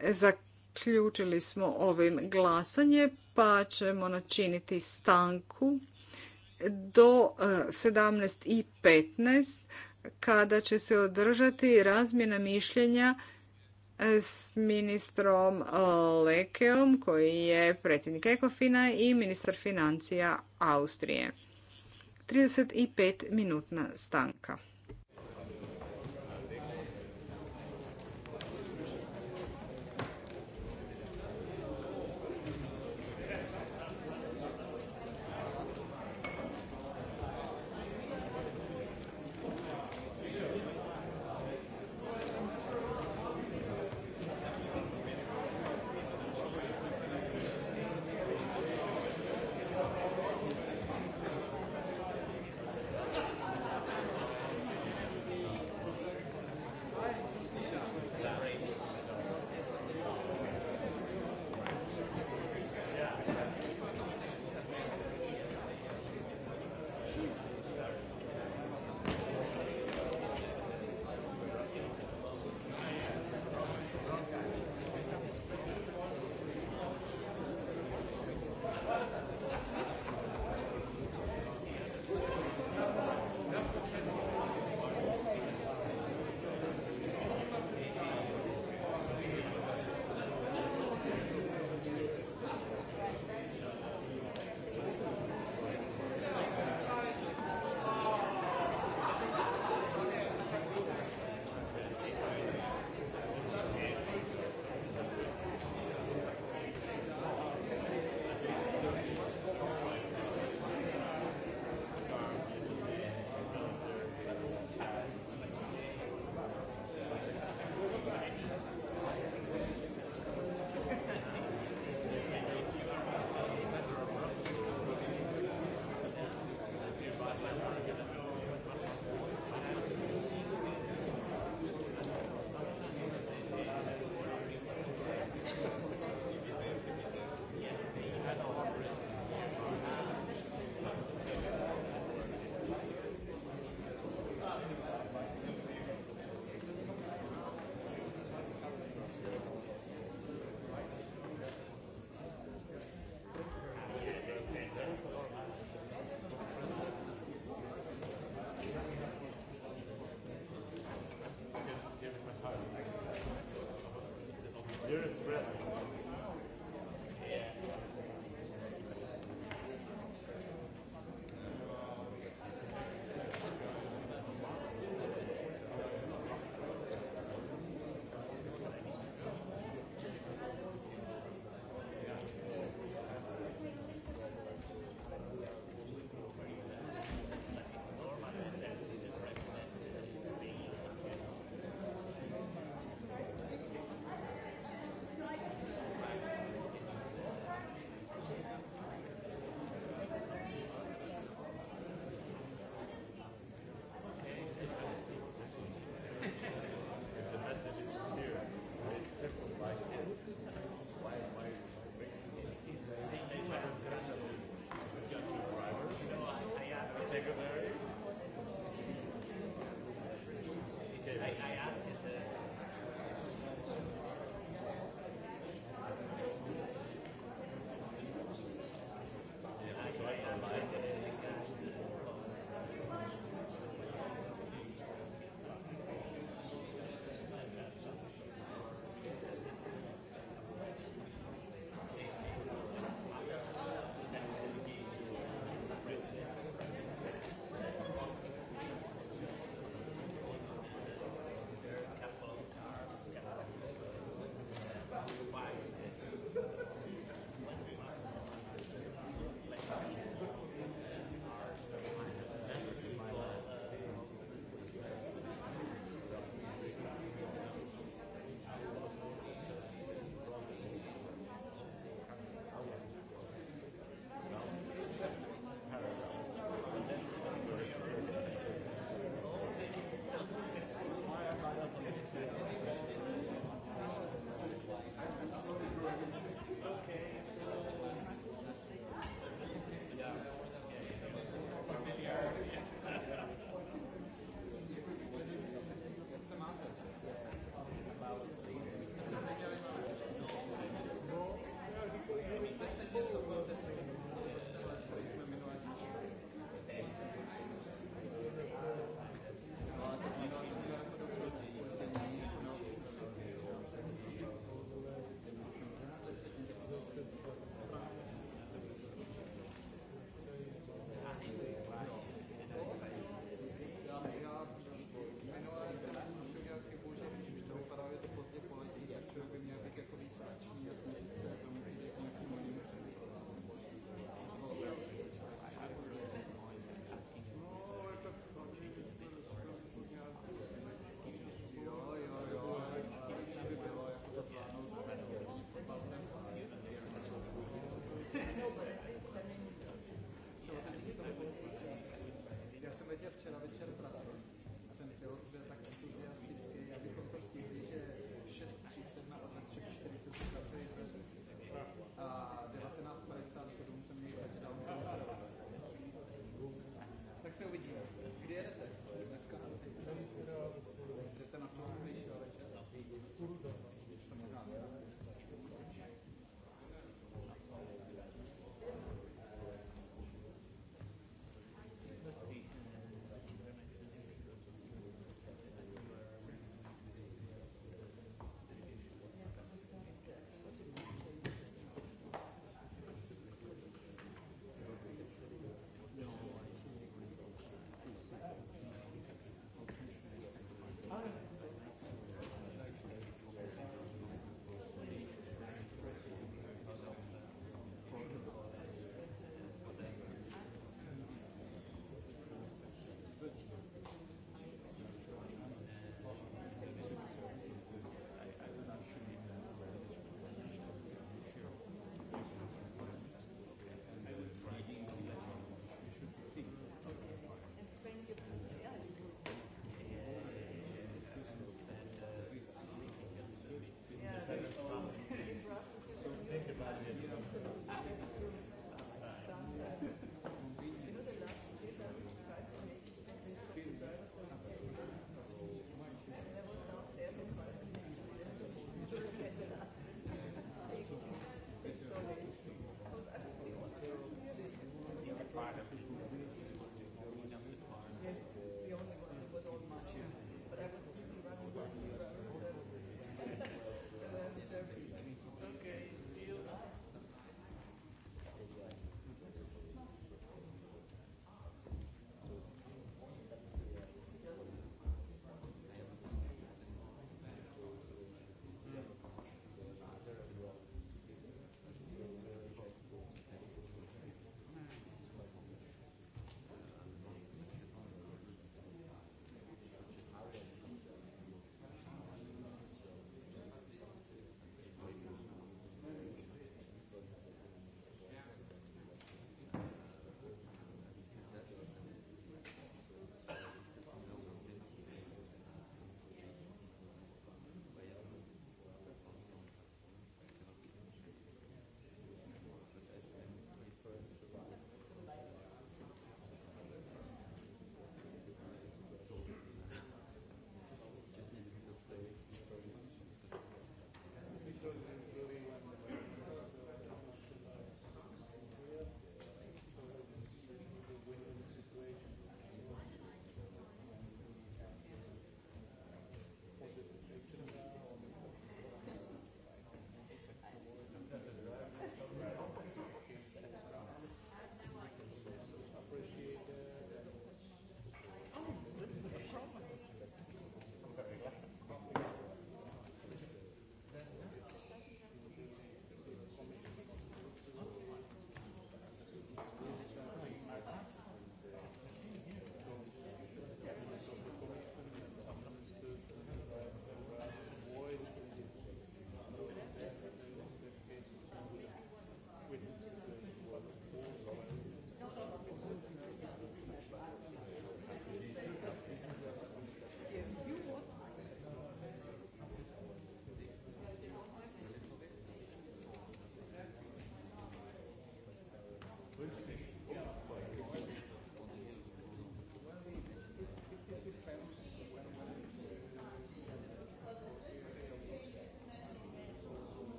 Zaključili smo ovim glasanje pa ćemo načiniti stanku do 17.15 eh, kada će se održati razmjena mišljenja eh, s ministrom eh, Lekeom koji je predsjednik Ekofina i ministar financija Austrije. 35-minutna stanka.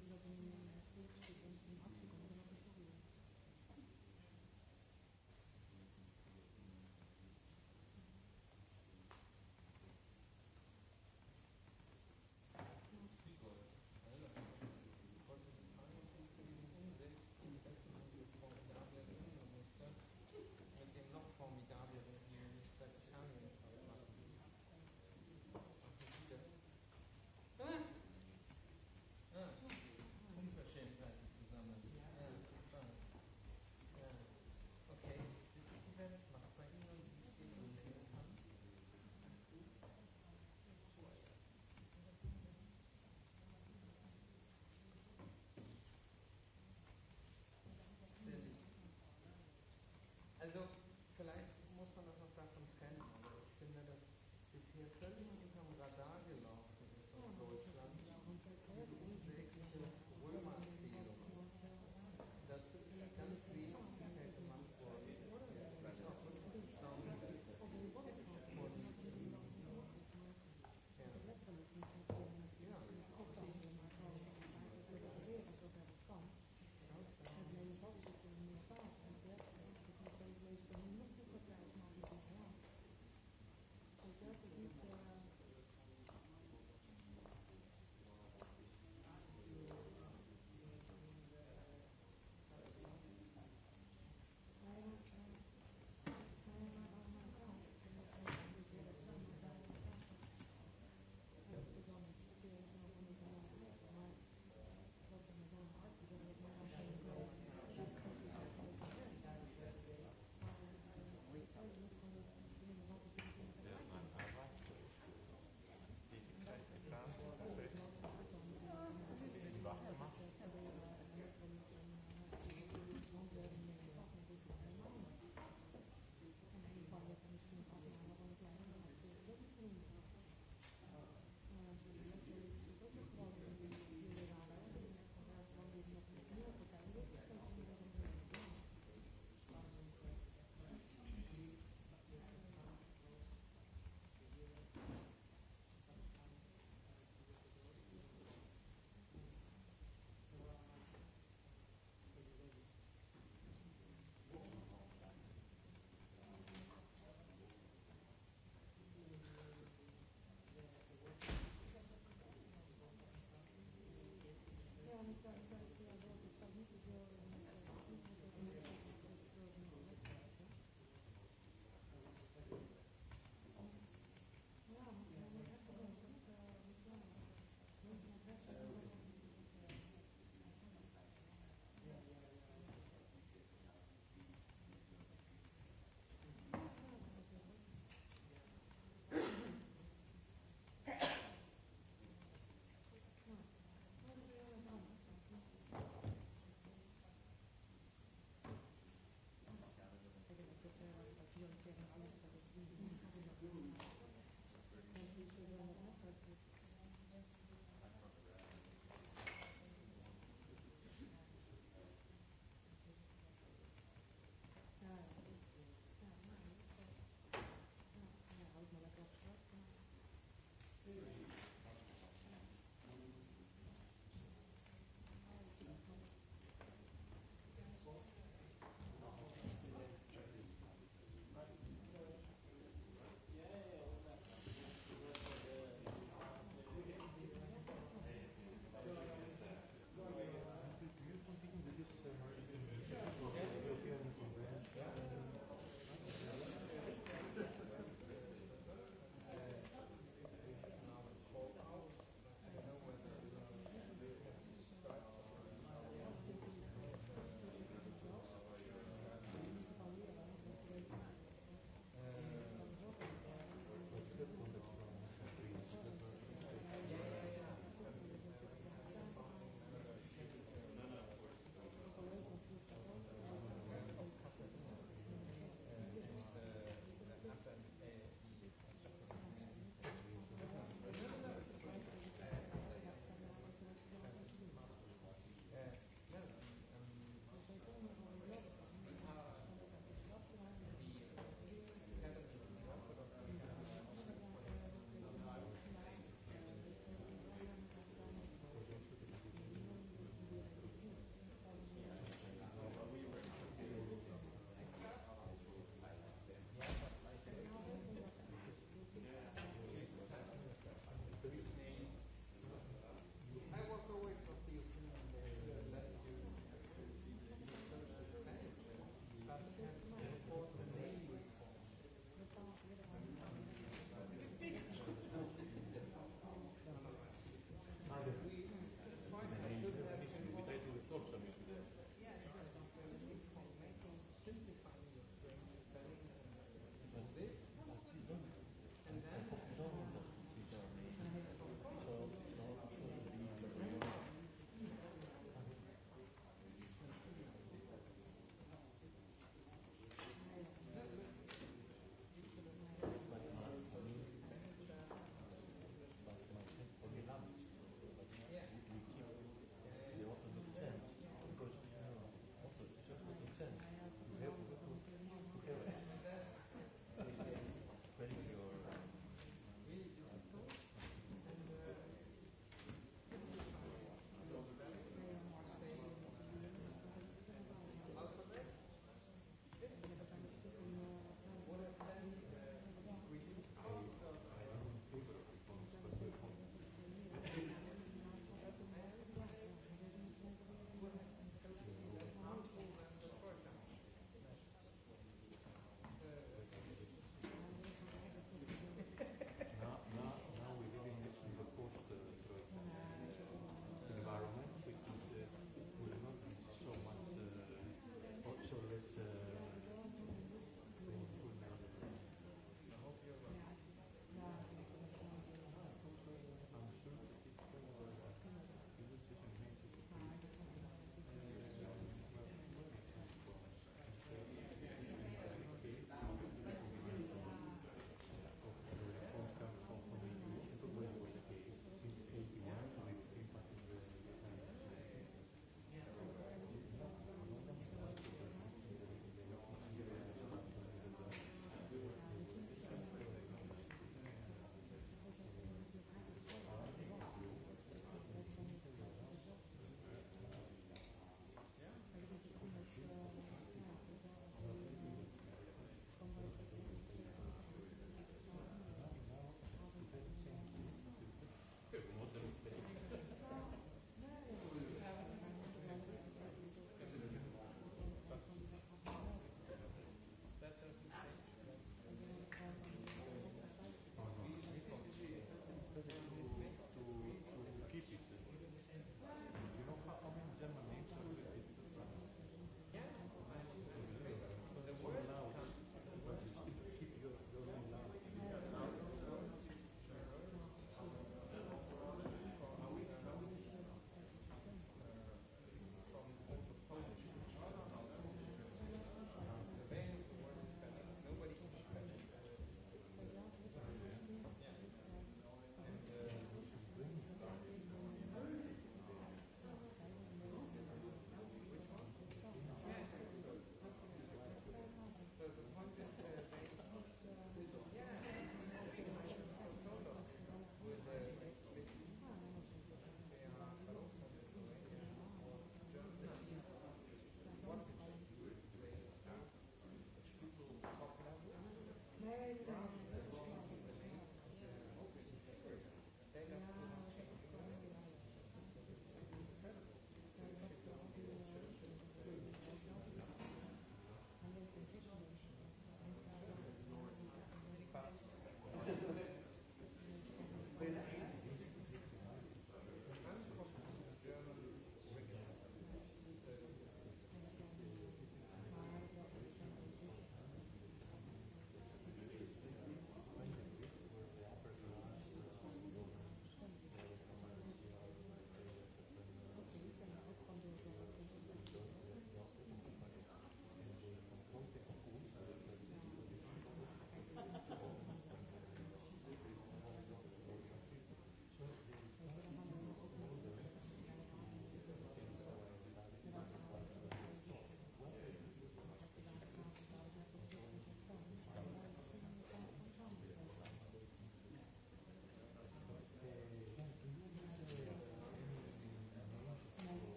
za Also vielleicht muss man das noch davon trennen. Also ich finde das bisher völlig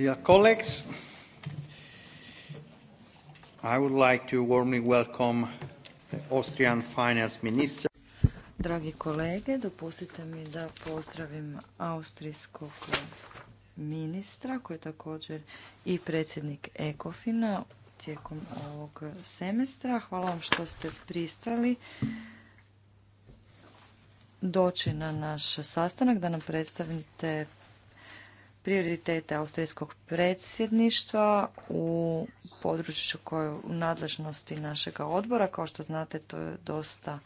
Dear colleagues, I would like to warmly welcome Austrian finance minister. Dragi kolege, dopustite mi da pozdravim austrijskog ministra koji je također i predsjednik Ekofina tijekom ovog semestra. Hvala vam što ste pristali doći na naš sastanak da nam predstavite prioritete austrijskog predsjedništva u području koje je u nadležnosti našega odbora. Kao što znate, to je dosta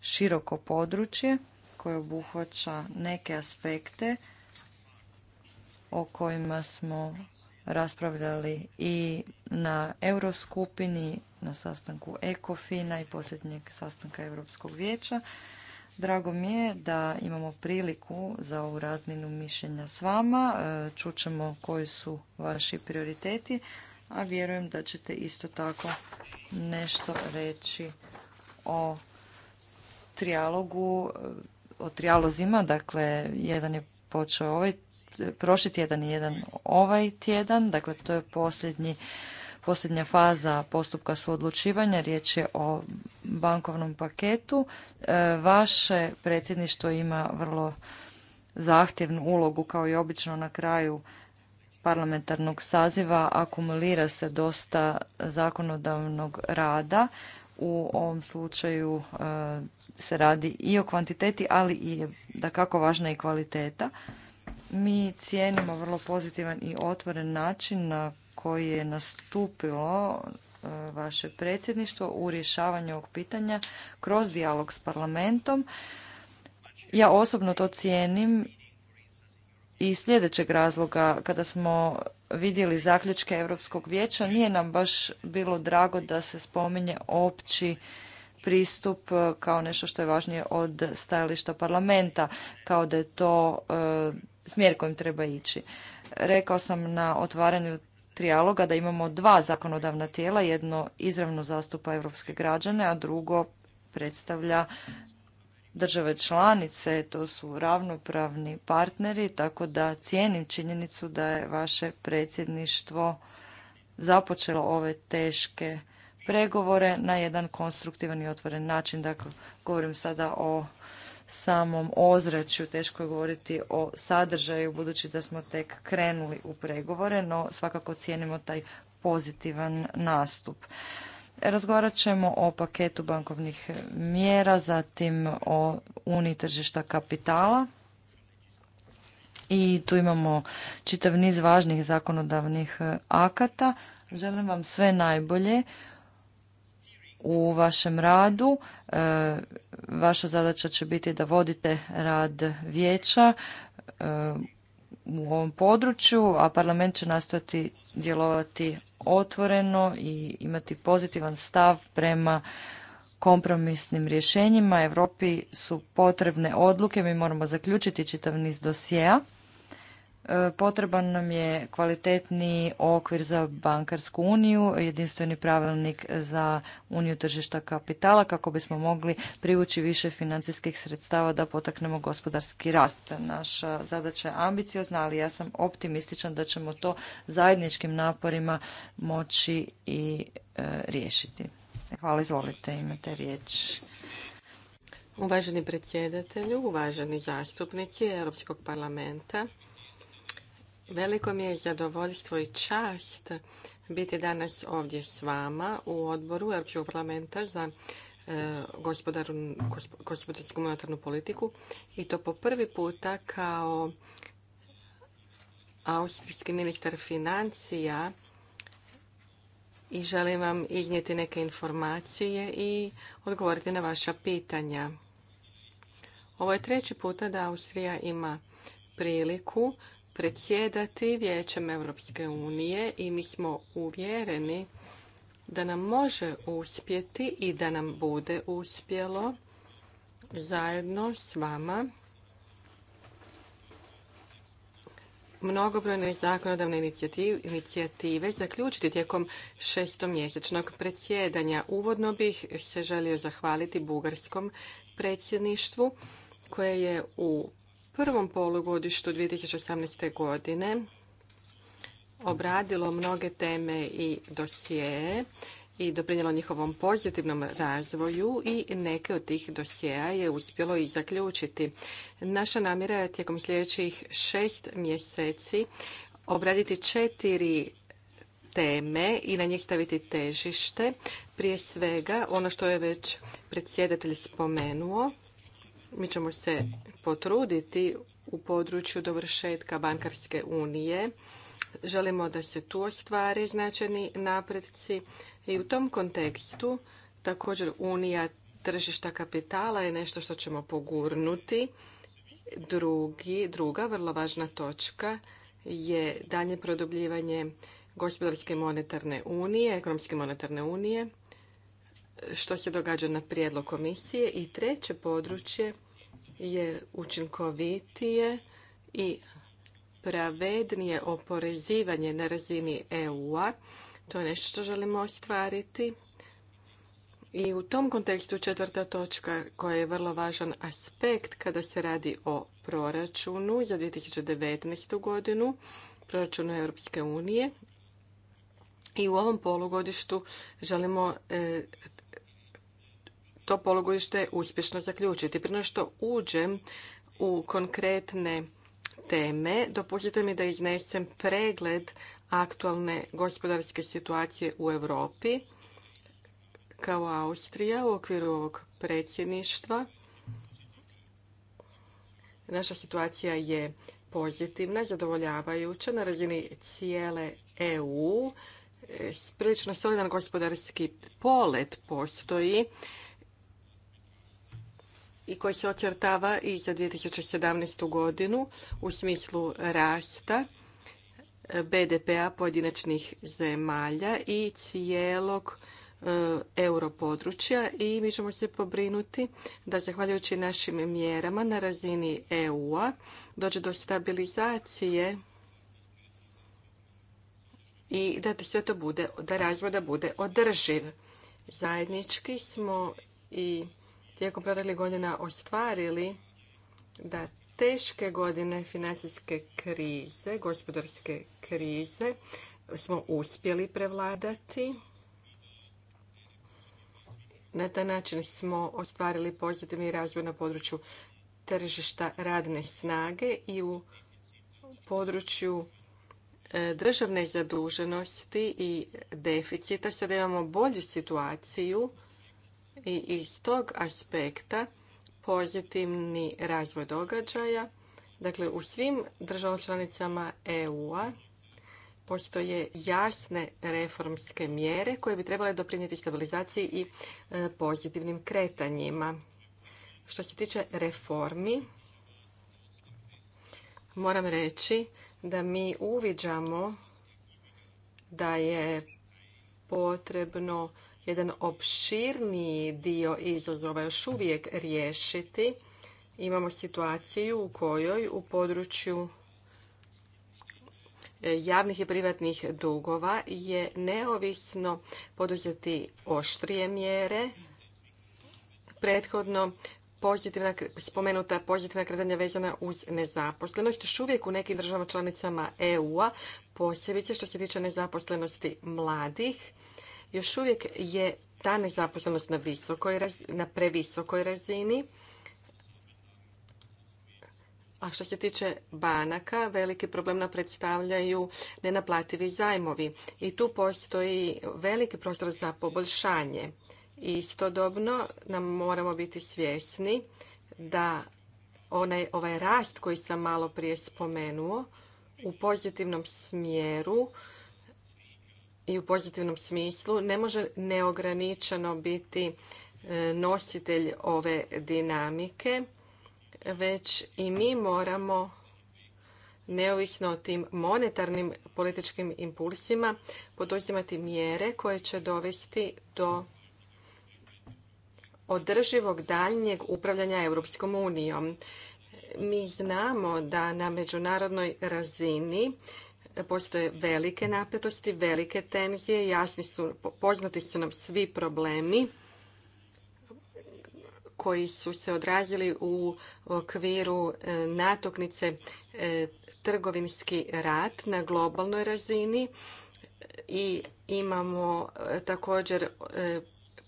široko područje koje obuhvaća neke aspekte o kojima smo raspravljali i na Euroskupini, na sastanku Ekofina i posljednjeg sastanka Europskog vijeća. Drago mi je da imamo priliku za ovu razminu mišljenja s vama. E, Čućemo koji su vaši prioriteti, a vjerujem da ćete isto tako nešto reći o trijalogu, e, o trijalozima. Dakle, jedan je počeo ovaj, prošli tjedan i jedan ovaj tjedan. Dakle, to je posljednji Posljednja faza postupka suodlučivanja riječ je o bankovnom paketu. E, vaše predsjedništvo ima vrlo zahtjevnu ulogu kao i obično na kraju parlamentarnog saziva akumulira se dosta zakonodavnog rada. U ovom slučaju e, se radi i o kvantiteti, ali i da kako važna i kvaliteta. Mi cijenimo vrlo pozitivan i otvoren način na koji je nastupilo vaše predsjedništvo u rješavanju ovog pitanja kroz dijalog s parlamentom. Ja osobno to cijenim i sljedećeg razloga kada smo vidjeli zaključke Europskog vijeća nije nam baš bilo drago da se spominje opći pristup e, kao nešto što je važnije od stajališta parlamenta, kao da je to e, smjer kojim treba ići. Rekao sam na otvaranju trijaloga da imamo dva zakonodavna tijela, jedno izravno zastupa europske građane, a drugo predstavlja države članice, to su ravnopravni partneri, tako da cijenim činjenicu da je vaše predsjedništvo započelo ove teške pregovore na jedan konstruktivan i otvoren način. Dakle, govorim sada o samom ozračju, teško je govoriti o sadržaju budući da smo tek krenuli u pregovore, no svakako cijenimo taj pozitivan nastup. Razgovarat ćemo o paketu bankovnih mjera, zatim o uniji tržišta kapitala i tu imamo čitav niz važnih zakonodavnih akata. Želim vam sve najbolje u vašem radu. E, vaša zadaća će biti da vodite rad vijeća e, u ovom području, a parlament će nastojati djelovati otvoreno i imati pozitivan stav prema kompromisnim rješenjima. Europi su potrebne odluke, mi moramo zaključiti čitav niz dosjea. Potreban nam je kvalitetni okvir za bankarsku uniju, jedinstveni pravilnik za uniju tržišta kapitala kako bismo mogli privući više financijskih sredstava da potaknemo gospodarski rast. Naša zadaća je ambiciozna, ali ja sam optimističan da ćemo to zajedničkim naporima moći i e, riješiti. Hvala, izvolite, imate riječ. Uvaženi predsjedatelju, uvaženi zastupnici Europskog parlamenta, Veliko mi je zadovoljstvo i čast biti danas ovdje s vama u odboru Europskog parlamenta za e, gospodarsku monetarnu politiku i to po prvi puta kao austrijski ministar financija i želim vam iznijeti neke informacije i odgovoriti na vaša pitanja. Ovo je treći puta da Austrija ima priliku predsjedati Vijećem Europske unije i mi smo uvjereni da nam može uspjeti i da nam bude uspjelo zajedno s vama mnogobrojne zakonodavne inicijative zaključiti tijekom šestomjesečnog predsjedanja. Uvodno bih se želio zahvaliti bugarskom predsjedništvu koje je u prvom polugodištu 2018. godine obradilo mnoge teme i dosjeje i doprinjelo njihovom pozitivnom razvoju i neke od tih dosjeja je uspjelo i zaključiti. Naša namjera je tijekom sljedećih šest mjeseci obraditi četiri teme i na njih staviti težište. Prije svega, ono što je već predsjedatelj spomenuo, mi ćemo se potruditi u području dovršetka bankarske unije. Želimo da se tu ostvare značajni napredci i u tom kontekstu također unija tržišta kapitala je nešto što ćemo pogurnuti. Drugi, druga vrlo važna točka je dalje produbljivanje gospodarske monetarne unije, ekonomske monetarne unije, što se događa na prijedlog komisije. I treće područje je učinkovitije i pravednije oporezivanje na razini EU-a. To je nešto što želimo ostvariti. I u tom kontekstu četvrta točka koja je vrlo važan aspekt kada se radi o proračunu za 2019. godinu, proračunu Europske unije. I u ovom polugodištu želimo e, to polugodište uspješno zaključiti. Prije što uđem u konkretne teme, dopustite mi da iznesem pregled aktualne gospodarske situacije u Europi kao Austrija u okviru ovog predsjedništva. Naša situacija je pozitivna, zadovoljavajuća na razini cijele EU. E, prilično solidan gospodarski polet postoji i koji se ocrtava i za 2017. godinu u smislu rasta e, BDP-a pojedinačnih zemalja i cijelog e, europodručja i mi ćemo se pobrinuti da zahvaljujući našim mjerama na razini EU-a dođe do stabilizacije i da sve to bude, da razvoda bude održiv. Zajednički smo i tijekom proteklih godina ostvarili da teške godine financijske krize, gospodarske krize smo uspjeli prevladati. Na taj način smo ostvarili pozitivni razvoj na području tržišta radne snage i u području e, državne zaduženosti i deficita. Sada imamo bolju situaciju i iz tog aspekta pozitivni razvoj događaja. Dakle, u svim državama članicama EU-a postoje jasne reformske mjere koje bi trebale doprinijeti stabilizaciji i e, pozitivnim kretanjima. Što se tiče reformi, moram reći da mi uviđamo da je potrebno jedan opširniji dio izazova još uvijek riješiti. Imamo situaciju u kojoj u području e, javnih i privatnih dugova je neovisno poduzeti oštrije mjere. Prethodno pozitivna, spomenuta pozitivna kretanja vezana uz nezaposlenost. Još uvijek u nekim državama članicama EU-a, posebice što se tiče nezaposlenosti mladih, još uvijek je ta nezaposlenost na, visokoj, na previsokoj razini. A što se tiče banaka, veliki problem nam predstavljaju nenaplativi zajmovi. I tu postoji veliki prostor za poboljšanje. Istodobno nam moramo biti svjesni da onaj, ovaj rast koji sam malo prije spomenuo u pozitivnom smjeru i u pozitivnom smislu ne može neograničeno biti e, nositelj ove dinamike, već i mi moramo neovisno o tim monetarnim političkim impulsima poduzimati mjere koje će dovesti do održivog daljnjeg upravljanja Europskom unijom. Mi znamo da na međunarodnoj razini postoje velike napetosti, velike tenzije, jasni su, poznati su nam svi problemi koji su se odrazili u okviru e, natoknice e, trgovinski rat na globalnoj razini e, i imamo također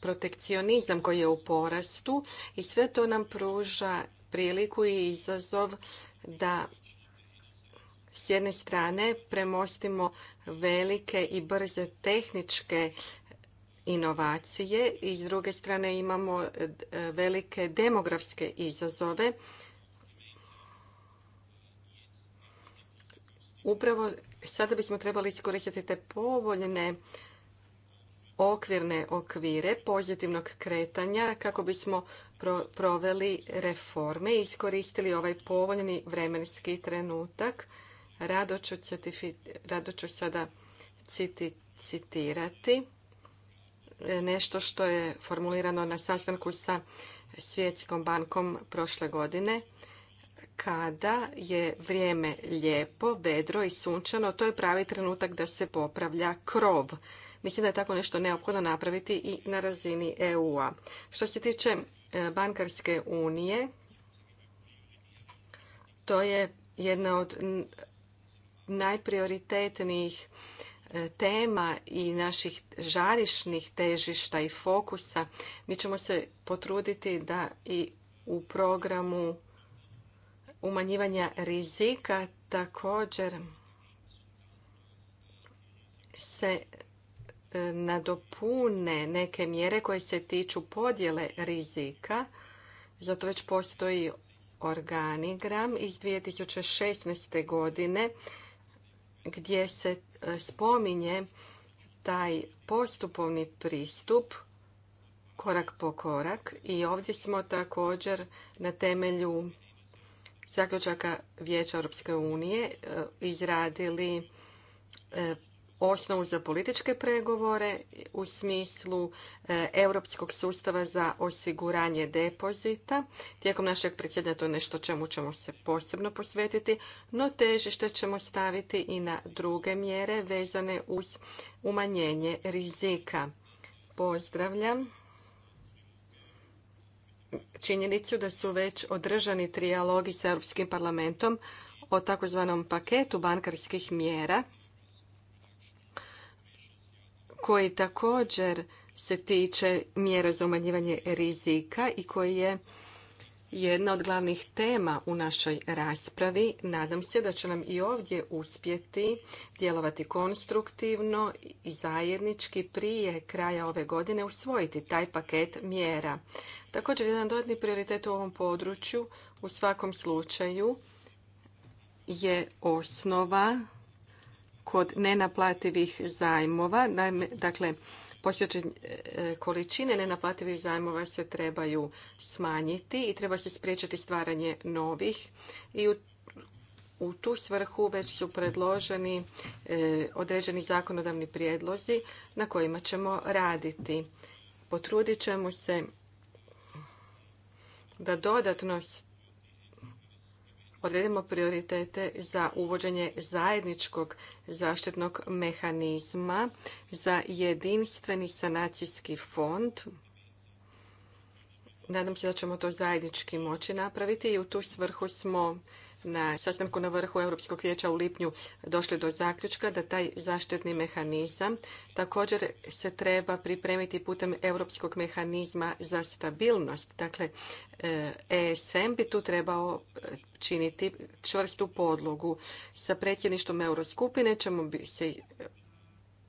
protekcionizam koji je u porastu i sve to nam pruža priliku i izazov da s jedne strane premostimo velike i brze tehničke inovacije i s druge strane imamo e, velike demografske izazove. Upravo sada bismo trebali iskoristiti te povoljne okvirne okvire pozitivnog kretanja kako bismo proveli reforme i iskoristili ovaj povoljni vremenski trenutak Rado ću, sada citirati e, nešto što je formulirano na sastanku sa Svjetskom bankom prošle godine. Kada je vrijeme lijepo, vedro i sunčano, to je pravi trenutak da se popravlja krov. Mislim da je tako nešto neophodno napraviti i na razini EU-a. Što se tiče e, bankarske unije, to je jedna od najprioritetnijih e, tema i naših žarišnih težišta i fokusa, mi ćemo se potruditi da i u programu umanjivanja rizika također se e, nadopune neke mjere koje se tiču podjele rizika. Zato već postoji organigram iz 2016. godine gdje se e, spominje taj postupovni pristup korak po korak i ovdje smo također na temelju zaključaka Vijeća Europske unije e, izradili e, osnovu za političke pregovore u smislu e, europskog sustava za osiguranje depozita. Tijekom našeg predsjedanja to je nešto čemu ćemo se posebno posvetiti, no težište ćemo staviti i na druge mjere vezane uz umanjenje rizika. Pozdravljam činjenicu da su već održani trijalogi sa Europskim parlamentom o takozvanom paketu bankarskih mjera – koji također se tiče mjera za umanjivanje rizika i koji je jedna od glavnih tema u našoj raspravi. Nadam se da će nam i ovdje uspjeti djelovati konstruktivno i zajednički prije kraja ove godine usvojiti taj paket mjera. Također, jedan dodatni prioritet u ovom području u svakom slučaju je osnova kod nenaplativih zajmova. Dakle, postojeće e, količine nenaplativih zajmova se trebaju smanjiti i treba se spriječiti stvaranje novih i u tu svrhu već su predloženi e, određeni zakonodavni prijedlozi na kojima ćemo raditi. Potrudit ćemo se da dodatno odredimo prioritete za uvođenje zajedničkog zaštitnog mehanizma za jedinstveni sanacijski fond. Nadam se da ćemo to zajednički moći napraviti i u tu svrhu smo na sastanku na vrhu Europskog vijeća u lipnju došli do zaključka da taj zaštitni mehanizam također se treba pripremiti putem Europskog mehanizma za stabilnost. Dakle, ESM e bi tu trebao e, činiti čvrstu podlogu. Sa predsjedništvom Euroskupine ćemo bi se e,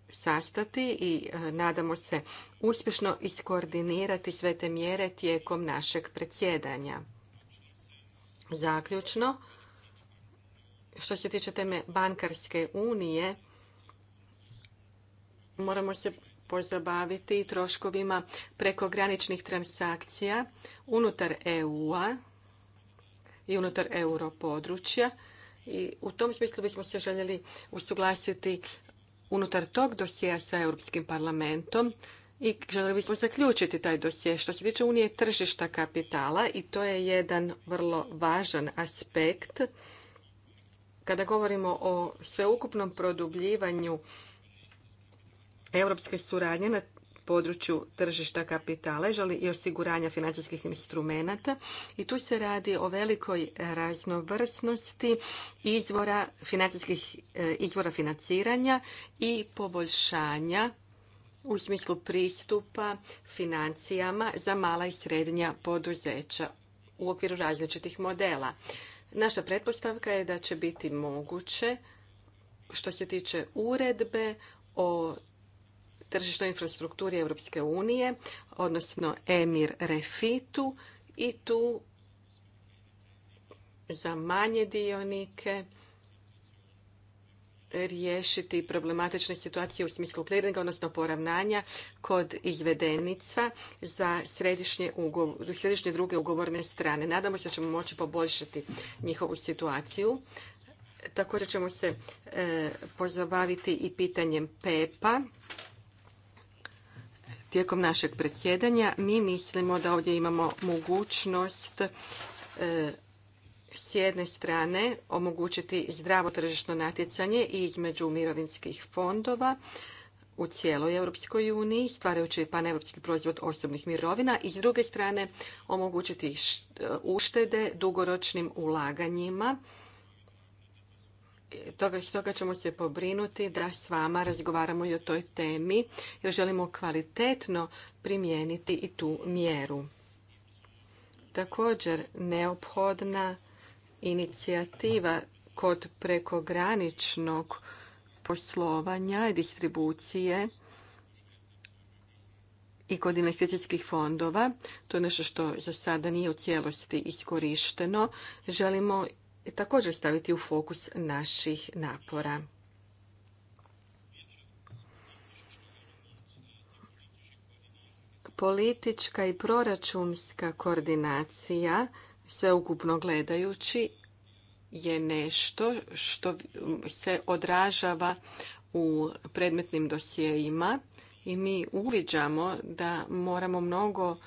sastati i nadamo se uspješno iskoordinirati sve te mjere tijekom našeg predsjedanja. Zaključno, što se tiče teme bankarske unije, moramo se pozabaviti troškovima prekograničnih transakcija unutar EU-a i unutar europodručja. I u tom smislu bismo se željeli usuglasiti unutar tog dosjea sa Europskim parlamentom i željeli bismo zaključiti taj dosje. Što se tiče Unije tržišta kapitala i to je jedan vrlo važan aspekt kada govorimo o sveukupnom produbljivanju europske suradnje na području tržišta kapitala i osiguranja financijskih instrumenata i tu se radi o velikoj raznovrsnosti izvora financijskih e, izvora financiranja i poboljšanja u smislu pristupa financijama za mala i srednja poduzeća u okviru različitih modela. Naša pretpostavka je da će biti moguće što se tiče uredbe o tržišnoj infrastrukturi Europske unije, odnosno Emir Refitu i tu za manje dionike riješiti problematične situacije u smislu kliringa, odnosno poravnanja kod izvedenica za središnje, druge ugovorne strane. Nadamo se da ćemo moći poboljšati njihovu situaciju. Također ćemo se e, pozabaviti i pitanjem PEPA. Tijekom našeg predsjedanja mi mislimo da ovdje imamo mogućnost e, s jedne strane omogućiti zdravo tržišno natjecanje između mirovinskih fondova u cijeloj Europskoj uniji, stvarajući paneuropski proizvod osobnih mirovina i s druge strane omogućiti e, uštede dugoročnim ulaganjima. Toga, toga ćemo se pobrinuti da s vama razgovaramo i o toj temi jer želimo kvalitetno primijeniti i tu mjeru. Također neophodna inicijativa kod prekograničnog poslovanja i distribucije i kod investicijskih fondova. To je nešto što za sada nije u cijelosti iskorišteno. Želimo također staviti u fokus naših napora. Politička i proračunska koordinacija sveukupno gledajući je nešto što se odražava u predmetnim dosjejima i mi uviđamo da moramo mnogo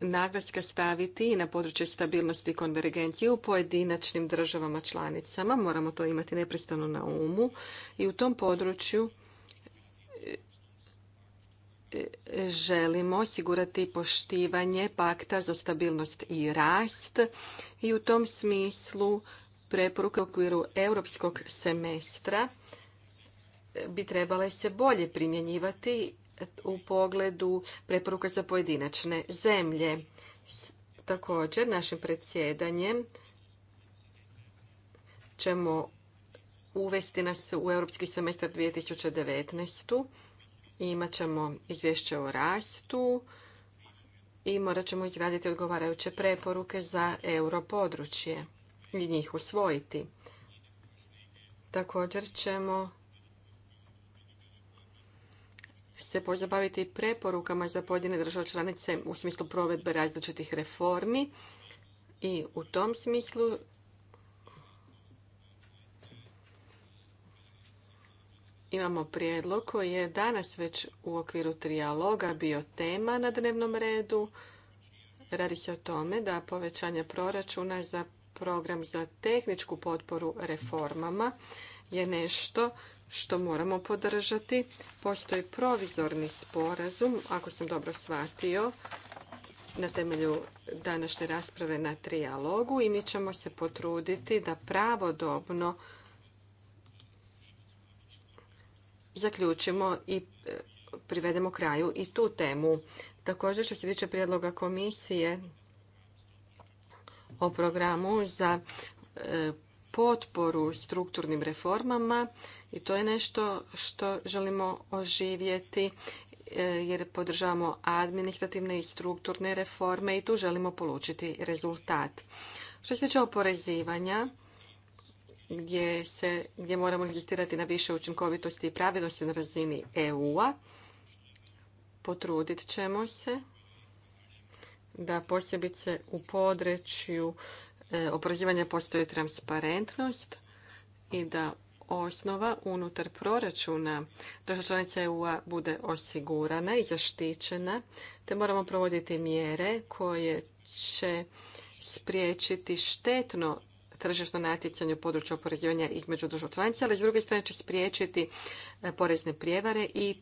naglaska staviti i na područje stabilnosti i konvergencije u pojedinačnim državama članicama. Moramo to imati neprestano na umu i u tom području želimo osigurati poštivanje pakta za stabilnost i rast i u tom smislu preporuke u okviru europskog semestra bi trebale se bolje primjenjivati u pogledu preporuka za pojedinačne zemlje. Također, našim predsjedanjem ćemo uvesti nas u europski semestar 2019 imat ćemo izvješće o rastu i morat ćemo izraditi odgovarajuće preporuke za europodručje i njih usvojiti. Također ćemo se pozabaviti preporukama za pojedine države članice u smislu provedbe različitih reformi i u tom smislu Imamo prijedlog koji je danas već u okviru trijaloga bio tema na dnevnom redu. Radi se o tome da povećanje proračuna za program za tehničku potporu reformama je nešto što moramo podržati. Postoji provizorni sporazum, ako sam dobro shvatio, na temelju današnje rasprave na trijalogu i mi ćemo se potruditi da pravodobno zaključimo i e, privedemo kraju i tu temu. Također što se tiče prijedloga komisije o programu za e, potporu strukturnim reformama i to je nešto što želimo oživjeti e, jer podržavamo administrativne i strukturne reforme i tu želimo polučiti rezultat. Što se tiče oporezivanja, gdje, moramo inzistirati na više učinkovitosti i pravilnosti na razini EU-a. Potrudit ćemo se da posebice u području e, oporezivanja postoji transparentnost i da osnova unutar proračuna država članica EU-a bude osigurana i zaštićena, te moramo provoditi mjere koje će spriječiti štetno tržišno natjecanje u području oporezivanja između država članica, ali s druge strane će spriječiti e, porezne prijevare i e,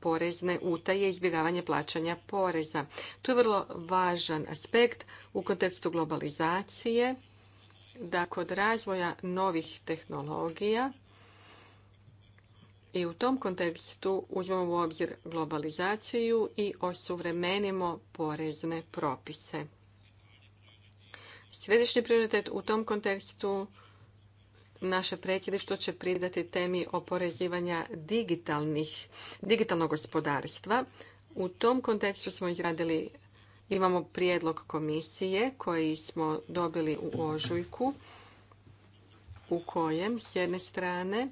porezne utaje i izbjegavanje plaćanja poreza. Tu je vrlo važan aspekt u kontekstu globalizacije da kod razvoja novih tehnologija i u tom kontekstu uzmemo u obzir globalizaciju i osuvremenimo porezne propise. Središnji prioritet u tom kontekstu naše što će pridati temi oporezivanja digitalnog gospodarstva. U tom kontekstu smo izradili, imamo prijedlog komisije koji smo dobili u ožujku u kojem s jedne strane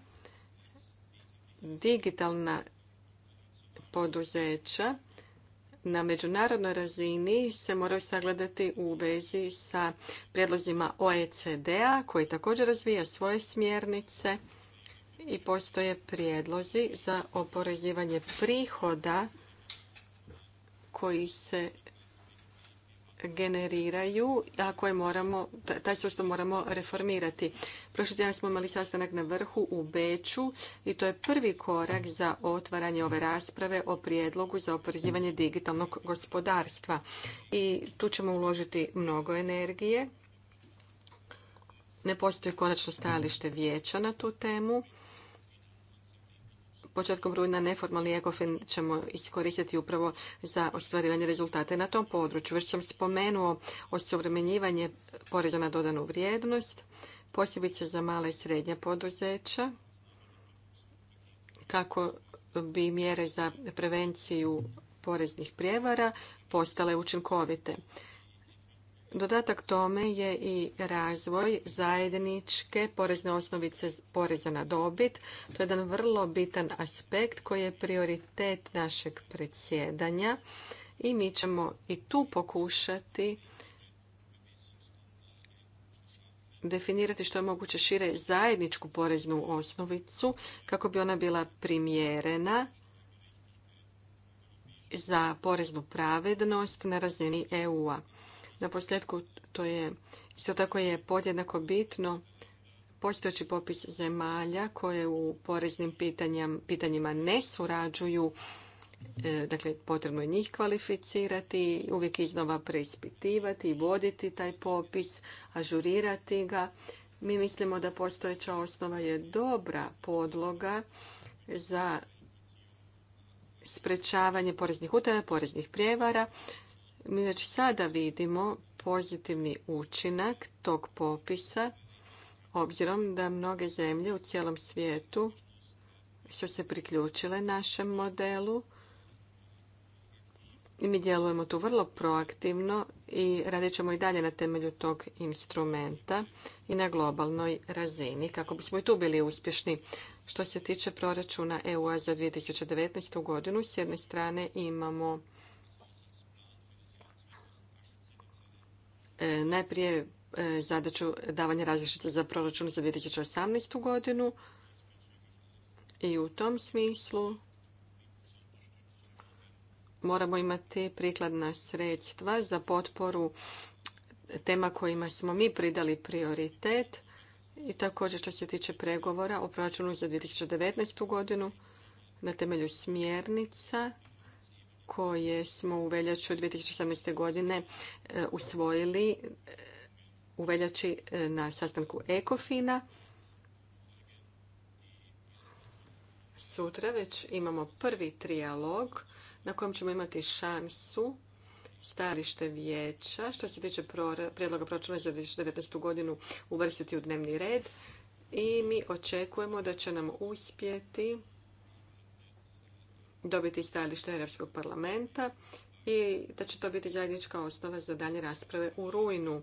digitalna poduzeća na međunarodnoj razini se moraju sagledati u vezi sa prijedlozima OECD-a koji također razvija svoje smjernice i postoje prijedlozi za oporezivanje prihoda koji se generiraju, a koje moramo, taj sustav moramo reformirati. Prošli tjedan smo imali sastanak na vrhu u Beču i to je prvi korak za otvaranje ove rasprave o prijedlogu za oporezivanje digitalnog gospodarstva. I tu ćemo uložiti mnogo energije. Ne postoji konačno stajalište vijeća na tu temu početkom rujna neformalni ECOFIN ćemo iskoristiti upravo za ostvarivanje rezultata. Na tom području već sam spomenuo osuvremenjivanje poreza na dodanu vrijednost, posebice za male i srednja poduzeća, kako bi mjere za prevenciju poreznih prijevara postale učinkovite. Dodatak tome je i razvoj zajedničke porezne osnovice poreza na dobit. To je jedan vrlo bitan aspekt koji je prioritet našeg predsjedanja i mi ćemo i tu pokušati definirati što je moguće šire zajedničku poreznu osnovicu kako bi ona bila primjerena za poreznu pravednost na razini EU-a. Na posljedku to je isto tako je podjednako bitno postojeći popis zemalja koje u poreznim pitanjima ne surađuju, e, dakle potrebno je njih kvalificirati, uvijek iznova preispitivati i voditi taj popis, ažurirati ga. Mi mislimo da postojeća osnova je dobra podloga za sprečavanje poreznih utaja, poreznih prijevara, mi već sada vidimo pozitivni učinak tog popisa, obzirom da mnoge zemlje u cijelom svijetu su se priključile našem modelu i mi djelujemo tu vrlo proaktivno i radit ćemo i dalje na temelju tog instrumenta i na globalnoj razini kako bismo i tu bili uspješni. Što se tiče proračuna EU-a za 2019. godinu, s jedne strane imamo E, najprije e, zadaću davanja različita za proračun za 2018. godinu i u tom smislu moramo imati prikladna sredstva za potporu tema kojima smo mi pridali prioritet i također što se tiče pregovora o proračunu za 2019. godinu na temelju smjernica koje smo u veljaču 2017. godine e, usvojili e, u veljači e, na sastanku Ekofina. Sutra već imamo prvi trijalog na kojem ćemo imati šansu starište vijeća što se tiče prijedloga proračuna za 2019. godinu uvrstiti u dnevni red i mi očekujemo da će nam uspjeti dobiti stajalište Europskog parlamenta i da će to biti zajednička osnova za dalje rasprave u rujnu.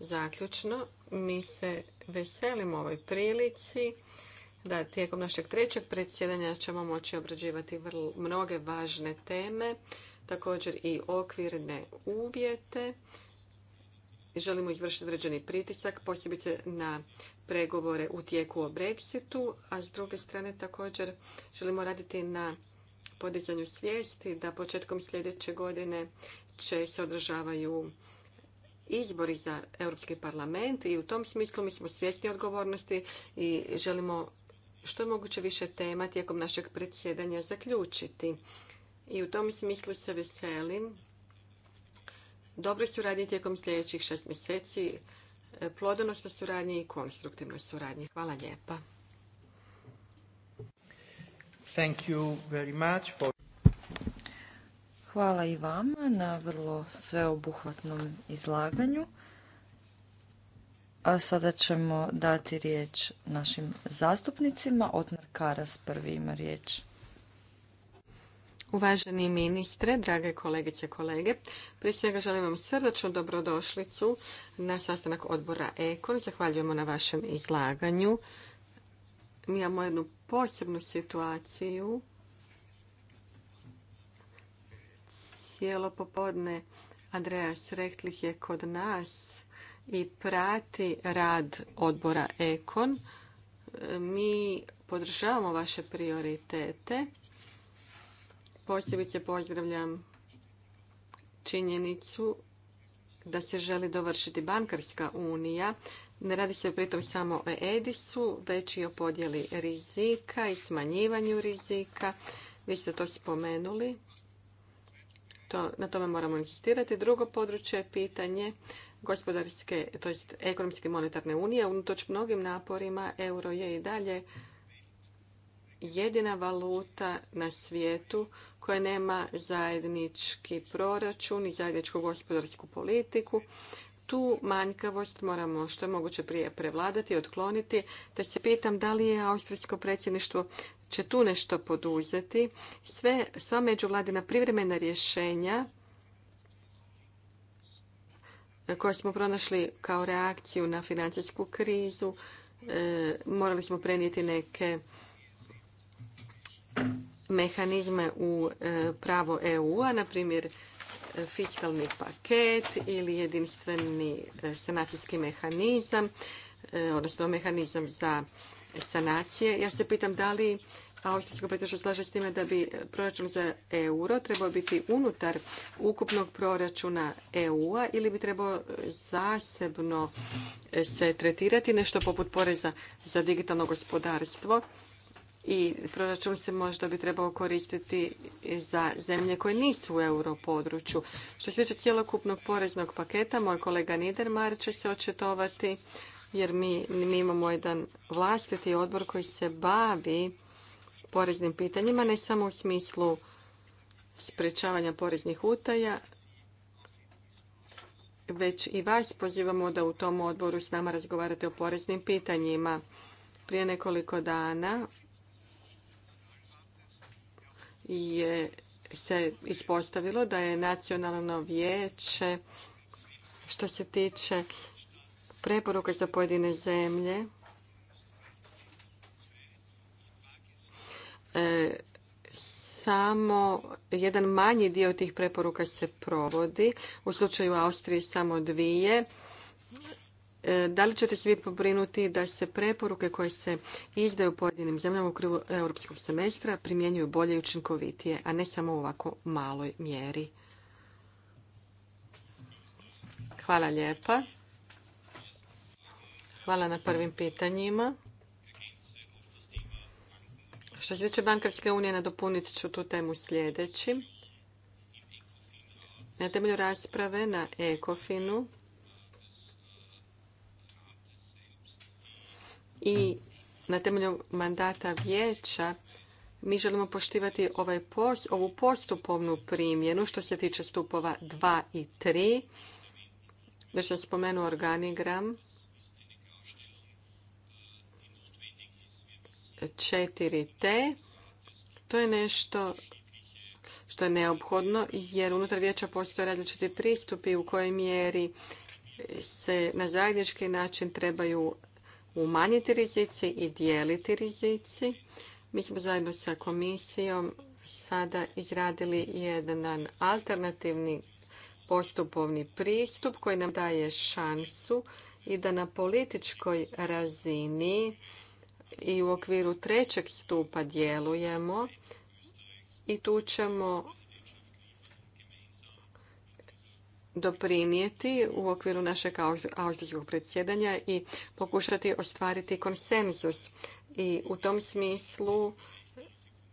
Zaključno, mi se veselimo ovoj prilici da tijekom našeg trećeg predsjedanja ćemo moći obrađivati vrlo, mnoge važne teme, također i okvirne uvjete. Želimo izvršiti određeni pritisak, posebice na pregovore u tijeku o Brexitu, a s druge strane također želimo raditi na podizanju svijesti da početkom sljedeće godine će se održavaju izbori za Europski parlament i u tom smislu mi smo svjesni odgovornosti i želimo što je moguće više tema tijekom našeg predsjedanja zaključiti. I u tom smislu se veselim. Dobre suradnje tijekom sljedećih šest mjeseci, e, plodonosno suradnje i konstruktivno suradnje. Hvala lijepa. Thank Hvala i vama na vrlo sveobuhvatnom izlaganju. A sada ćemo dati riječ našim zastupnicima. Otmar Karas prvi ima riječ. Uvaženi ministre, drage kolegice i kolege, prije svega želim vam srdačnu dobrodošlicu na sastanak odbora EKO. Zahvaljujemo na vašem izlaganju mi imamo jednu posebnu situaciju. Cijelo popodne Andreas Rehtlih je kod nas i prati rad odbora Ekon. Mi podržavamo vaše prioritete. Posebice pozdravljam činjenicu da se želi dovršiti bankarska unija ne radi se pritom samo o Edisu, već i o podjeli rizika i smanjivanju rizika. Vi ste to spomenuli. To, na tome moramo insistirati. Drugo područje je pitanje gospodarske, to jest ekonomske monetarne unije. Unatoč mnogim naporima euro je i dalje jedina valuta na svijetu koja nema zajednički proračun i zajedničku gospodarsku politiku tu manjkavost moramo što je moguće prije prevladati, otkloniti, Da se pitam da li je austrijsko predsjedništvo će tu nešto poduzeti. Sve, sva međuvladina privremena rješenja koje smo pronašli kao reakciju na financijsku krizu, e, morali smo prenijeti neke mehanizme u e, pravo EU-a, na primjer fiskalni paket ili jedinstveni e, sanacijski mehanizam, e, odnosno mehanizam za sanacije. Ja se pitam da li austrijsko pretežno slaže s time da bi proračun za euro trebao biti unutar ukupnog proračuna EU-a ili bi trebao zasebno e, se tretirati nešto poput poreza za digitalno gospodarstvo i proračun se možda bi trebao koristiti za zemlje koje nisu u europodručju. Što se tiče cjelokupnog poreznog paketa, moj kolega Nidermar će se očitovati jer mi, mi imamo jedan vlastiti odbor koji se bavi poreznim pitanjima, ne samo u smislu sprečavanja poreznih utaja, već i vas pozivamo da u tom odboru s nama razgovarate o poreznim pitanjima. Prije nekoliko dana je se ispostavilo da je nacionalno vijeće što se tiče preporuka za pojedine zemlje e, samo jedan manji dio tih preporuka se provodi. U slučaju Austrije samo dvije. E, da li ćete se vi pobrinuti da se preporuke koje se izdaju pojedinim zemljama u krivu europskog semestra primjenjuju bolje i učinkovitije, a ne samo u ovako maloj mjeri? Hvala lijepa. Hvala na prvim pitanjima. Što se tiče bankarske unije, nadopunit ću tu temu sljedeći. Na temelju rasprave na ECOFIN-u. i na temelju mandata vijeća mi želimo poštivati ovaj ovu postupovnu primjenu što se tiče stupova 2 i 3. Već sam spomenuo organigram. 4T. To je nešto što je neophodno jer unutar vijeća postoje različiti pristupi u kojoj mjeri se na zajednički način trebaju umanjiti rizici i dijeliti rizici. Mi smo zajedno sa komisijom sada izradili jedan alternativni postupovni pristup koji nam daje šansu i da na političkoj razini i u okviru trećeg stupa djelujemo i tu ćemo doprinijeti u okviru našeg austrijskog predsjedanja i pokušati ostvariti konsenzus. I u tom smislu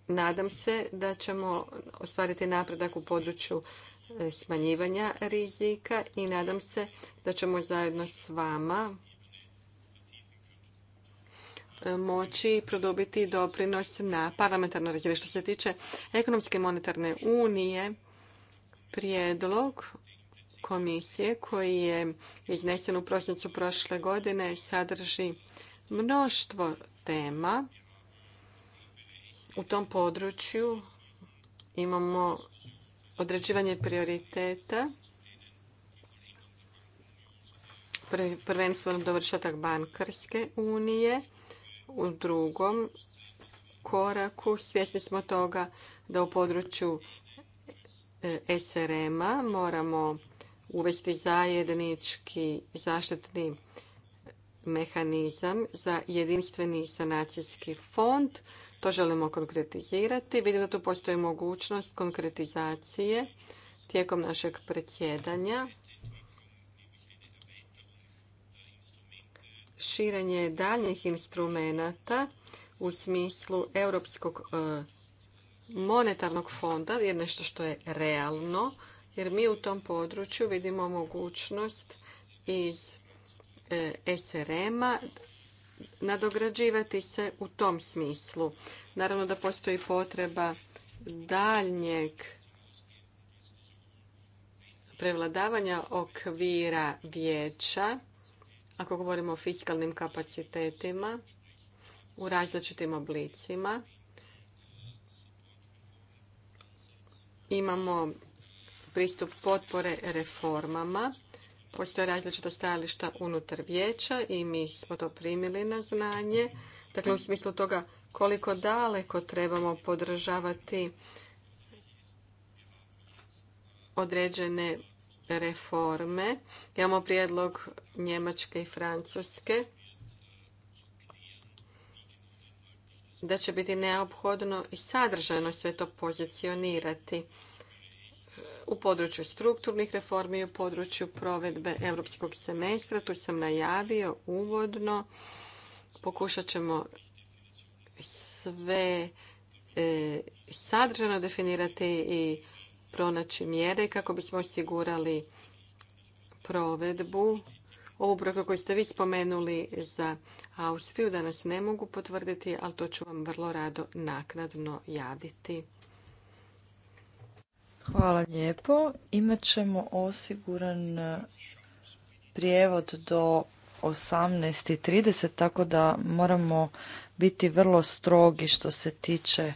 nadam se da ćemo ostvariti napredak u području e, smanjivanja rizika i nadam se da ćemo zajedno s vama e, moći produbiti doprinos na parlamentarno razine. Što se tiče ekonomske monetarne unije, prijedlog komisije koji je iznesen u prosincu prošle godine sadrži mnoštvo tema. U tom području imamo određivanje prioriteta, prvenstveno dovršetak bankarske unije, u drugom koraku svjesni smo toga da u području e, SRM-a moramo uvesti zajednički zaštitni mehanizam za jedinstveni sanacijski fond. To želimo konkretizirati. Vidim da tu postoji mogućnost konkretizacije tijekom našeg predsjedanja. Širenje daljnjih instrumenata u smislu Europskog e, monetarnog fonda je nešto što je realno jer mi u tom području vidimo mogućnost iz e, SRM-a nadograđivati se u tom smislu. Naravno da postoji potreba daljnjeg prevladavanja okvira vijeća, ako govorimo o fiskalnim kapacitetima, u različitim oblicima. Imamo pristup potpore reformama. Postoje različita stajališta unutar vijeća i mi smo to primili na znanje. Dakle, u smislu toga koliko daleko trebamo podržavati određene reforme. Imamo prijedlog Njemačke i Francuske da će biti neophodno i sadržajno sve to pozicionirati u području strukturnih reformi, u području provedbe europskog semestra. Tu sam najavio uvodno. Pokušat ćemo sve e, sadržano definirati i pronaći mjere kako bismo osigurali provedbu. Ovu brojku koju ste vi spomenuli za Austriju danas ne mogu potvrditi, ali to ću vam vrlo rado naknadno javiti. Hvala lijepo. Imat ćemo osiguran e, prijevod do 18.30, tako da moramo biti vrlo strogi što se tiče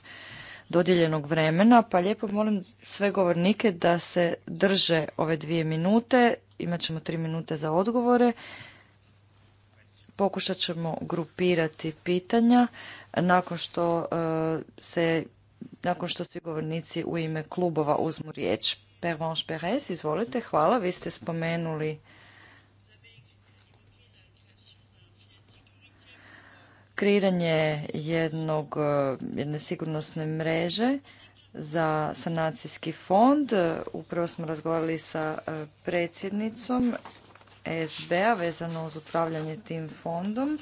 dodijeljenog vremena, pa lijepo molim sve govornike da se drže ove dvije minute, imat ćemo tri minute za odgovore, pokušat ćemo grupirati pitanja nakon što e, se nakon što svi govornici u ime klubova uzmu riječ. Pervanche Perez, izvolite, hvala. Vi ste spomenuli kreiranje jednog, jedne sigurnosne mreže za sanacijski fond. Upravo smo razgovarali sa e, predsjednicom sb vezano uz upravljanje tim fondom.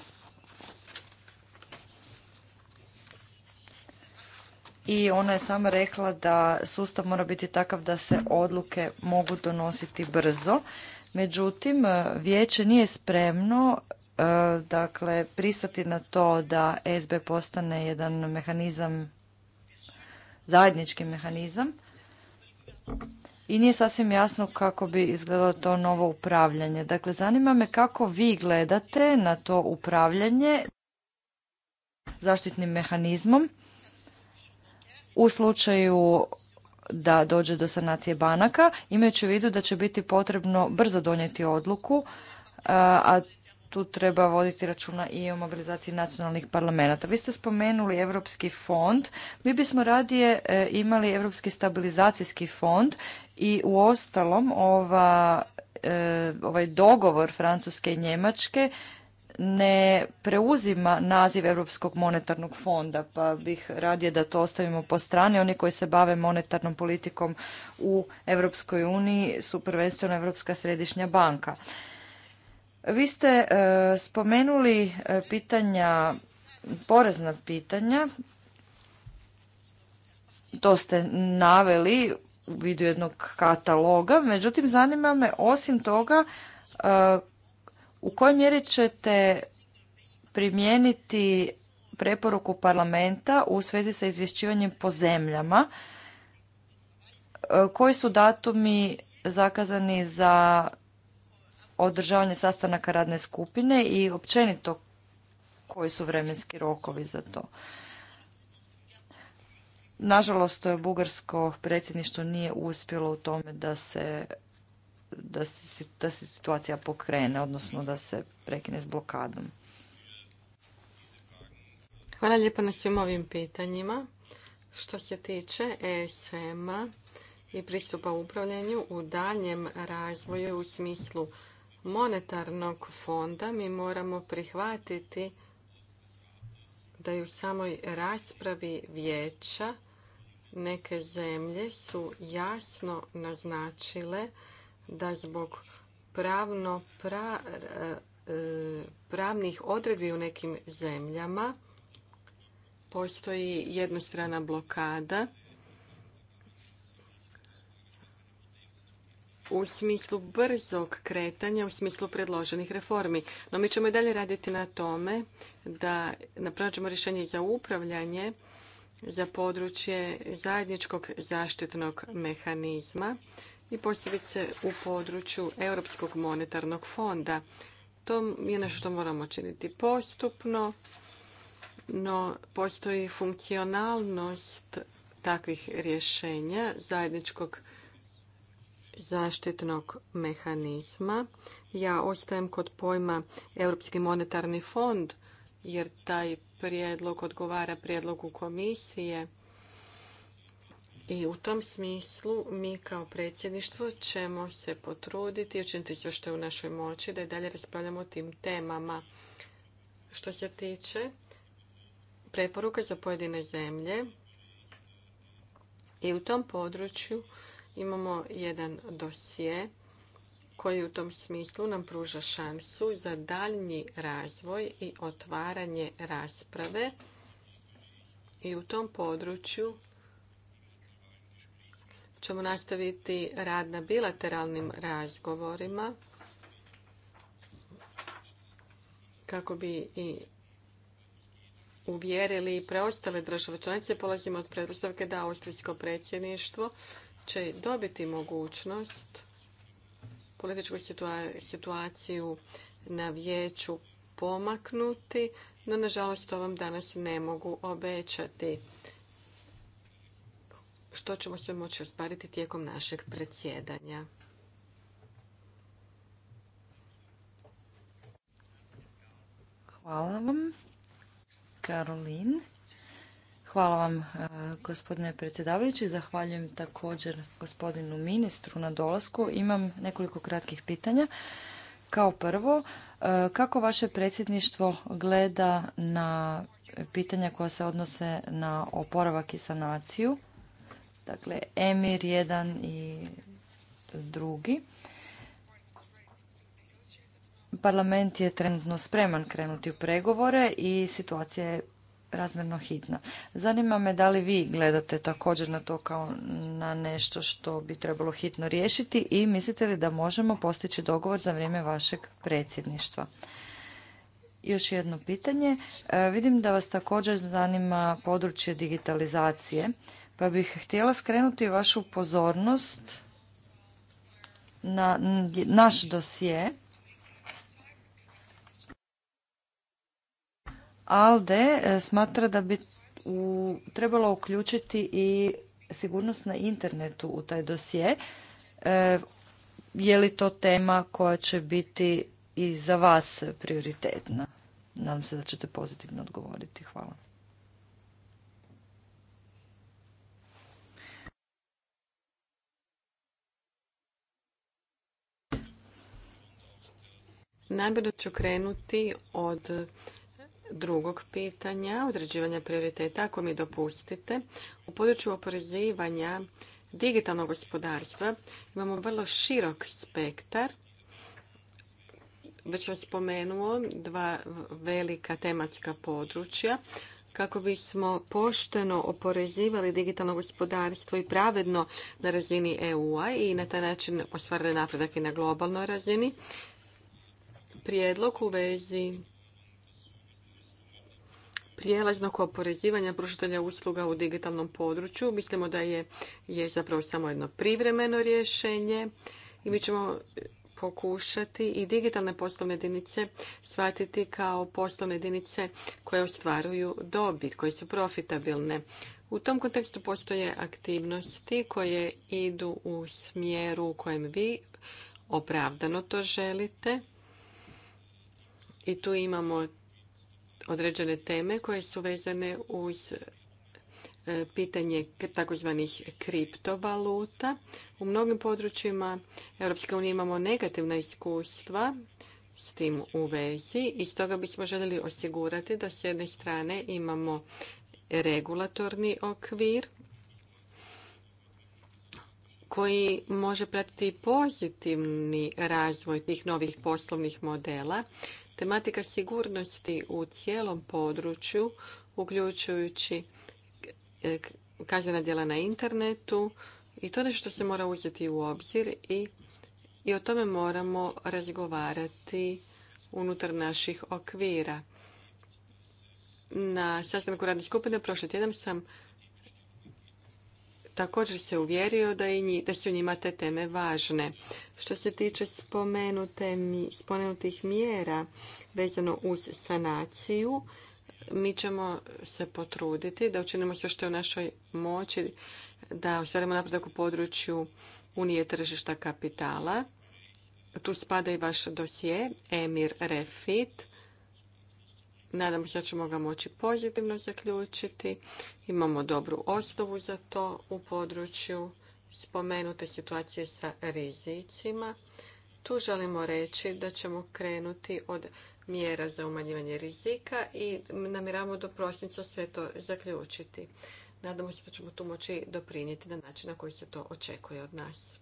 i ona je sama rekla da sustav mora biti takav da se odluke mogu donositi brzo. Međutim, vijeće nije spremno e, dakle pristati na to da SB postane jedan mehanizam zajednički mehanizam i nije sasvim jasno kako bi izgledalo to novo upravljanje. Dakle, zanima me kako vi gledate na to upravljanje zaštitnim mehanizmom u slučaju da dođe do sanacije banaka, imajući u vidu da će biti potrebno brzo donijeti odluku, a tu treba voditi računa i o mobilizaciji nacionalnih parlamenta. Vi ste spomenuli Europski fond. Mi bismo radije e, imali Europski stabilizacijski fond i u ostalom ova, e, ovaj dogovor Francuske i Njemačke ne preuzima naziv Europskog monetarnog fonda, pa bih radije da to ostavimo po strani. Oni koji se bave monetarnom politikom u Europskoj uniji su prvenstveno Europska središnja banka. Vi ste e, spomenuli e, pitanja, porezna pitanja, to ste naveli u vidu jednog kataloga, međutim zanima me osim toga e, u kojoj mjeri ćete primijeniti preporuku parlamenta u svezi sa izvješćivanjem po zemljama? E, koji su datumi zakazani za održavanje sastanaka radne skupine i općenito koji su vremenski rokovi za to? Nažalost, Bugarsko predsjedništvo nije uspjelo u tome da se da se, situacija pokrene, odnosno da se prekine s blokadom. Hvala lijepo na svim ovim pitanjima. Što se tiče ESM-a i pristupa upravljanju u daljem razvoju u smislu monetarnog fonda, mi moramo prihvatiti da i u samoj raspravi vijeća neke zemlje su jasno naznačile da zbog pravno e, pravnih odredbi u nekim zemljama postoji jednostrana blokada u smislu brzog kretanja, u smislu predloženih reformi. No mi ćemo i dalje raditi na tome da napravimo rješenje za upravljanje za područje zajedničkog zaštitnog mehanizma i posebice u području Europskog monetarnog fonda. To je nešto što moramo činiti postupno, no postoji funkcionalnost takvih rješenja zajedničkog zaštitnog mehanizma. Ja ostajem kod pojma Europski monetarni fond jer taj prijedlog odgovara prijedlogu komisije i u tom smislu mi kao predsjedništvo ćemo se potruditi i učiniti sve što je u našoj moći da i dalje raspravljamo o tim temama. Što se tiče preporuka za pojedine zemlje i u tom području imamo jedan dosje koji u tom smislu nam pruža šansu za daljnji razvoj i otvaranje rasprave. I u tom području ćemo nastaviti rad na bilateralnim razgovorima kako bi i uvjerili preostale države članice. Polazimo od pretpostavke da austrijsko predsjedništvo će dobiti mogućnost političku situaciju na vijeću pomaknuti, no nažalost to vam danas ne mogu obećati što ćemo sve moći ostvariti tijekom našeg predsjedanja. Hvala vam, Karolin. Hvala vam, e, gospodine predsjedavajući. Zahvaljujem također gospodinu ministru na dolasku. Imam nekoliko kratkih pitanja. Kao prvo, e, kako vaše predsjedništvo gleda na pitanja koja se odnose na oporavak i sanaciju? dakle Emir jedan i drugi. Parlament je trenutno spreman krenuti u pregovore i situacija je razmjerno hitna. Zanima me da li vi gledate također na to kao na nešto što bi trebalo hitno riješiti i mislite li da možemo postići dogovor za vrijeme vašeg predsjedništva? Još jedno pitanje. E, vidim da vas također zanima područje digitalizacije pa bih htjela skrenuti vašu pozornost na naš dosje. ALDE eh, smatra da bi u, trebalo uključiti i sigurnost na internetu u taj dosje. Eh, je li to tema koja će biti i za vas prioritetna? Nadam se da ćete pozitivno odgovoriti. Hvala. Najbolje ću krenuti od drugog pitanja, određivanja prioriteta, ako mi dopustite. U području oporezivanja digitalnog gospodarstva imamo vrlo širok spektar. Već sam spomenuo dva velika tematska područja kako bismo pošteno oporezivali digitalno gospodarstvo i pravedno na razini EU-a i na taj način ostvarili napredak i na globalnoj razini prijedlog u vezi prijelaznog oporezivanja pružatelja usluga u digitalnom području. Mislimo da je, je zapravo samo jedno privremeno rješenje i mi ćemo pokušati i digitalne poslovne jedinice shvatiti kao poslovne jedinice koje ostvaruju dobit, koje su profitabilne. U tom kontekstu postoje aktivnosti koje idu u smjeru u kojem vi opravdano to želite i tu imamo određene teme koje su vezane uz e, pitanje takozvanih kriptovaluta. U mnogim područjima EU imamo negativna iskustva s tim u vezi i stoga bismo željeli osigurati da s jedne strane imamo regulatorni okvir koji može pratiti pozitivni razvoj tih novih poslovnih modela Tematika sigurnosti u cijelom području, uključujući e, kaznena djela na internetu i to nešto što se mora uzeti u obzir i, i o tome moramo razgovarati unutar naših okvira. Na sastanku radne skupine prošli tjedan sam također se uvjerio da, i da su njima te teme važne. Što se tiče spomenute, spomenutih mjera vezano uz sanaciju, mi ćemo se potruditi da učinimo sve što je u našoj moći, da ostvarimo napredak u području Unije tržišta kapitala. Tu spada i vaš dosje, Emir Refit. Nadamo se da ćemo ga moći pozitivno zaključiti. Imamo dobru osnovu za to u području spomenute situacije sa rizicima. Tu želimo reći da ćemo krenuti od mjera za umanjivanje rizika i namiramo do prosinca sve to zaključiti. Nadamo se da ćemo tu moći doprinijeti na način na koji se to očekuje od nas.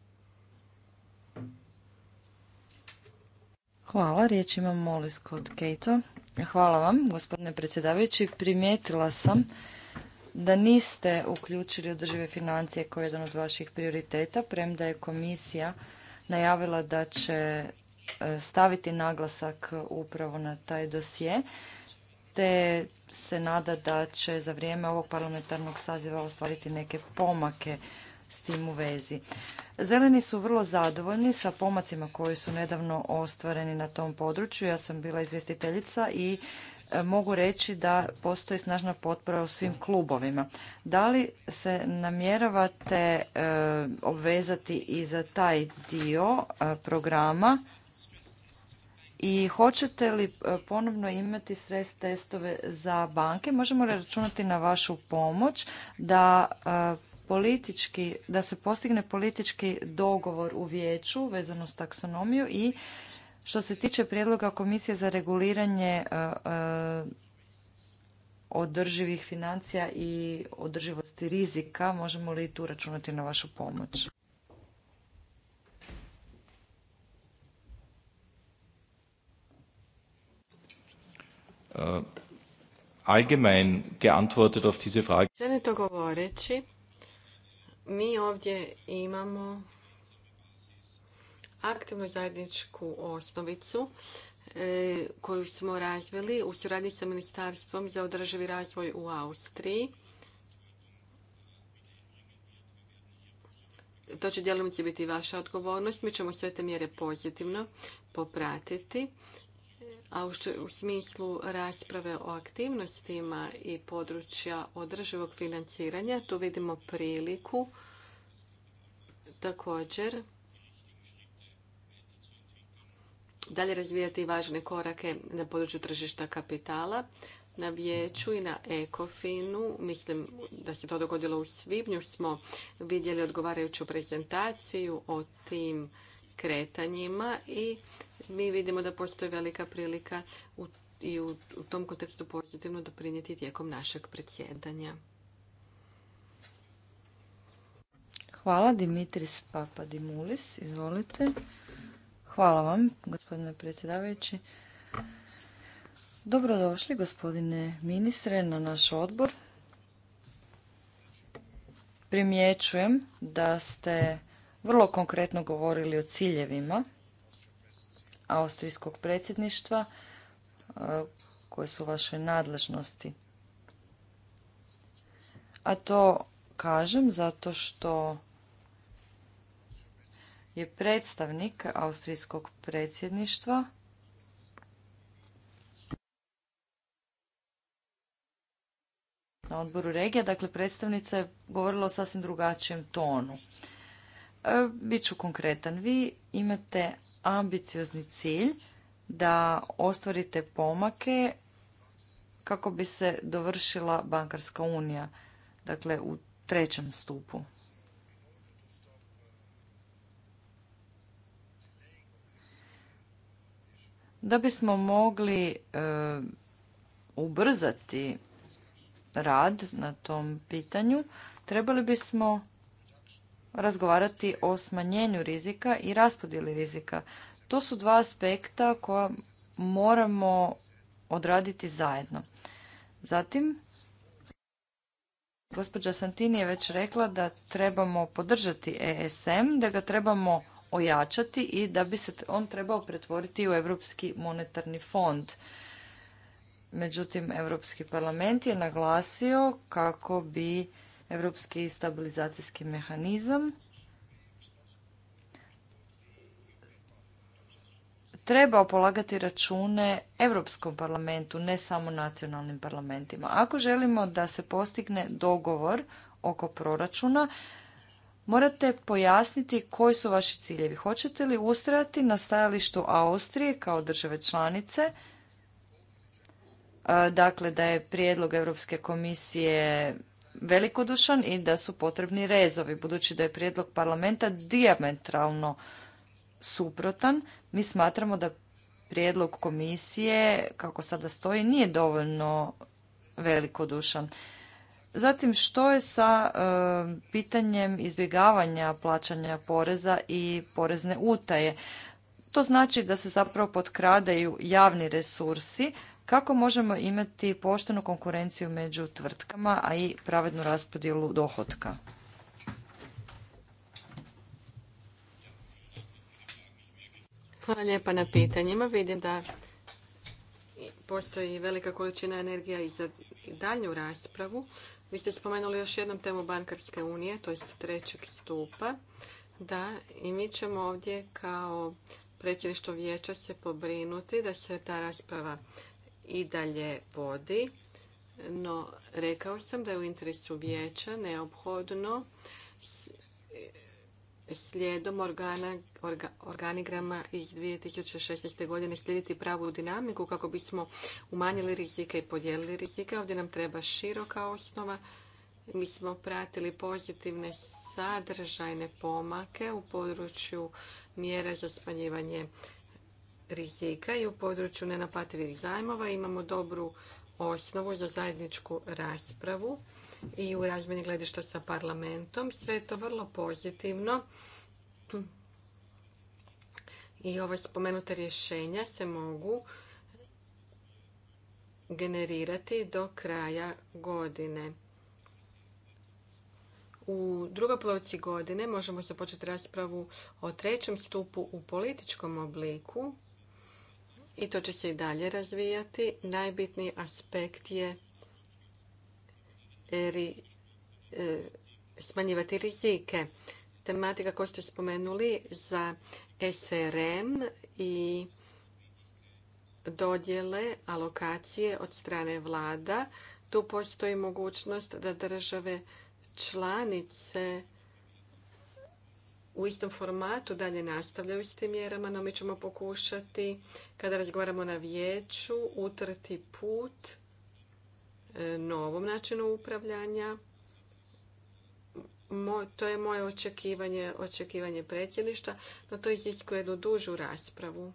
Hvala, riječ ima Molis od Hvala vam, gospodine predsjedavajući. Primijetila sam da niste uključili održive financije kao jedan od vaših prioriteta, premda je komisija najavila da će e, staviti naglasak upravo na taj dosje, te se nada da će za vrijeme ovog parlamentarnog saziva ostvariti neke pomake s tim u vezi. Zeleni su vrlo zadovoljni sa pomacima koji su nedavno ostvareni na tom području. Ja sam bila izvjestiteljica i e, mogu reći da postoji snažna potpora u svim klubovima. Da li se namjeravate e, obvezati i za taj dio e, programa i hoćete li ponovno imati stres testove za banke? Možemo li računati na vašu pomoć da politički, da se postigne politički dogovor u vijeću vezano s taksonomiju i što se tiče prijedloga Komisije za reguliranje e, e, održivih financija i održivosti rizika, možemo li tu računati na vašu pomoć? Äh, allgemein geantwortet govoreći, mi ovdje imamo aktivnu zajedničku osnovicu e, koju smo razvili u suradnji sa Ministarstvom za održivi razvoj u Austriji. To će djelomice biti vaša odgovornost. Mi ćemo sve te mjere pozitivno popratiti a u smislu rasprave o aktivnostima i područja održivog financiranja tu vidimo priliku također dalje razvijati važne korake na području tržišta kapitala, na vijeću i na ekofinu. Mislim da se to dogodilo u svibnju. Smo vidjeli odgovarajuću prezentaciju o tim kretanjima i mi vidimo da postoji velika prilika i u, u tom kontekstu pozitivno doprinijeti tijekom našeg predsjedanja. Hvala, Dimitris Papadimulis, izvolite. Hvala vam, gospodine predsjedavajući. Dobrodošli, gospodine ministre, na naš odbor. Primjećujem da ste vrlo konkretno govorili o ciljevima austrijskog predsjedništva e, koje su vaše vašoj nadležnosti. A to kažem zato što je predstavnik austrijskog predsjedništva na odboru regija, dakle predstavnica je govorila o sasvim drugačijem tonu. E, Biću konkretan. Vi imate ambiciozni cilj da ostvarite pomake kako bi se dovršila bankarska unija, dakle u trećem stupu. Da bismo mogli e, ubrzati rad na tom pitanju, trebali bismo razgovarati o smanjenju rizika i raspodjeli rizika. To su dva aspekta koja moramo odraditi zajedno. Zatim, gospođa Santini je već rekla da trebamo podržati ESM, da ga trebamo ojačati i da bi se on trebao pretvoriti u Europski monetarni fond. Međutim, Europski parlament je naglasio kako bi Europski stabilizacijski mehanizam. treba polagati račune Europskom parlamentu, ne samo nacionalnim parlamentima. Ako želimo da se postigne dogovor oko proračuna, morate pojasniti koji su vaši ciljevi. Hoćete li ustrajati na stajalištu Austrije kao države članice, dakle da je prijedlog Europske komisije velikodušan i da su potrebni rezovi. Budući da je prijedlog parlamenta diametralno suprotan, mi smatramo da prijedlog komisije, kako sada stoji, nije dovoljno velikodušan. Zatim, što je sa e, pitanjem izbjegavanja plaćanja poreza i porezne utaje? To znači da se zapravo potkradaju javni resursi, kako možemo imati poštenu konkurenciju među tvrtkama, a i pravednu raspodjelu dohotka? Hvala lijepa na pitanjima. Vidim da postoji velika količina energija i za daljnju raspravu. Vi ste spomenuli još jednom temu bankarske unije, to je trećeg stupa. Da, i mi ćemo ovdje kao predsjedništvo vijeća se pobrinuti da se ta rasprava i dalje vodi, no rekao sam da je u interesu vijeća neophodno e, slijedom organa, orga, organigrama iz 2016. godine slijediti pravu dinamiku kako bismo umanjili rizike i podijelili rizike. Ovdje nam treba široka osnova. Mi smo pratili pozitivne sadržajne pomake u području mjera za smanjivanje rizika i u području nenaplativih zajmova imamo dobru osnovu za zajedničku raspravu i u razmjeni gledišta sa parlamentom. Sve je to vrlo pozitivno. I ova spomenuta rješenja se mogu generirati do kraja godine. U drugoj polovici godine možemo započeti raspravu o trećem stupu u političkom obliku i to će se i dalje razvijati. Najbitniji aspekt je e, e, smanjivati rizike. Tematika koju ste spomenuli za SRM i dodjele, alokacije od strane vlada. Tu postoji mogućnost da države članice u istom formatu dalje nastavljaju s tim mjerama, no mi ćemo pokušati, kada razgovaramo na vijeću, utrti put e, novom načinu upravljanja. To je moje očekivanje, očekivanje predsjedništva, no to iziskuje jednu dužu raspravu.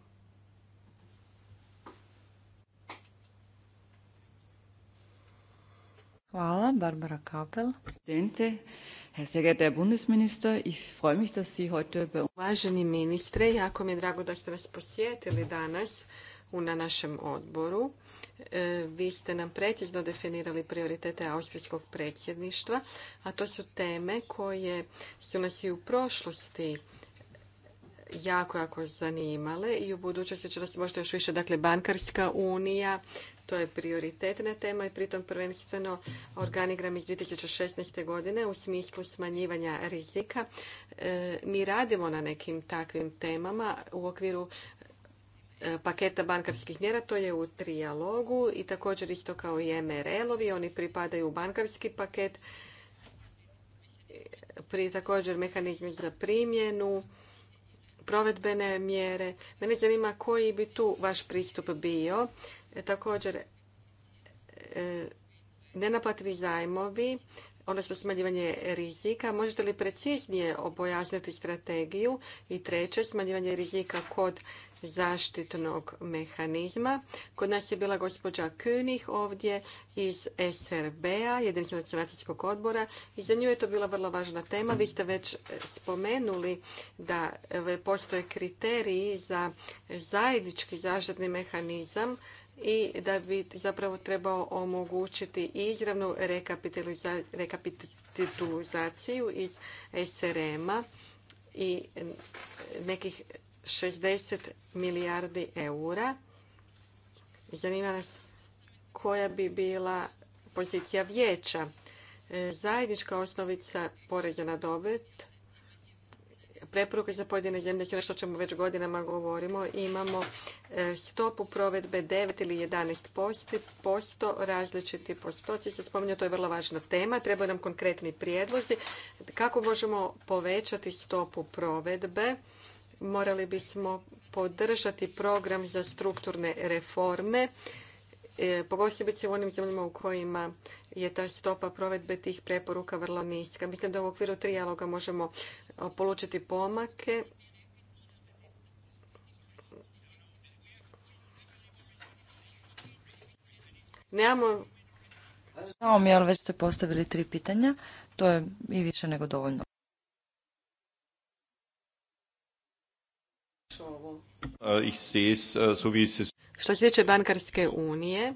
Hvala, Barbara Kapel. Uvaženi ministre, jako mi je drago da ste nas posjetili danas na našem odboru. E, vi ste nam precizno definirali prioritete austrijskog predsjedništva, a to su teme koje su nas i u prošlosti jako, jako zanimale i u budućnosti će nas možda još više, dakle, bankarska unija, to je prioritetna tema i pritom prvenstveno organigram iz 2016. godine u smislu smanjivanja rizika. E, mi radimo na nekim takvim temama u okviru e, paketa bankarskih mjera, to je u trijalogu i također isto kao i MRL-ovi, oni pripadaju u bankarski paket, e, pri također mehanizmi za primjenu, provedbene mjere. Mene zanima koji bi tu vaš pristup bio E, također, e, nenaplativi zajmovi, odnosno smanjivanje rizika. Možete li preciznije obojasniti strategiju? I treće, smanjivanje rizika kod zaštitnog mehanizma. Kod nas je bila gospođa Kunih ovdje iz SRB-a, jedinstvenog sanacijskog odbora i za nju je to bila vrlo važna tema. Vi ste već spomenuli da e, postoje kriteriji za zajednički zaštitni mehanizam i da bi zapravo trebao omogućiti izravnu rekapitalizaciju iz SRM-a i nekih 60 milijardi eura. Zanima nas koja bi bila pozicija vijeća. E, zajednička osnovica poreza na dobit preporuke za pojedine zemlje sve nešto o čemu već godinama govorimo. Imamo e, stopu provedbe 9 ili 11 posto, različiti postoci se spominju, to je vrlo važna tema. Trebaju nam konkretni prijedlozi. Kako možemo povećati stopu provedbe? Morali bismo podržati program za strukturne reforme e, se u onim zemljama u kojima je ta stopa provedbe tih preporuka vrlo niska. Mislim da u okviru trijaloga možemo polučiti pomake. Nemamo... mi, ali već ste postavili tri pitanja. To je i više nego dovoljno. Što se tiče bankarske unije,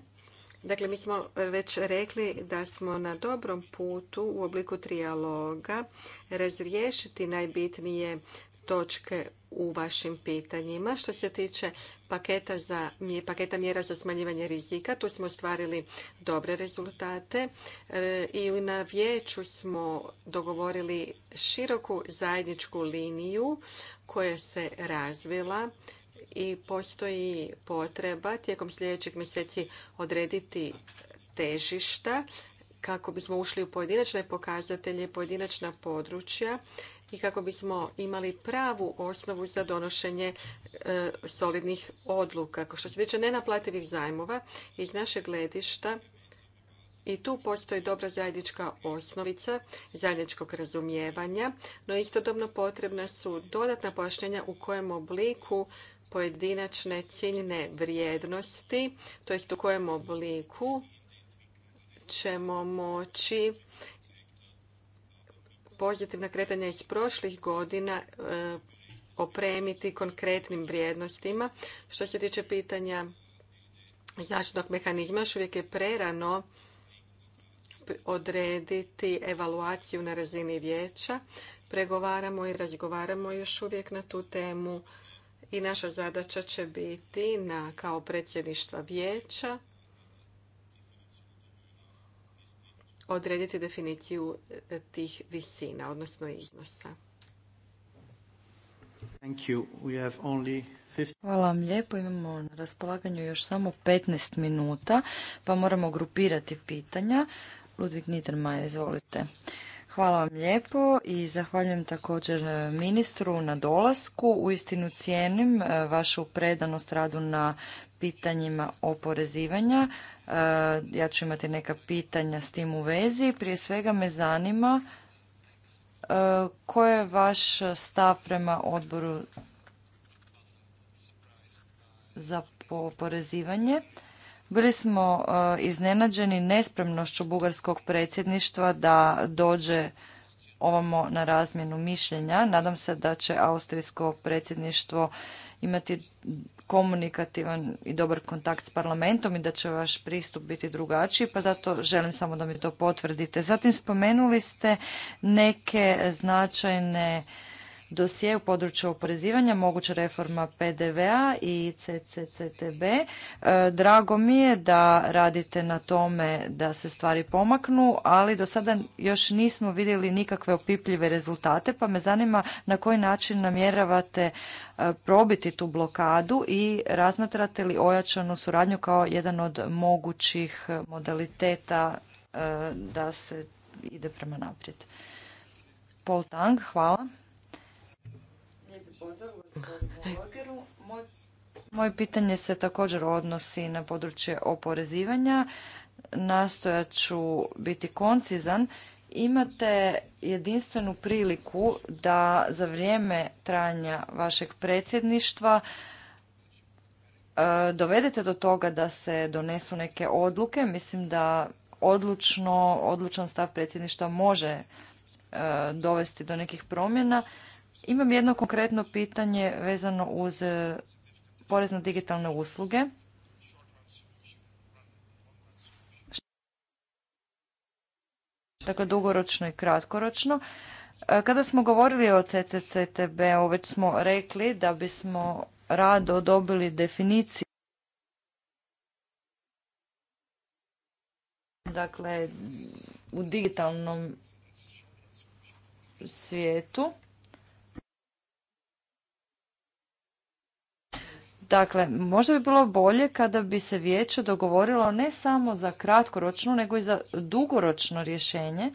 Dakle, mi smo već rekli da smo na dobrom putu u obliku trijaloga razriješiti najbitnije točke u vašim pitanjima. Što se tiče paketa, za, paketa mjera za smanjivanje rizika, tu smo ostvarili dobre rezultate e, i na vijeću smo dogovorili široku zajedničku liniju koja se razvila i postoji potreba tijekom sljedećeg mjeseci odrediti težišta kako bismo ušli u pojedinačne pokazatelje, pojedinačna područja i kako bismo imali pravu osnovu za donošenje e, solidnih odluka. Što se tiče nenaplativih zajmova, iz našeg gledišta i tu postoji dobra zajednička osnovica zajedničkog razumijevanja, no istodobno potrebna su dodatna pojašnjenja u kojem obliku pojedinačne ciljne vrijednosti, to jest u kojem obliku ćemo moći pozitivna kretanja iz prošlih godina e, opremiti konkretnim vrijednostima. Što se tiče pitanja zaštitnog mehanizma, još uvijek je prerano odrediti evaluaciju na razini vijeća. Pregovaramo i razgovaramo još uvijek na tu temu i naša zadaća će biti na, kao predsjedništva vijeća odrediti definiciju e, tih visina, odnosno iznosa. Thank you. We have only Hvala vam lijepo. Imamo na raspolaganju još samo 15 minuta, pa moramo grupirati pitanja. Ludvig Niedermayer, izvolite. Hvala vam lijepo i zahvaljujem također e, ministru na dolasku. Uistinu cijenim e, vašu predanost radu na pitanjima oporezivanja. E, ja ću imati neka pitanja s tim u vezi. Prije svega me zanima koji je vaš stav prema odboru za oporezivanje. Bili smo e, iznenađeni nespremnošću bugarskog predsjedništva da dođe ovamo na razmjenu mišljenja. Nadam se da će austrijsko predsjedništvo imati komunikativan i dobar kontakt s parlamentom i da će vaš pristup biti drugačiji, pa zato želim samo da mi to potvrdite. Zatim spomenuli ste neke značajne dosije u području oporezivanja, moguća reforma PDV-a i CCCTB. E, drago mi je da radite na tome da se stvari pomaknu, ali do sada još nismo vidjeli nikakve opipljive rezultate, pa me zanima na koji način namjeravate e, probiti tu blokadu i razmatrate li ojačanu suradnju kao jedan od mogućih modaliteta e, da se ide prema naprijed. Paul Tang, hvala moje pitanje se također odnosi na područje oporezivanja. Nastojat ću biti koncizan. Imate jedinstvenu priliku da za vrijeme trajanja vašeg predsjedništva e, dovedete do toga da se donesu neke odluke. Mislim da odlučno, odlučan stav predsjedništva može e, dovesti do nekih promjena. Imam jedno konkretno pitanje vezano uz e, porezno digitalne usluge. Dakle, dugoročno i kratkoročno. E, kada smo govorili o CCCTB, već smo rekli da bismo rado dobili definiciju dakle, u digitalnom svijetu. Dakle, možda bi bilo bolje kada bi se vijeće dogovorilo ne samo za kratkoročno, nego i za dugoročno rješenje.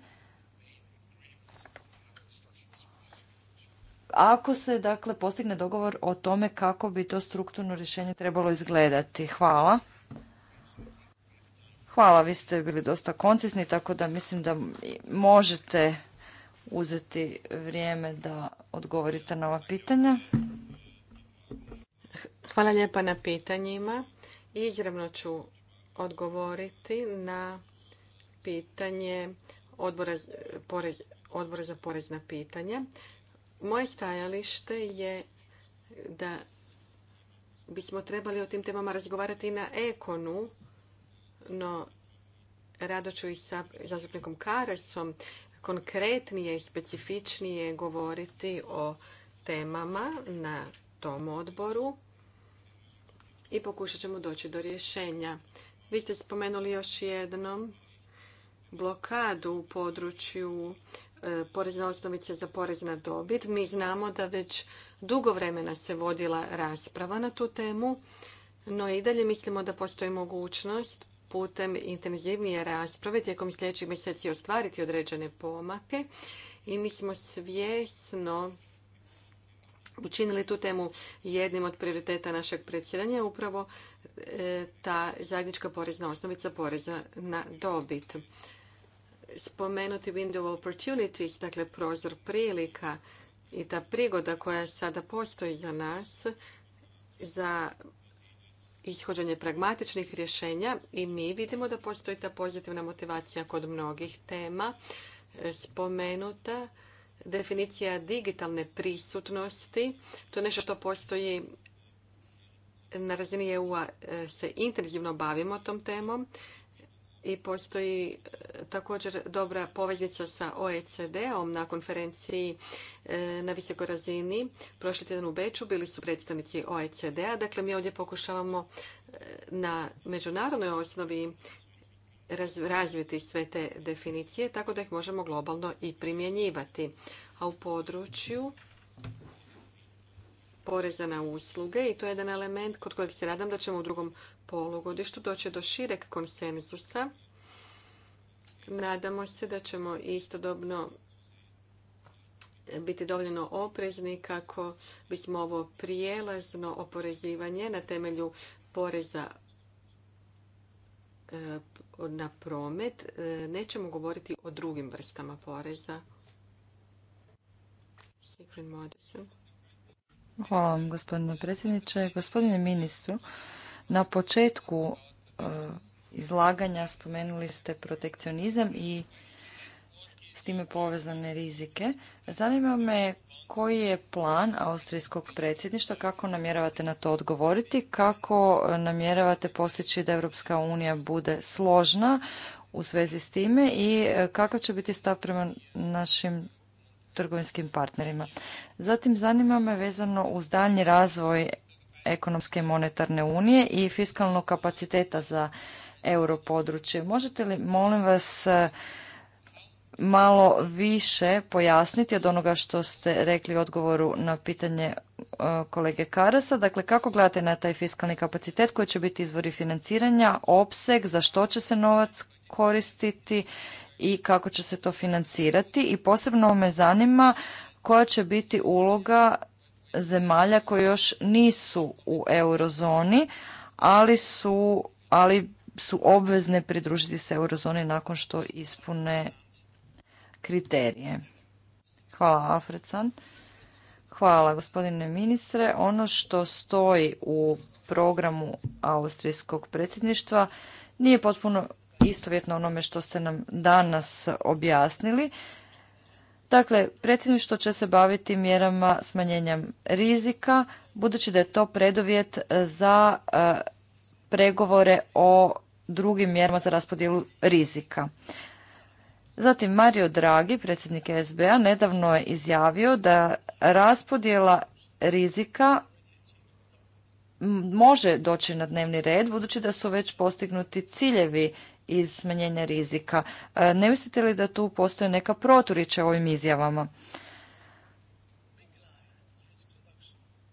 Ako se, dakle, postigne dogovor o tome kako bi to strukturno rješenje trebalo izgledati. Hvala. Hvala, vi ste bili dosta koncisni, tako da mislim da možete uzeti vrijeme da odgovorite na ova pitanja. Hvala lijepa na pitanjima. Izravno ću odgovoriti na pitanje odbora, za porezna pitanja. Moje stajalište je da bismo trebali o tim temama razgovarati i na ekonu, no rado ću i sa zastupnikom Karesom konkretnije i specifičnije govoriti o temama na tom odboru i pokušat ćemo doći do rješenja. Vi ste spomenuli još jednom blokadu u području e, porezne osnovice za porez na dobit. Mi znamo da već dugo vremena se vodila rasprava na tu temu, no i dalje mislimo da postoji mogućnost putem intenzivnije rasprave tijekom sljedećih mjeseci ostvariti određene pomake i mi smo svjesno učinili tu temu jednim od prioriteta našeg predsjedanja upravo e, ta zajednička porezna osnovica poreza na dobit. Spomenuti window opportunities, dakle prozor prilika i ta prigoda koja sada postoji za nas za ishođenje pragmatičnih rješenja i mi vidimo da postoji ta pozitivna motivacija kod mnogih tema e, spomenuta definicija digitalne prisutnosti. To je nešto što postoji na razini EU-a e, se intenzivno bavimo tom temom i postoji e, također dobra poveznica sa OECD-om na konferenciji e, na visokoj razini. Prošli tjedan u Beču bili su predstavnici OECD-a. Dakle, mi ovdje pokušavamo na međunarodnoj osnovi razviti sve te definicije tako da ih možemo globalno i primjenjivati. A u području poreza na usluge i to je jedan element kod kojeg se nadam da ćemo u drugom polugodištu doći do šireg konsenzusa. Nadamo se da ćemo istodobno biti dovoljno oprezni kako bismo ovo prijelazno oporezivanje na temelju poreza E, na promet, e, nećemo govoriti o drugim vrstama poreza. Hvala vam, gospodine predsjedniče. Gospodine ministru, na početku e, izlaganja spomenuli ste protekcionizam i s time povezane rizike. Zanima me koji je plan austrijskog predsjedništva, kako namjeravate na to odgovoriti, kako namjeravate postići da Europska unija bude složna u svezi s time i e, kakav će biti stav prema našim trgovinskim partnerima. Zatim zanima me vezano uz daljnji razvoj ekonomske i monetarne unije i fiskalnog kapaciteta za europodručje. Možete li, molim vas, malo više pojasniti od onoga što ste rekli u odgovoru na pitanje e, kolege Karasa. Dakle, kako gledate na taj fiskalni kapacitet koji će biti izvori financiranja, opseg, za što će se novac koristiti i kako će se to financirati? I posebno me zanima koja će biti uloga zemalja koje još nisu u eurozoni, ali su, ali su obvezne pridružiti se eurozoni nakon što ispune kriterije. Hvala Alfredsan. Hvala gospodine ministre. Ono što stoji u programu austrijskog predsjedništva nije potpuno istovjetno onome što ste nam danas objasnili. Dakle, predsjedništvo će se baviti mjerama smanjenja rizika, budući da je to predovjet za e, pregovore o drugim mjerama za raspodjelu rizika. Zatim Mario Draghi, predsjednik SBA, nedavno je izjavio da raspodjela rizika može doći na dnevni red, budući da su već postignuti ciljevi iz smanjenja rizika. E, ne mislite li da tu postoje neka proturića ovim izjavama?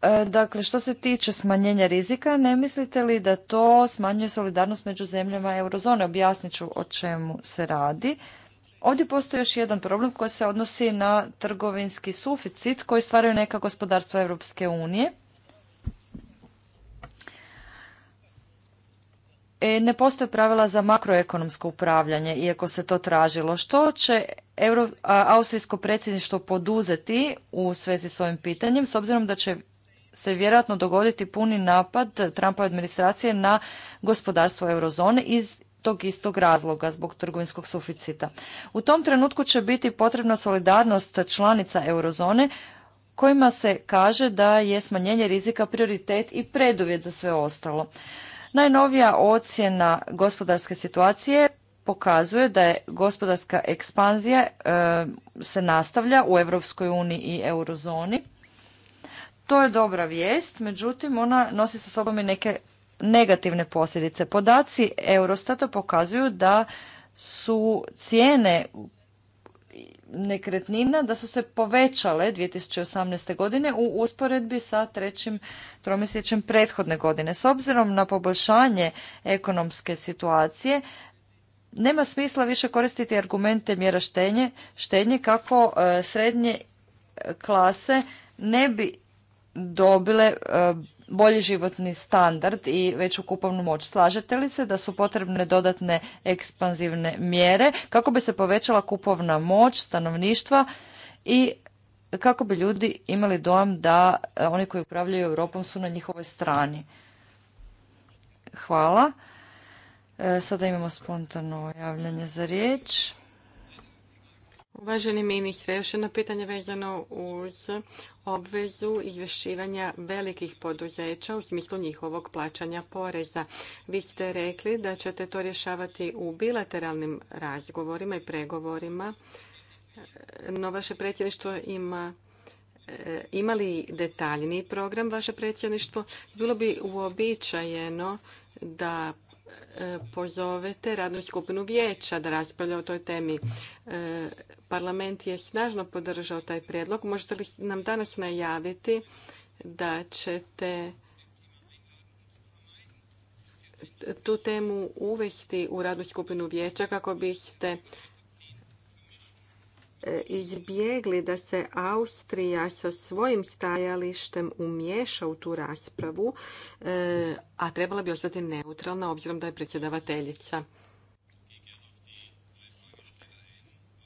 E, dakle, što se tiče smanjenja rizika, ne mislite li da to smanjuje solidarnost među zemljama eurozone? Objasnit ću o čemu se radi. Ovdje postoji još jedan problem koji se odnosi na trgovinski suficit koji stvaraju neka gospodarstva Europske unije. E, ne postoje pravila za makroekonomsko upravljanje, iako se to tražilo. Što će Austrijsko predsjedništvo poduzeti u svezi s ovim pitanjem, s obzirom da će se vjerojatno dogoditi puni napad Trumpove administracije na gospodarstvo eurozone iz tog istog razloga, zbog trgovinskog suficita. U tom trenutku će biti potrebna solidarnost članica eurozone kojima se kaže da je smanjenje rizika prioritet i preduvjet za sve ostalo. Najnovija ocjena gospodarske situacije pokazuje da je gospodarska ekspanzija e, se nastavlja u Europskoj uniji i eurozoni. To je dobra vijest, međutim ona nosi sa sobom i neke negativne posljedice. Podaci Eurostata pokazuju da su cijene nekretnina da su se povećale 2018. godine u usporedbi sa trećim tromjesečjem prethodne godine. S obzirom na poboljšanje ekonomske situacije, nema smisla više koristiti argumente mjera štenje, štednje kako e, srednje klase ne bi dobile e, bolji životni standard i veću kupovnu moć. Slažete li se da su potrebne dodatne ekspanzivne mjere kako bi se povećala kupovna moć stanovništva i kako bi ljudi imali dojam da e, oni koji upravljaju Europom su na njihovoj strani? Hvala. E, sada imamo spontano javljanje za riječ. Uvaženi ministre, još jedno pitanje vezano uz obvezu izvješćivanja velikih poduzeća u smislu njihovog plaćanja poreza. Vi ste rekli da ćete to rješavati u bilateralnim razgovorima i pregovorima, no vaše predsjedništvo ima e, imali detaljni program vaše predsjedništvo, bilo bi uobičajeno da E, pozovete radnu skupinu vijeća da raspravlja o toj temi. E, parlament je snažno podržao taj prijedlog. Možete li nam danas najaviti da ćete tu temu uvesti u radnu skupinu vijeća kako biste E, izbjegli da se Austrija sa svojim stajalištem umješa u tu raspravu, e, a trebala bi ostati neutralna obzirom da je predsjedavateljica.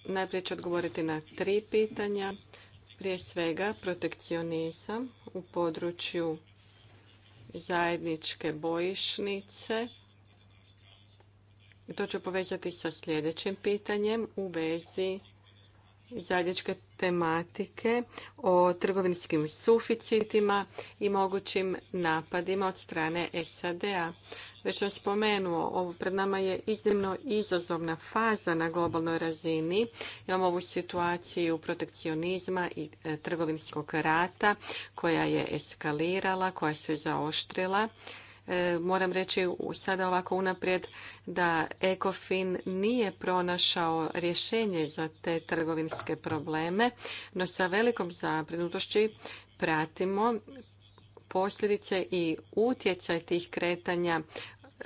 Najprije ću odgovoriti na tri pitanja. Prije svega protekcionizam u području zajedničke bojišnice. To ću povezati sa sljedećim pitanjem u vezi zajedničke tematike o trgovinskim suficitima i mogućim napadima od strane SAD-a. Već sam spomenuo, ovo pred nama je iznimno izazovna faza na globalnoj razini. Imamo ovu situaciju protekcionizma i e, trgovinskog rata koja je eskalirala, koja se zaoštrila E, moram reći sada ovako unaprijed da ECOFIN nije pronašao rješenje za te trgovinske probleme, no sa velikom zabrinutošću pratimo posljedice i utjecaj tih kretanja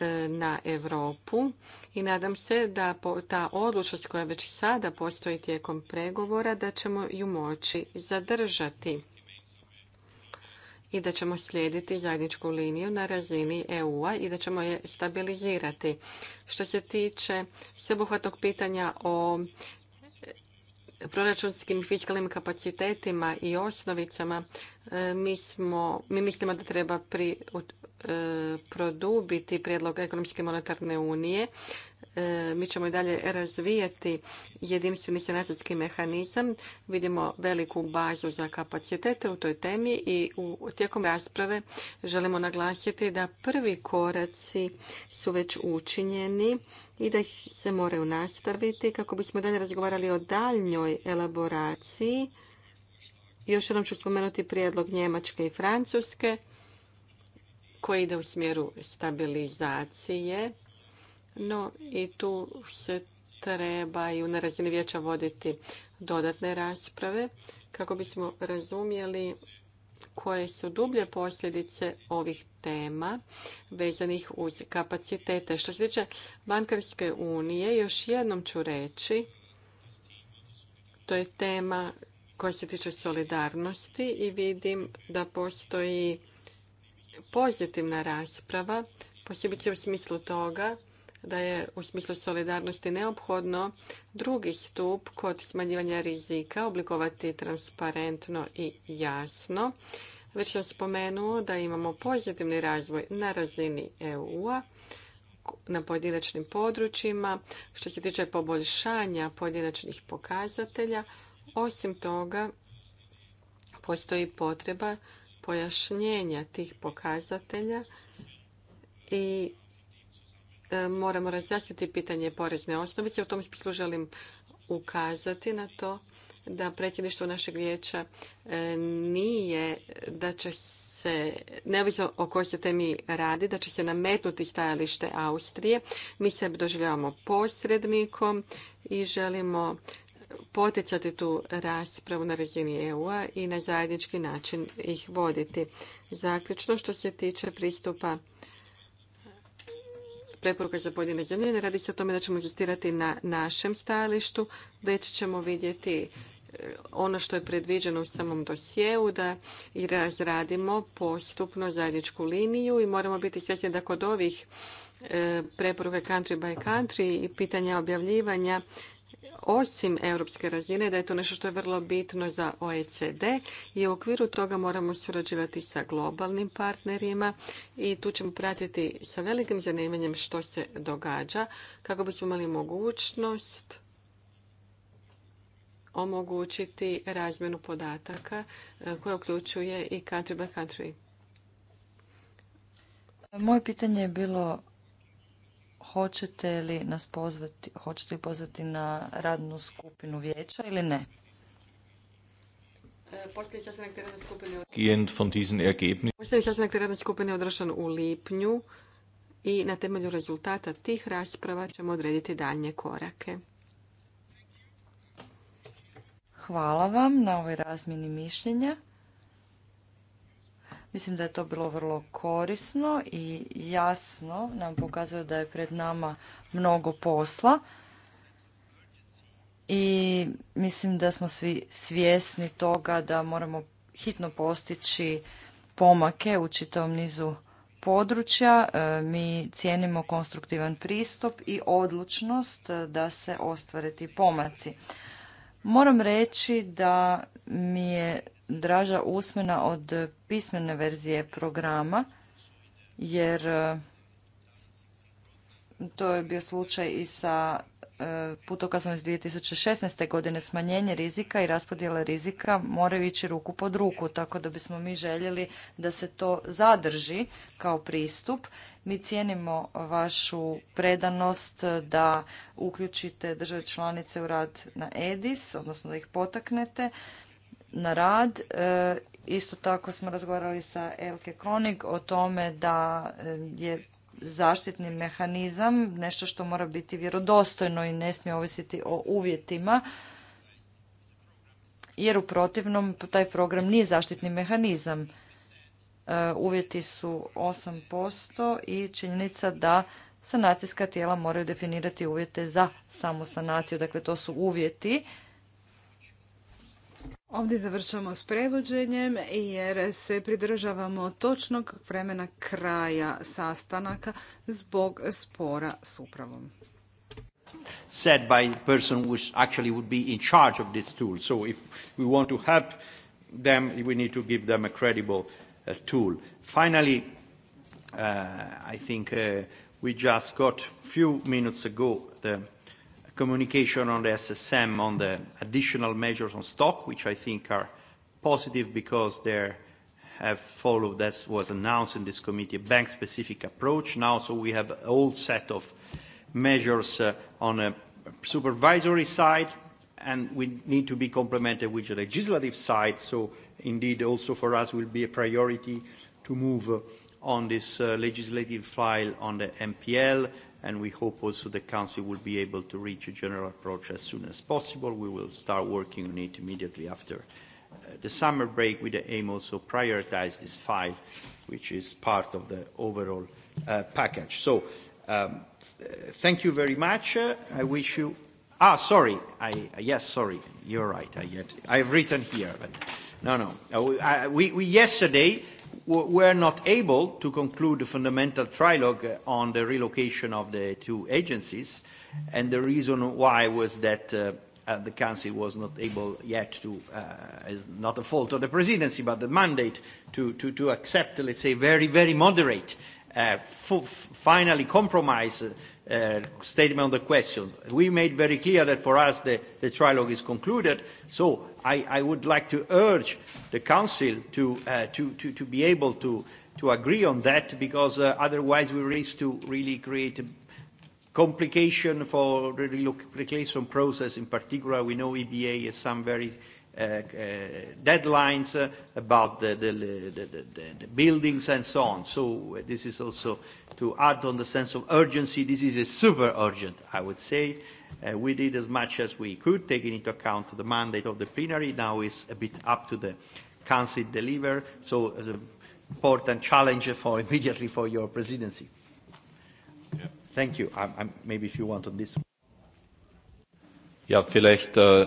e, na Europu i nadam se da ta odlučnost koja već sada postoji tijekom pregovora da ćemo ju moći zadržati i da ćemo slijediti zajedničku liniju na razini EU-a i da ćemo je stabilizirati. Što se tiče sveobuhvatnog pitanja o proračunskim fiskalnim kapacitetima i osnovicama e, mi, mi mislimo da treba pri, E, produbiti prijedlog ekonomske monetarne unije. E, mi ćemo i dalje razvijati jedinstveni sanacijski mehanizam. Vidimo veliku bazu za kapacitete u toj temi i u tijekom rasprave želimo naglasiti da prvi koraci su već učinjeni i da se moraju nastaviti kako bismo dalje razgovarali o daljnjoj elaboraciji. Još jednom ću spomenuti prijedlog Njemačke i Francuske koji ide u smjeru stabilizacije, no i tu se trebaju na razini vijeća voditi dodatne rasprave kako bismo razumjeli koje su dublje posljedice ovih tema vezanih uz kapacitete. Što se tiče bankarske unije, još jednom ću reći, to je tema koja se tiče solidarnosti i vidim da postoji pozitivna rasprava, posebice u smislu toga da je u smislu solidarnosti neophodno drugi stup kod smanjivanja rizika oblikovati transparentno i jasno. Već sam spomenuo da imamo pozitivni razvoj na razini EU-a, na pojedinačnim područjima, što se tiče poboljšanja pojedinačnih pokazatelja. Osim toga, postoji potreba pojašnjenja tih pokazatelja i e, moramo razjasniti pitanje porezne osnovice. U tom smislu želim ukazati na to da predsjedništvo našeg vijeća e, nije da će se, neovisno o kojoj se temi radi, da će se nametnuti stajalište Austrije. Mi se doživljavamo posrednikom i želimo poticati tu raspravu na razini EU-a i na zajednički način ih voditi. Zaključno što se tiče pristupa preporuka za pojedine zemlje, ne radi se o tome da ćemo inzistirati na našem stajalištu, već ćemo vidjeti e, ono što je predviđeno u samom dosjeu da i razradimo postupno zajedničku liniju i moramo biti svjesni da kod ovih e, preporuka country by country i pitanja objavljivanja osim europske razine, da je to nešto što je vrlo bitno za OECD i u okviru toga moramo surađivati sa globalnim partnerima i tu ćemo pratiti sa velikim zanimanjem što se događa kako bismo imali mogućnost omogućiti razmjenu podataka e, koja uključuje i country by country. Moje pitanje je bilo hoćete li nas pozvati, hoćete li pozvati na radnu skupinu vijeća ili ne? E, Posljednji sastanak radne skupine je održan u lipnju i na temelju rezultata tih rasprava ćemo odrediti daljnje korake. Hvala vam na ovoj razmjeni mišljenja. Mislim da je to bilo vrlo korisno i jasno nam pokazuje da je pred nama mnogo posla i mislim da smo svi svjesni toga da moramo hitno postići pomake u čitavom nizu područja. E, mi cijenimo konstruktivan pristup i odlučnost da se ostvare ti pomaci. Moram reći da mi je draža usmena od pismene verzije programa, jer e, to je bio slučaj i sa e, putokazom iz 2016. godine smanjenje rizika i raspodjela rizika moraju ići ruku pod ruku, tako da bismo mi željeli da se to zadrži kao pristup. Mi cijenimo vašu predanost da uključite države članice u rad na EDIS, odnosno da ih potaknete na rad. E, isto tako smo razgovarali sa Elke Konig o tome da e, je zaštitni mehanizam nešto što mora biti vjerodostojno i ne smije ovisiti o uvjetima jer u protivnom taj program nije zaštitni mehanizam. E, uvjeti su 8% i činjenica da sanacijska tijela moraju definirati uvjete za samu sanaciju. Dakle, to su uvjeti Ovdje završamo s prevođenjem jer se pridržavamo točnog vremena kraja sastanaka zbog spora s upravom. Said by person which actually would be in charge of this tool. So if we want to help them, we need to give them a credible uh, tool. Finally, uh, I think uh, we just got few minutes ago the communication on the SSM on the additional measures on stock, which I think are positive because they have followed, as was announced in this committee, a bank-specific approach now. So we have a whole set of measures uh, on a supervisory side, and we need to be complemented with the legislative side. So indeed, also for us will be a priority to move uh, on this uh, legislative file on the MPL and we hope also the Council will be able to reach a general approach as soon as possible. We will start working on it immediately after uh, the summer break with the aim also prioritize this file, which is part of the overall uh, package. So um, uh, thank you very much. Uh, I wish you... Ah, sorry. I, uh, yes, sorry. You're right. I yet, I've written here, but no, no. Uh, we, I, we, we yesterday were not able to conclude the fundamental trilogue uh, on the relocation of the two agencies, and the reason why was that uh, uh, the Council was not able yet to, uh, is not the fault of the presidency, but the mandate to, to, to accept, let's say, very, very moderate, uh, f finally compromise uh, uh, statement on the question. We made very clear that for us the, the trilogue is concluded, so I, I would like to urge the Council to, uh, to, to, to be able to, to agree on that because uh, otherwise we risk to really create a complication for the relocation process in particular. We know EBA has some very Uh, uh, deadlines, about the, the, the, the, buildings and so on. So uh, this is also to add on the sense of urgency. This is super urgent, I would say. we did as much as we could, taking into account the mandate of the plenary. Now it's a bit up to the council deliver. So an important challenge for immediately for your presidency. Yeah. Thank you. maybe if you want on this. Ja, vielleicht äh,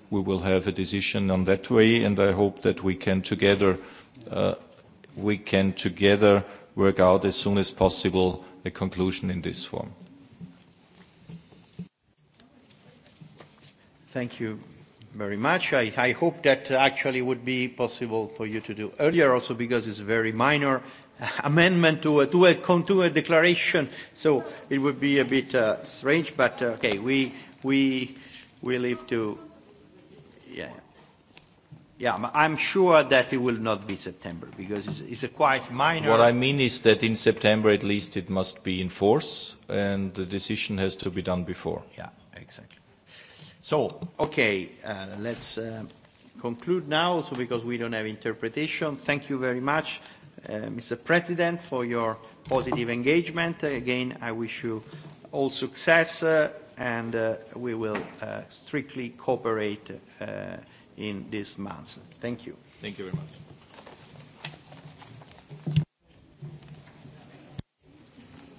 we will have a decision on that way, and I hope that we can together uh, we can together work out as soon as possible a conclusion in this form. Thank you very much. I, I hope that actually would be possible for you to do earlier also because it's very minor amendment to a, to a, to a declaration, so it would be a bit uh, strange, but uh, okay, we, we, we leave to yeah. Yeah, I'm sure that it will not be September because it's, it's a quite minor. What I mean is that in September at least it must be in force and the decision has to be done before. Yeah, exactly. So, okay, uh, let's uh, conclude now so because we don't have interpretation. Thank you very much, uh, Mr. President, for your positive engagement. Again, I wish you all success. Uh, and uh, we will uh, strictly cooperate uh, in this months. Thank you. Thank you very much.